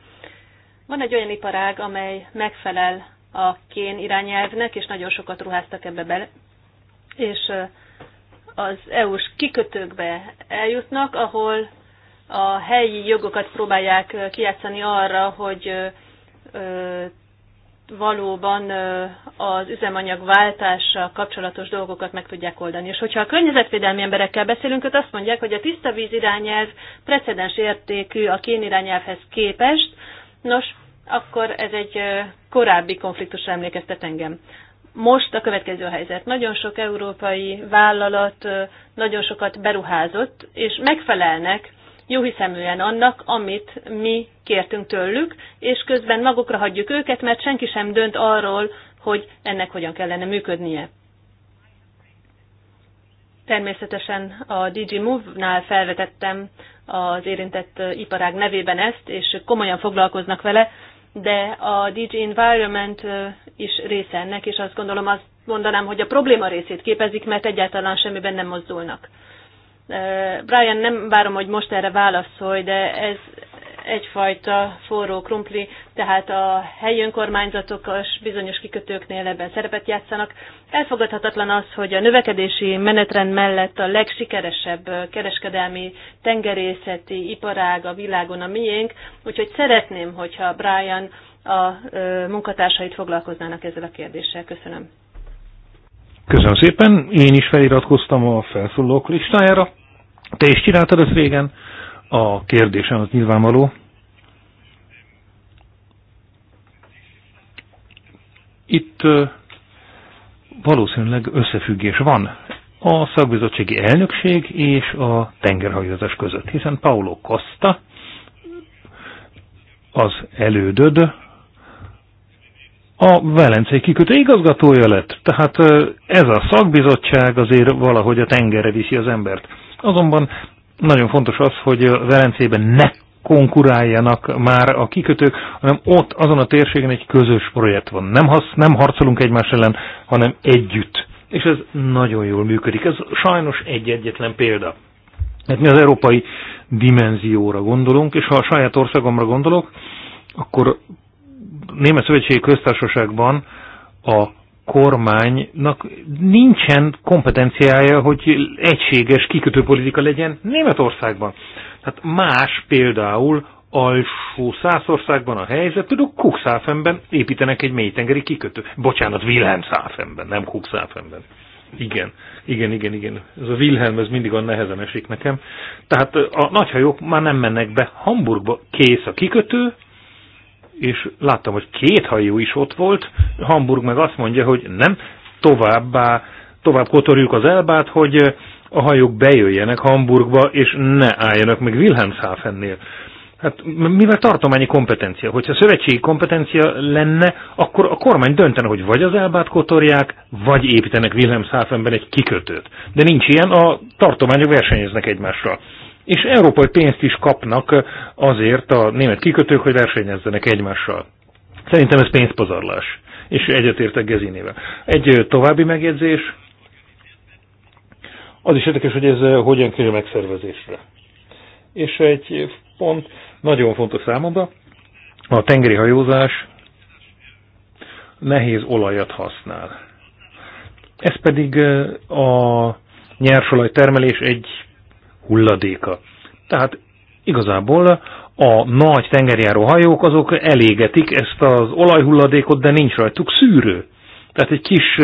Van egy olyan iparág, amely megfelel a kén irányelvnek, és nagyon sokat ruháztak ebbe bele, és az EU-s kikötőkbe eljutnak, ahol a helyi jogokat próbálják kijátszani arra, hogy valóban az üzemanyag váltással kapcsolatos dolgokat meg tudják oldani. És hogyha a környezetvédelmi emberekkel beszélünk, ott azt mondják, hogy a tiszta víz irányelv precedens értékű a kén irányelvhez képest, nos, akkor ez egy korábbi konfliktusra emlékeztet engem. Most a következő a helyzet. Nagyon sok európai vállalat nagyon sokat beruházott, és megfelelnek jóhiszeműen annak, amit mi kértünk tőlük, és közben magukra hagyjuk őket, mert senki sem dönt arról, hogy ennek hogyan kellene működnie. Természetesen a DG Move-nál felvetettem az érintett iparág nevében ezt, és komolyan foglalkoznak vele, de a DG Environment is része ennek, és azt gondolom azt mondanám, hogy a probléma részét képezik, mert egyáltalán semmiben nem mozdulnak. Brian, nem várom, hogy most erre válaszolj, de ez egyfajta forró krumpli, tehát a helyi önkormányzatok és bizonyos kikötőknél ebben szerepet játszanak. Elfogadhatatlan az, hogy a növekedési menetrend mellett a legsikeresebb kereskedelmi tengerészeti iparág a világon a miénk, úgyhogy szeretném, hogyha Brian a munkatársait foglalkoznának ezzel a kérdéssel. Köszönöm. Köszönöm szépen, én is feliratkoztam a felszólók listájára. Te is csináltad ezt régen? A kérdésem az nyilvánvaló. Itt valószínűleg összefüggés van a szakbizottsági elnökség és a tengerhajózás között, hiszen Paulo Costa az elődöd a Velencei kikötő igazgatója lett, tehát ez a szakbizottság azért valahogy a tengerre viszi az embert. Azonban nagyon fontos az, hogy Velencében ne konkuráljanak már a kikötők, hanem ott azon a térségen egy közös projekt van. Nem, hasz, nem harcolunk egymás ellen, hanem együtt. És ez nagyon jól működik. Ez sajnos egy-egyetlen példa. Mert hát mi az európai dimenzióra gondolunk, és ha a saját országomra gondolok, akkor Német Szövetségi Köztársaságban a kormánynak nincsen kompetenciája, hogy egységes kikötőpolitika legyen Németországban. Tehát más például alsó Szászországban a helyzet, például Kukszáfenben építenek egy mélytengeri kikötő. Bocsánat, Száfenben, nem Kukszáfenben. Igen, igen, igen, igen. Ez a Wilhelm, ez mindig a nehezen esik nekem. Tehát a nagyhajók már nem mennek be Hamburgba. Kész a kikötő, és láttam, hogy két hajó is ott volt, Hamburg meg azt mondja, hogy nem, továbbá, tovább kotorjuk az elbát, hogy a hajók bejöjjenek Hamburgba, és ne álljanak meg Wilhelmshafennél. Hát mivel tartományi kompetencia? Hogyha szövetségi kompetencia lenne, akkor a kormány döntene, hogy vagy az elbát kotorják, vagy építenek Wilhelmshafenben egy kikötőt. De nincs ilyen, a tartományok versenyeznek egymással és európai pénzt is kapnak azért a német kikötők, hogy versenyezzenek egymással. Szerintem ez pénzpazarlás, és egyetértek Gezinével. Egy további megjegyzés, az is érdekes, hogy ez hogyan kerül megszervezésre. És egy pont nagyon fontos számomra, a tengeri hajózás nehéz olajat használ. Ez pedig a nyersolaj termelés egy hulladéka. Tehát igazából a nagy tengerjáró hajók azok elégetik ezt az olajhulladékot, de nincs rajtuk szűrő. Tehát egy kis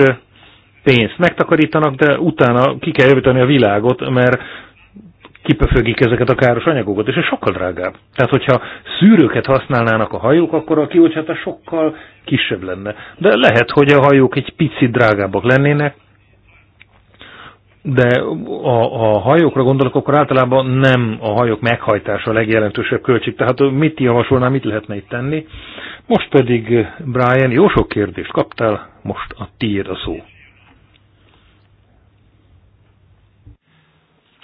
pénzt megtakarítanak, de utána ki kell javítani a világot, mert kipöfögik ezeket a káros anyagokat, és ez sokkal drágább. Tehát, hogyha szűrőket használnának a hajók, akkor a kibocsátás sokkal kisebb lenne. De lehet, hogy a hajók egy picit drágábbak lennének, de a, a hajókra gondolok, akkor általában nem a hajók meghajtása a legjelentősebb költség. Tehát mit javasolnál, mit lehetne itt tenni? Most pedig, Brian, jó sok kérdést kaptál, most a tiéd a szó.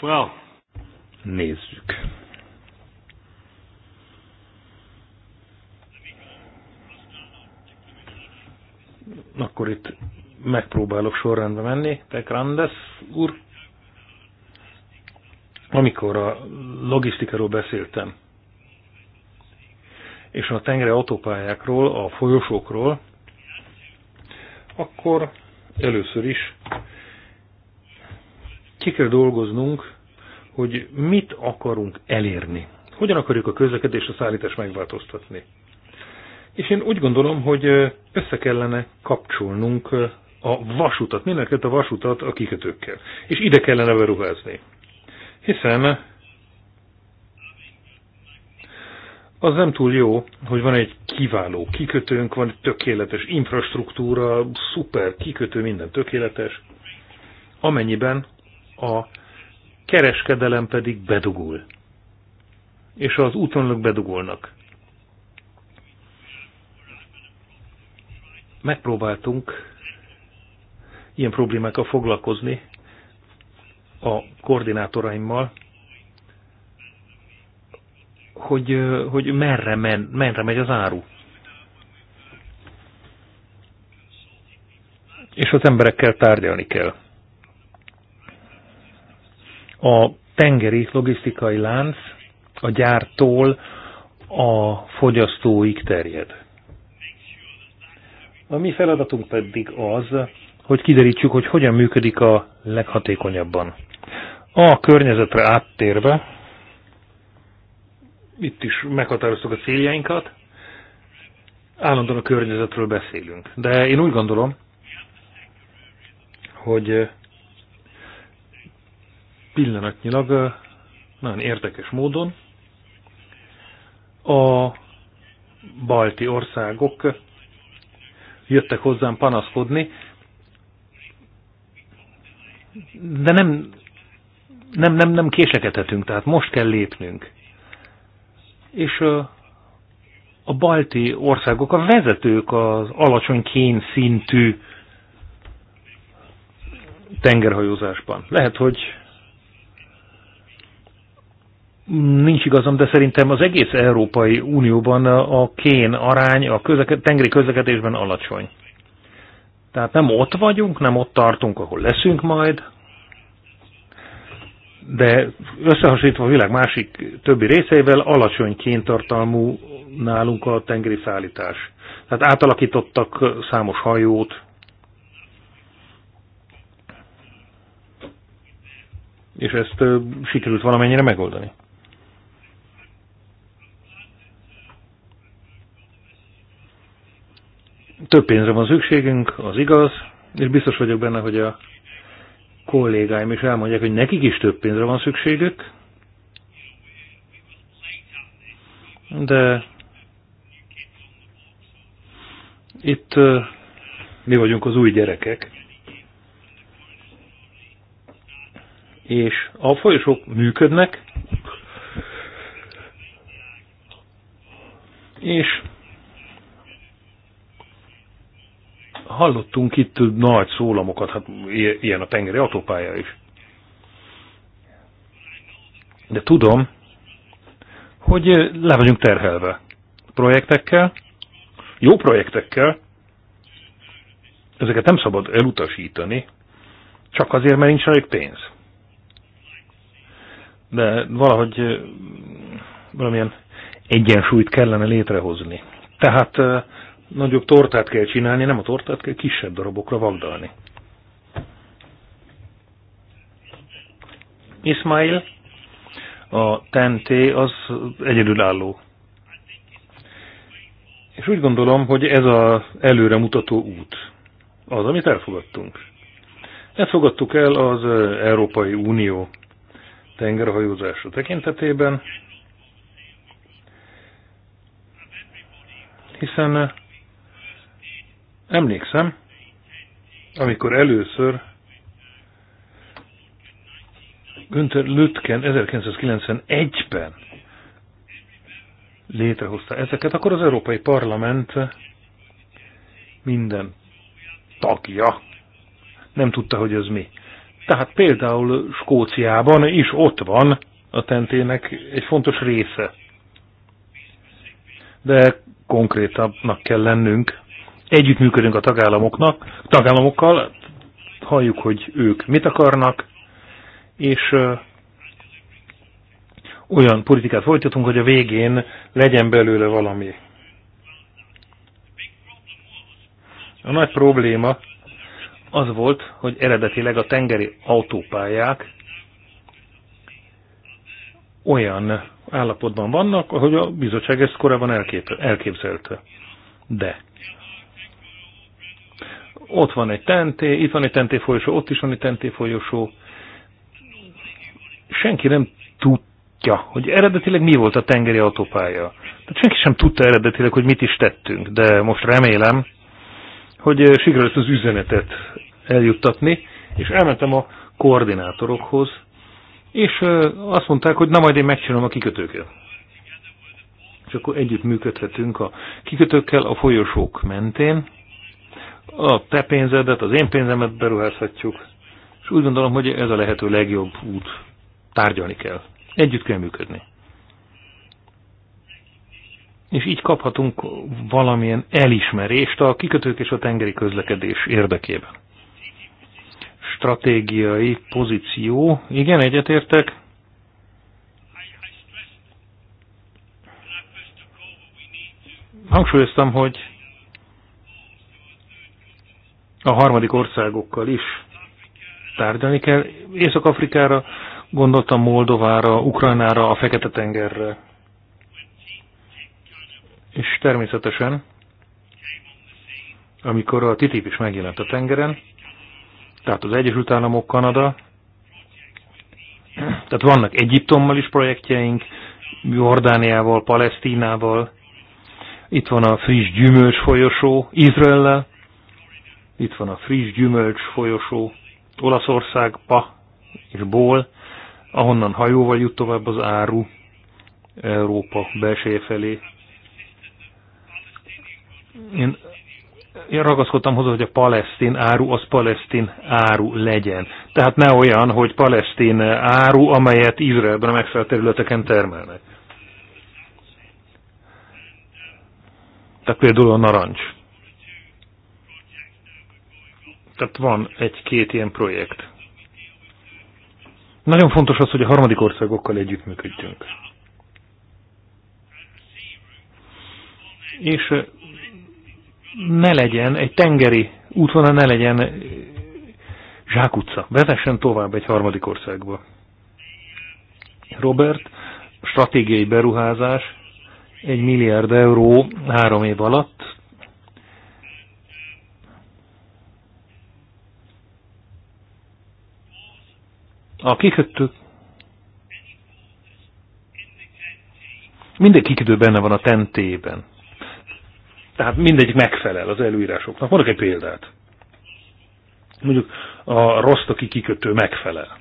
Well. Nézzük. Akkor itt megpróbálok sorrendbe menni, te Grandes úr, amikor a logisztikáról beszéltem, és a tengeri autópályákról, a folyosókról, akkor először is ki kell dolgoznunk, hogy mit akarunk elérni. Hogyan akarjuk a közlekedést, a szállítást megváltoztatni. És én úgy gondolom, hogy össze kellene kapcsolnunk a vasutat, mindenket a vasutat a kikötőkkel. És ide kellene beruházni. Hiszen az nem túl jó, hogy van egy kiváló kikötőnk, van egy tökéletes infrastruktúra, szuper kikötő, minden tökéletes, amennyiben a kereskedelem pedig bedugul. És az útonlók bedugolnak. Megpróbáltunk ilyen problémákkal foglalkozni a koordinátoraimmal, hogy, hogy merre, men, merre megy az áru. És az emberekkel tárgyalni kell. A tengeri logisztikai lánc a gyártól a fogyasztóig terjed. A mi feladatunk pedig az, hogy kiderítsük, hogy hogyan működik a leghatékonyabban. A környezetre áttérve, itt is meghatároztuk a céljainkat, állandóan a környezetről beszélünk. De én úgy gondolom, hogy eh, pillanatnyilag eh, nagyon érdekes módon a balti országok jöttek hozzám panaszkodni, de nem, nem, nem, nem késekedhetünk, tehát most kell lépnünk. És a, a balti országok, a vezetők az alacsony kén szintű tengerhajózásban. Lehet, hogy nincs igazam, de szerintem az egész Európai Unióban a kén arány a közleked, tengeri közlekedésben alacsony. Tehát nem ott vagyunk, nem ott tartunk, ahol leszünk majd, de összehasonlítva a világ másik többi részeivel alacsony kéntartalmú nálunk a tengeri szállítás. Tehát átalakítottak számos hajót, és ezt sikerült valamennyire megoldani. több pénzre van szükségünk, az igaz, és biztos vagyok benne, hogy a kollégáim is elmondják, hogy nekik is több pénzre van szükségük, de itt mi vagyunk az új gyerekek, és a folyosók működnek, és Hallottunk itt nagy szólamokat, hát ilyen a tengeri autópálya is. De tudom, hogy le vagyunk terhelve projektekkel, jó projektekkel, ezeket nem szabad elutasítani, csak azért, mert nincs elég pénz. De valahogy valamilyen egyensúlyt kellene létrehozni. Tehát nagyobb tortát kell csinálni, nem a tortát kell kisebb darabokra vagdalni. Ismail, a TNT az egyedülálló. És úgy gondolom, hogy ez az előremutató út, az, amit elfogadtunk. Ezt fogadtuk el az Európai Unió tengerhajózása tekintetében, hiszen Emlékszem, amikor először Günther Lütken 1991-ben létrehozta ezeket, akkor az Európai Parlament minden tagja nem tudta, hogy ez mi. Tehát például Skóciában is ott van a tentének egy fontos része. De konkrétabbnak kell lennünk, együttműködünk a tagállamoknak, tagállamokkal, halljuk, hogy ők mit akarnak, és olyan politikát folytatunk, hogy a végén legyen belőle valami. A nagy probléma az volt, hogy eredetileg a tengeri autópályák olyan állapotban vannak, ahogy a bizottság ezt korábban elképzelte. De ott van egy tenté, itt van egy tenté folyosó, ott is van egy tenté folyosó. Senki nem tudja, hogy eredetileg mi volt a tengeri autópálya. Tehát senki sem tudta eredetileg, hogy mit is tettünk, de most remélem, hogy eh, sikerült az üzenetet eljuttatni, és elmentem a koordinátorokhoz, és eh, azt mondták, hogy na majd én megcsinálom a kikötőket. És akkor együtt működhetünk a kikötőkkel a folyosók mentén, a te pénzedet, az én pénzemet beruházhatjuk, és úgy gondolom, hogy ez a lehető legjobb út. Tárgyalni kell. Együtt kell működni. És így kaphatunk valamilyen elismerést a kikötők és a tengeri közlekedés érdekében. Stratégiai pozíció. Igen, egyetértek. Hangsúlyoztam, hogy a harmadik országokkal is tárgyalni kell. Észak-Afrikára gondoltam Moldovára, Ukrajnára, a Fekete-tengerre. És természetesen, amikor a TTIP is megjelent a tengeren, tehát az Egyesült Államok, Kanada, tehát vannak Egyiptommal is projektjeink, Jordániával, Palesztínával, itt van a friss gyümölcs folyosó -le. Itt van a friss gyümölcs folyosó Olaszországba és Ból, ahonnan hajóval jut tovább az áru Európa belseje felé. Én én ragaszkodtam hozzá, hogy a palesztin áru az palesztin áru legyen. Tehát ne olyan, hogy palesztin áru, amelyet Izraelben a megfelelő területeken termelnek. Tehát például a narancs. Tehát van egy-két ilyen projekt. Nagyon fontos az, hogy a harmadik országokkal együttműködjünk. És ne legyen, egy tengeri útvonal ne legyen zsákutca. Vezessen tovább egy harmadik országba. Robert, stratégiai beruházás, egy milliárd euró három év alatt, a kikötők minden kikötő benne van a tentében. Tehát mindegy megfelel az előírásoknak. Mondok egy példát. Mondjuk a rostoki kikötő megfelel.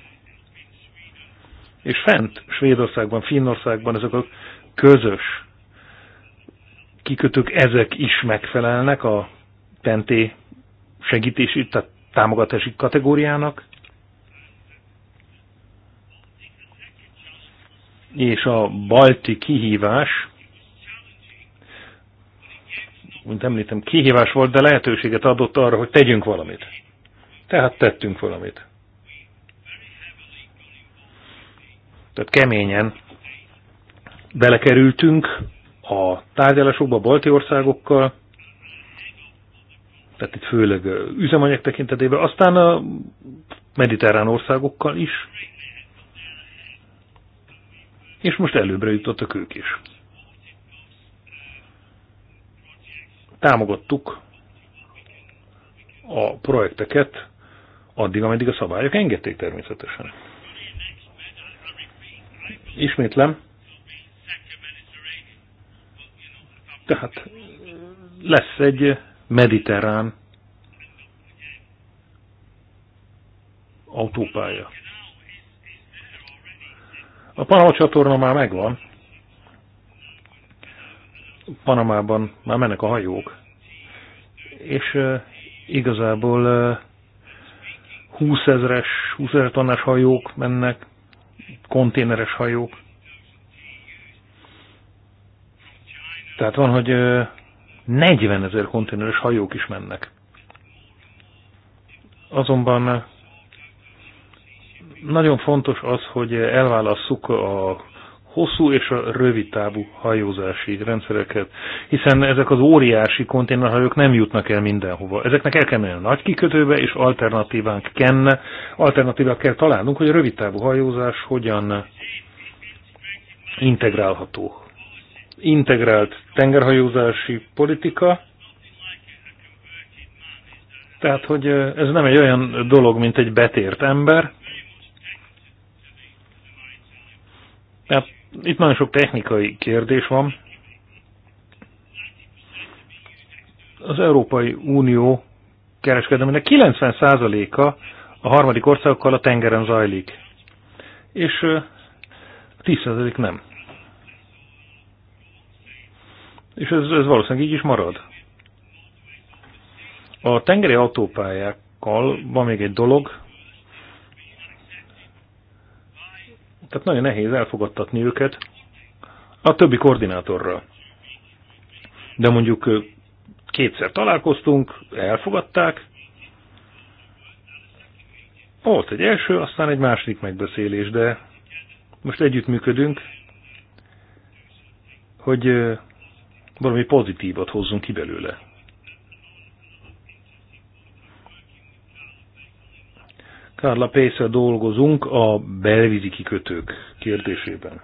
És fent, Svédországban, Finnországban ezek a közös kikötők, ezek is megfelelnek a tenté segítési, tehát támogatási kategóriának. és a balti kihívás, mint említem, kihívás volt, de lehetőséget adott arra, hogy tegyünk valamit. Tehát tettünk valamit. Tehát keményen belekerültünk a tárgyalásokba a balti országokkal, tehát itt főleg üzemanyag tekintetében, aztán a mediterrán országokkal is, és most előbbre jutottak ők is. Támogattuk a projekteket addig, ameddig a szabályok engedték természetesen. Ismétlem, tehát lesz egy mediterrán autópálya. A Panama csatorna már megvan. Panamában már mennek a hajók. És uh, igazából uh, 20 ezeres, 20 ezer tonnás hajók mennek, konténeres hajók. Tehát van, hogy 40 ezer konténeres hajók is mennek. Azonban nagyon fontos az, hogy elválasszuk a hosszú és a rövid távú hajózási rendszereket, hiszen ezek az óriási konténerhajók nem jutnak el mindenhova. Ezeknek el kell menni a nagy kikötőbe, és alternatívánk kell, alternatívát kell találnunk, hogy a rövid távú hajózás hogyan integrálható. Integrált tengerhajózási politika, tehát, hogy ez nem egy olyan dolog, mint egy betért ember, Tehát itt nagyon sok technikai kérdés van. Az Európai Unió kereskedelmének 90%-a a harmadik országokkal a tengeren zajlik, és 10% nem. És ez, ez valószínűleg így is marad. A tengeri autópályákkal van még egy dolog, Tehát nagyon nehéz elfogadtatni őket a többi koordinátorral. De mondjuk kétszer találkoztunk, elfogadták, volt egy első, aztán egy második megbeszélés, de most együttműködünk, hogy valami pozitívot hozzunk ki belőle. Kárla Pészre dolgozunk a belvízi kikötők kérdésében.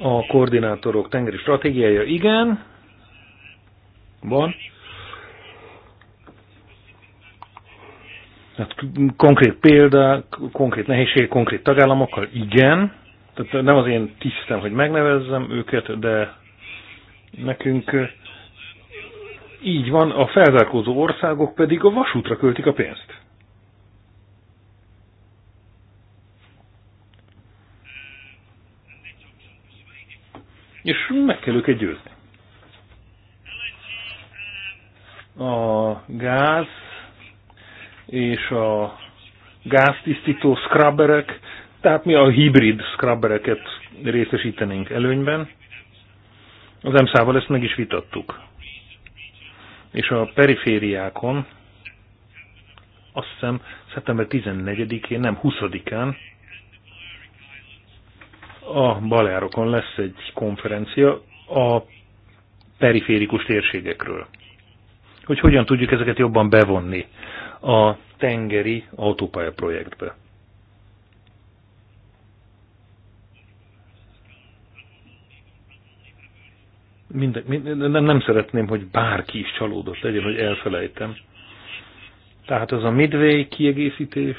A koordinátorok tengeri stratégiája igen, van. Hát konkrét példa, konkrét nehézség, konkrét tagállamokkal, igen. Tehát nem az én tisztem, hogy megnevezzem őket, de nekünk így van, a felzárkózó országok pedig a vasútra költik a pénzt. És meg kell őket győzni. A gáz és a gáztisztító scrubberek, tehát mi a hibrid scrubbereket részesítenénk előnyben. Az emszával ezt meg is vitattuk és a perifériákon azt hiszem szeptember 14-én, nem 20-án a Balárokon lesz egy konferencia a periférikus térségekről. Hogy hogyan tudjuk ezeket jobban bevonni a tengeri autópálya projektbe. Minden, minden, nem szeretném, hogy bárki is csalódott legyen, hogy elfelejtem. Tehát az a Midway kiegészítés.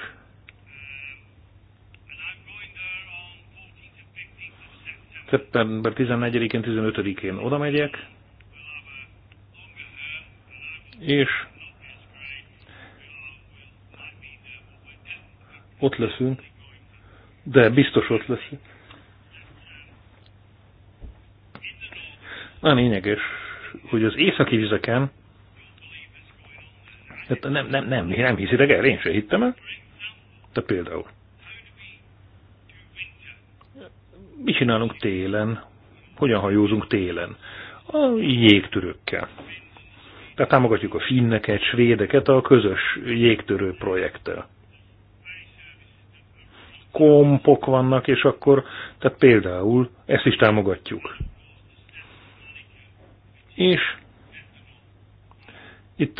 Szeptember 14-én, 15-én oda megyek, és ott leszünk, de biztos ott leszünk. Na lényeges, hogy az északi vizeken, hát nem, nem, nem, nem hiszitek el, én se hittem el. De például. Mi csinálunk télen? Hogyan hajózunk télen? A jégtörőkkel. Tehát támogatjuk a finneket, svédeket a közös jégtörő projekttel. Kompok vannak, és akkor, tehát például ezt is támogatjuk. És itt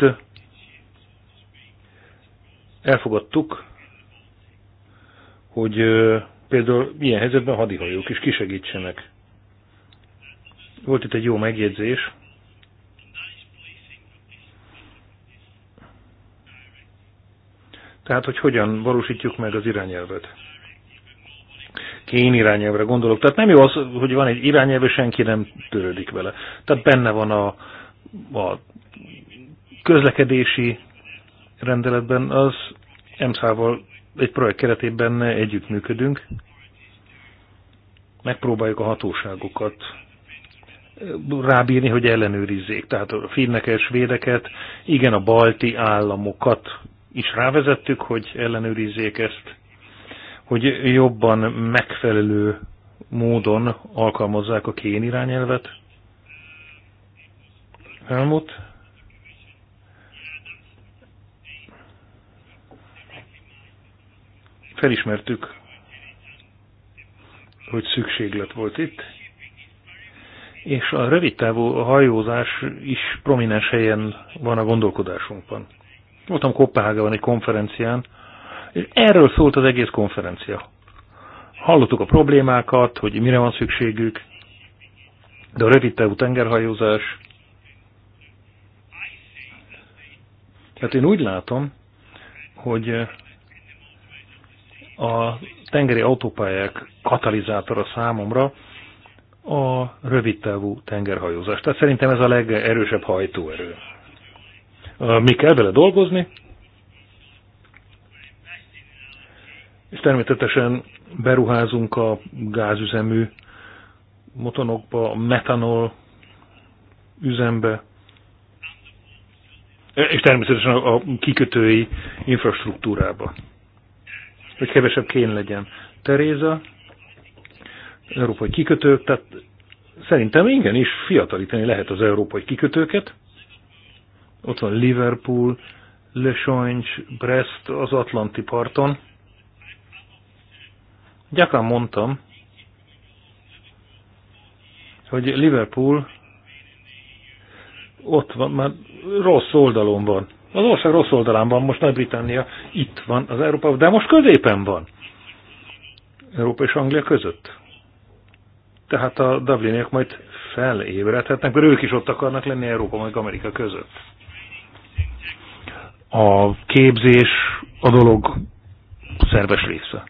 elfogadtuk, hogy például ilyen helyzetben hadihajók is kisegítsenek. Volt itt egy jó megjegyzés, Tehát, hogy hogyan valósítjuk meg az irányelvet én irányelvre gondolok. Tehát nem jó az, hogy van egy irányelv, és senki nem törődik vele. Tehát benne van a, a közlekedési rendeletben, az EMSZ-val egy projekt keretében együttműködünk. Megpróbáljuk a hatóságokat rábírni, hogy ellenőrizzék. Tehát a finneket, svédeket, igen, a balti államokat is rávezettük, hogy ellenőrizzék ezt hogy jobban megfelelő módon alkalmazzák a kén irányelvet. Helmut? Felismertük, hogy szükséglet volt itt, és a távú hajózás is prominens helyen van a gondolkodásunkban. Voltam Kopenhágában egy konferencián, és erről szólt az egész konferencia. Hallottuk a problémákat, hogy mire van szükségük, de a rövid távú tengerhajózás. Hát én úgy látom, hogy eh, a tengeri autópályák katalizátora számomra a távú tengerhajózás. Tehát szerintem ez a legerősebb hajtóerő. Eh, mi kell vele dolgozni, És természetesen beruházunk a gázüzemű motonokba, a metanol üzembe, és természetesen a kikötői infrastruktúrába, hogy kevesebb kén legyen. Teréza, európai kikötők, tehát szerintem igenis fiatalítani lehet az európai kikötőket. Ott van Liverpool, Le Change, Brest az Atlanti parton. Gyakran mondtam, hogy Liverpool ott van, már rossz oldalon van. Az ország rossz oldalán van, most Nagy-Britannia itt van az Európa, de most középen van. Európa és Anglia között. Tehát a Dubliniek majd felébredhetnek, mert ők is ott akarnak lenni Európa, meg Amerika között. A képzés a dolog szerves része.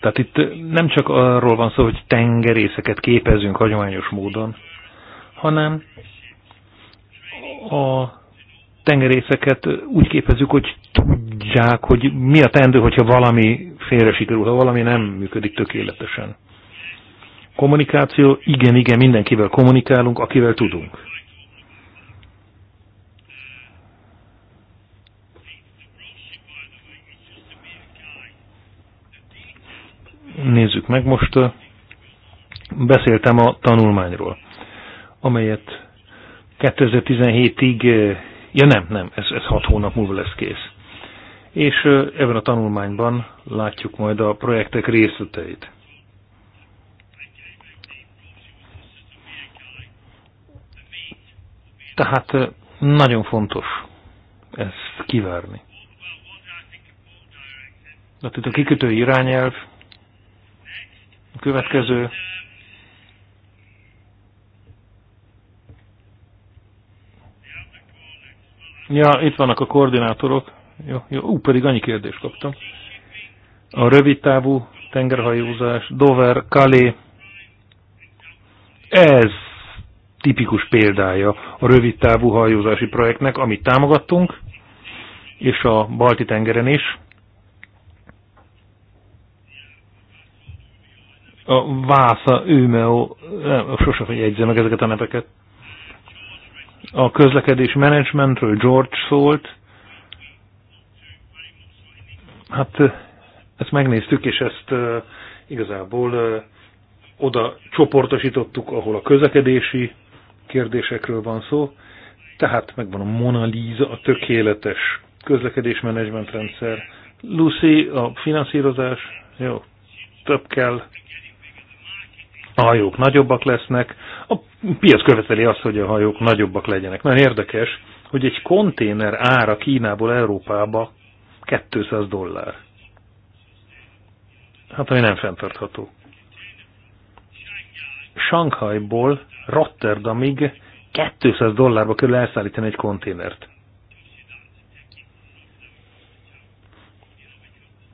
Tehát itt nem csak arról van szó, hogy tengerészeket képezünk hagyományos módon, hanem a tengerészeket úgy képezzük, hogy tudják, hogy mi a tendő, hogyha valami félre sikerül, ha valami nem működik tökéletesen. Kommunikáció, igen, igen, mindenkivel kommunikálunk, akivel tudunk. nézzük meg most. Beszéltem a tanulmányról, amelyet 2017-ig, ja nem, nem, ez, ez hat hónap múlva lesz kész. És ebben a tanulmányban látjuk majd a projektek részleteit. Tehát nagyon fontos ezt kivárni. Tehát itt a kikötő irányelv Következő. Ja, itt vannak a koordinátorok. Jó, jó. Ú, pedig annyi kérdést kaptam. A rövidtávú tengerhajózás, Dover, Calais. Ez tipikus példája a rövidtávú hajózási projektnek, amit támogattunk, és a Balti tengeren is a Vásza, Ümeó, nem, sose jegyzem meg ezeket a neveket. A közlekedés menedzsmentről George szólt. Hát ezt megnéztük, és ezt uh, igazából uh, oda csoportosítottuk, ahol a közlekedési kérdésekről van szó. Tehát megvan a Mona Lisa, a tökéletes közlekedésmenedzsment rendszer. Lucy, a finanszírozás, jó, több kell, a hajók nagyobbak lesznek, a piac követeli azt, hogy a hajók nagyobbak legyenek. Nagyon érdekes, hogy egy konténer ára Kínából Európába 200 dollár. Hát ami nem fenntartható. Shanghaiból Rotterdamig 200 dollárba körül elszállítani egy konténert.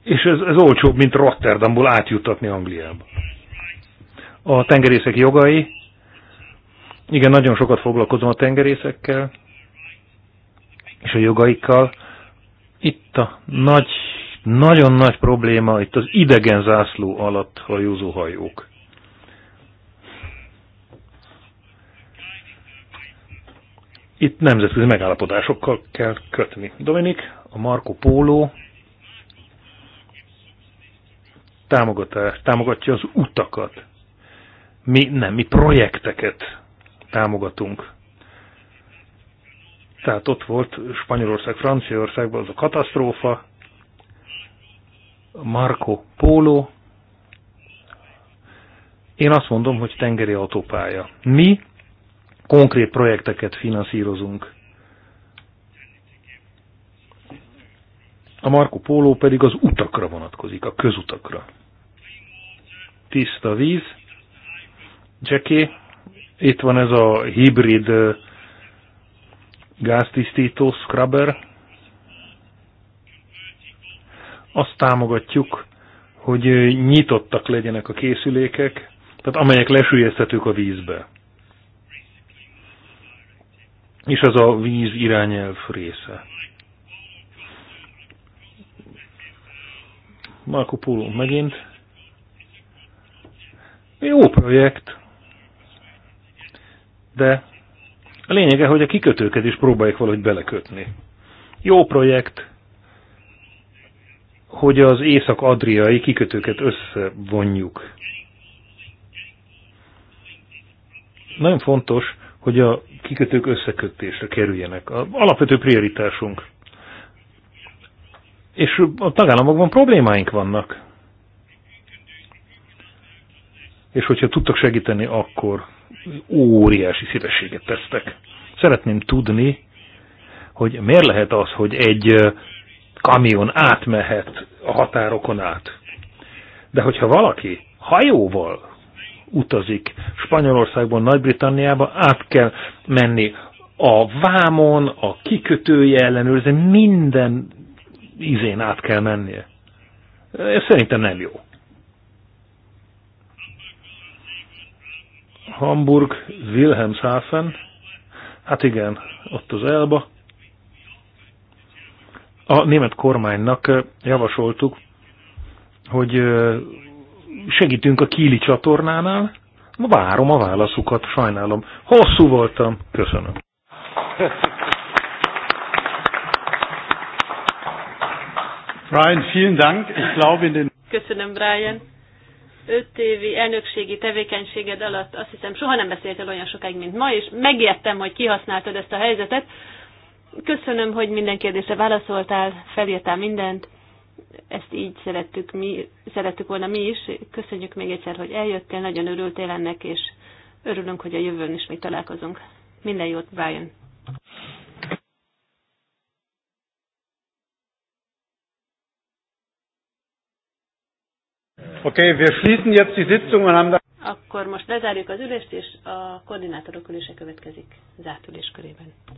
És ez, ez olcsóbb, mint Rotterdamból átjutatni Angliába a tengerészek jogai. Igen, nagyon sokat foglalkozom a tengerészekkel és a jogaikkal. Itt a nagy, nagyon nagy probléma, itt az idegen zászló alatt hajózó hajók. Itt nemzetközi megállapodásokkal kell kötni. Dominik, a Marco Polo támogatja az utakat. Mi nem, mi projekteket támogatunk. Tehát ott volt Spanyolország, Franciaországban az a katasztrófa, Marco Polo. Én azt mondom, hogy tengeri autópálya. Mi konkrét projekteket finanszírozunk. A Marco Polo pedig az utakra vonatkozik, a közutakra. Tiszta víz, Jackie, itt van ez a hibrid gáztisztító scrubber. Azt támogatjuk, hogy nyitottak legyenek a készülékek, tehát amelyek lesülyeztetők a vízbe. És az a víz irányelv része. Marco Polo megint. Jó projekt, de a lényege, hogy a kikötőket is próbálják valahogy belekötni. Jó projekt, hogy az észak-adriai kikötőket összevonjuk. Nagyon fontos, hogy a kikötők összekötésre kerüljenek. A alapvető prioritásunk. És a tagállamokban problémáink vannak. És hogyha tudtak segíteni, akkor óriási szívességet tesztek. Szeretném tudni, hogy miért lehet az, hogy egy kamion átmehet a határokon át. De hogyha valaki hajóval utazik Spanyolországban Nagy-Britanniába, át kell menni a vámon, a kikötője ellenőrző, minden izén át kell mennie. Ez szerintem nem jó. Hamburg, Wilhelmshaven, hát igen, ott az Elba. A német kormánynak javasoltuk, hogy segítünk a Kíli csatornánál, várom a válaszukat, sajnálom. Hosszú voltam, köszönöm. Brian, vielen Dank. Ich glaube, in den Köszönöm, Brian öt évi elnökségi tevékenységed alatt azt hiszem soha nem beszéltél olyan sokáig, mint ma, és megértem, hogy kihasználtad ezt a helyzetet. Köszönöm, hogy minden kérdésre válaszoltál, felírtál mindent. Ezt így szerettük, mi, szerettük volna mi is. Köszönjük még egyszer, hogy eljöttél, nagyon örültél ennek, és örülünk, hogy a jövőn is még találkozunk. Minden jót, Brian! Okay, wir schließen jetzt die Sitzung und haben Akkor most lezárjuk az ülést, és a koordinátorok ülése következik zárt ülés körében.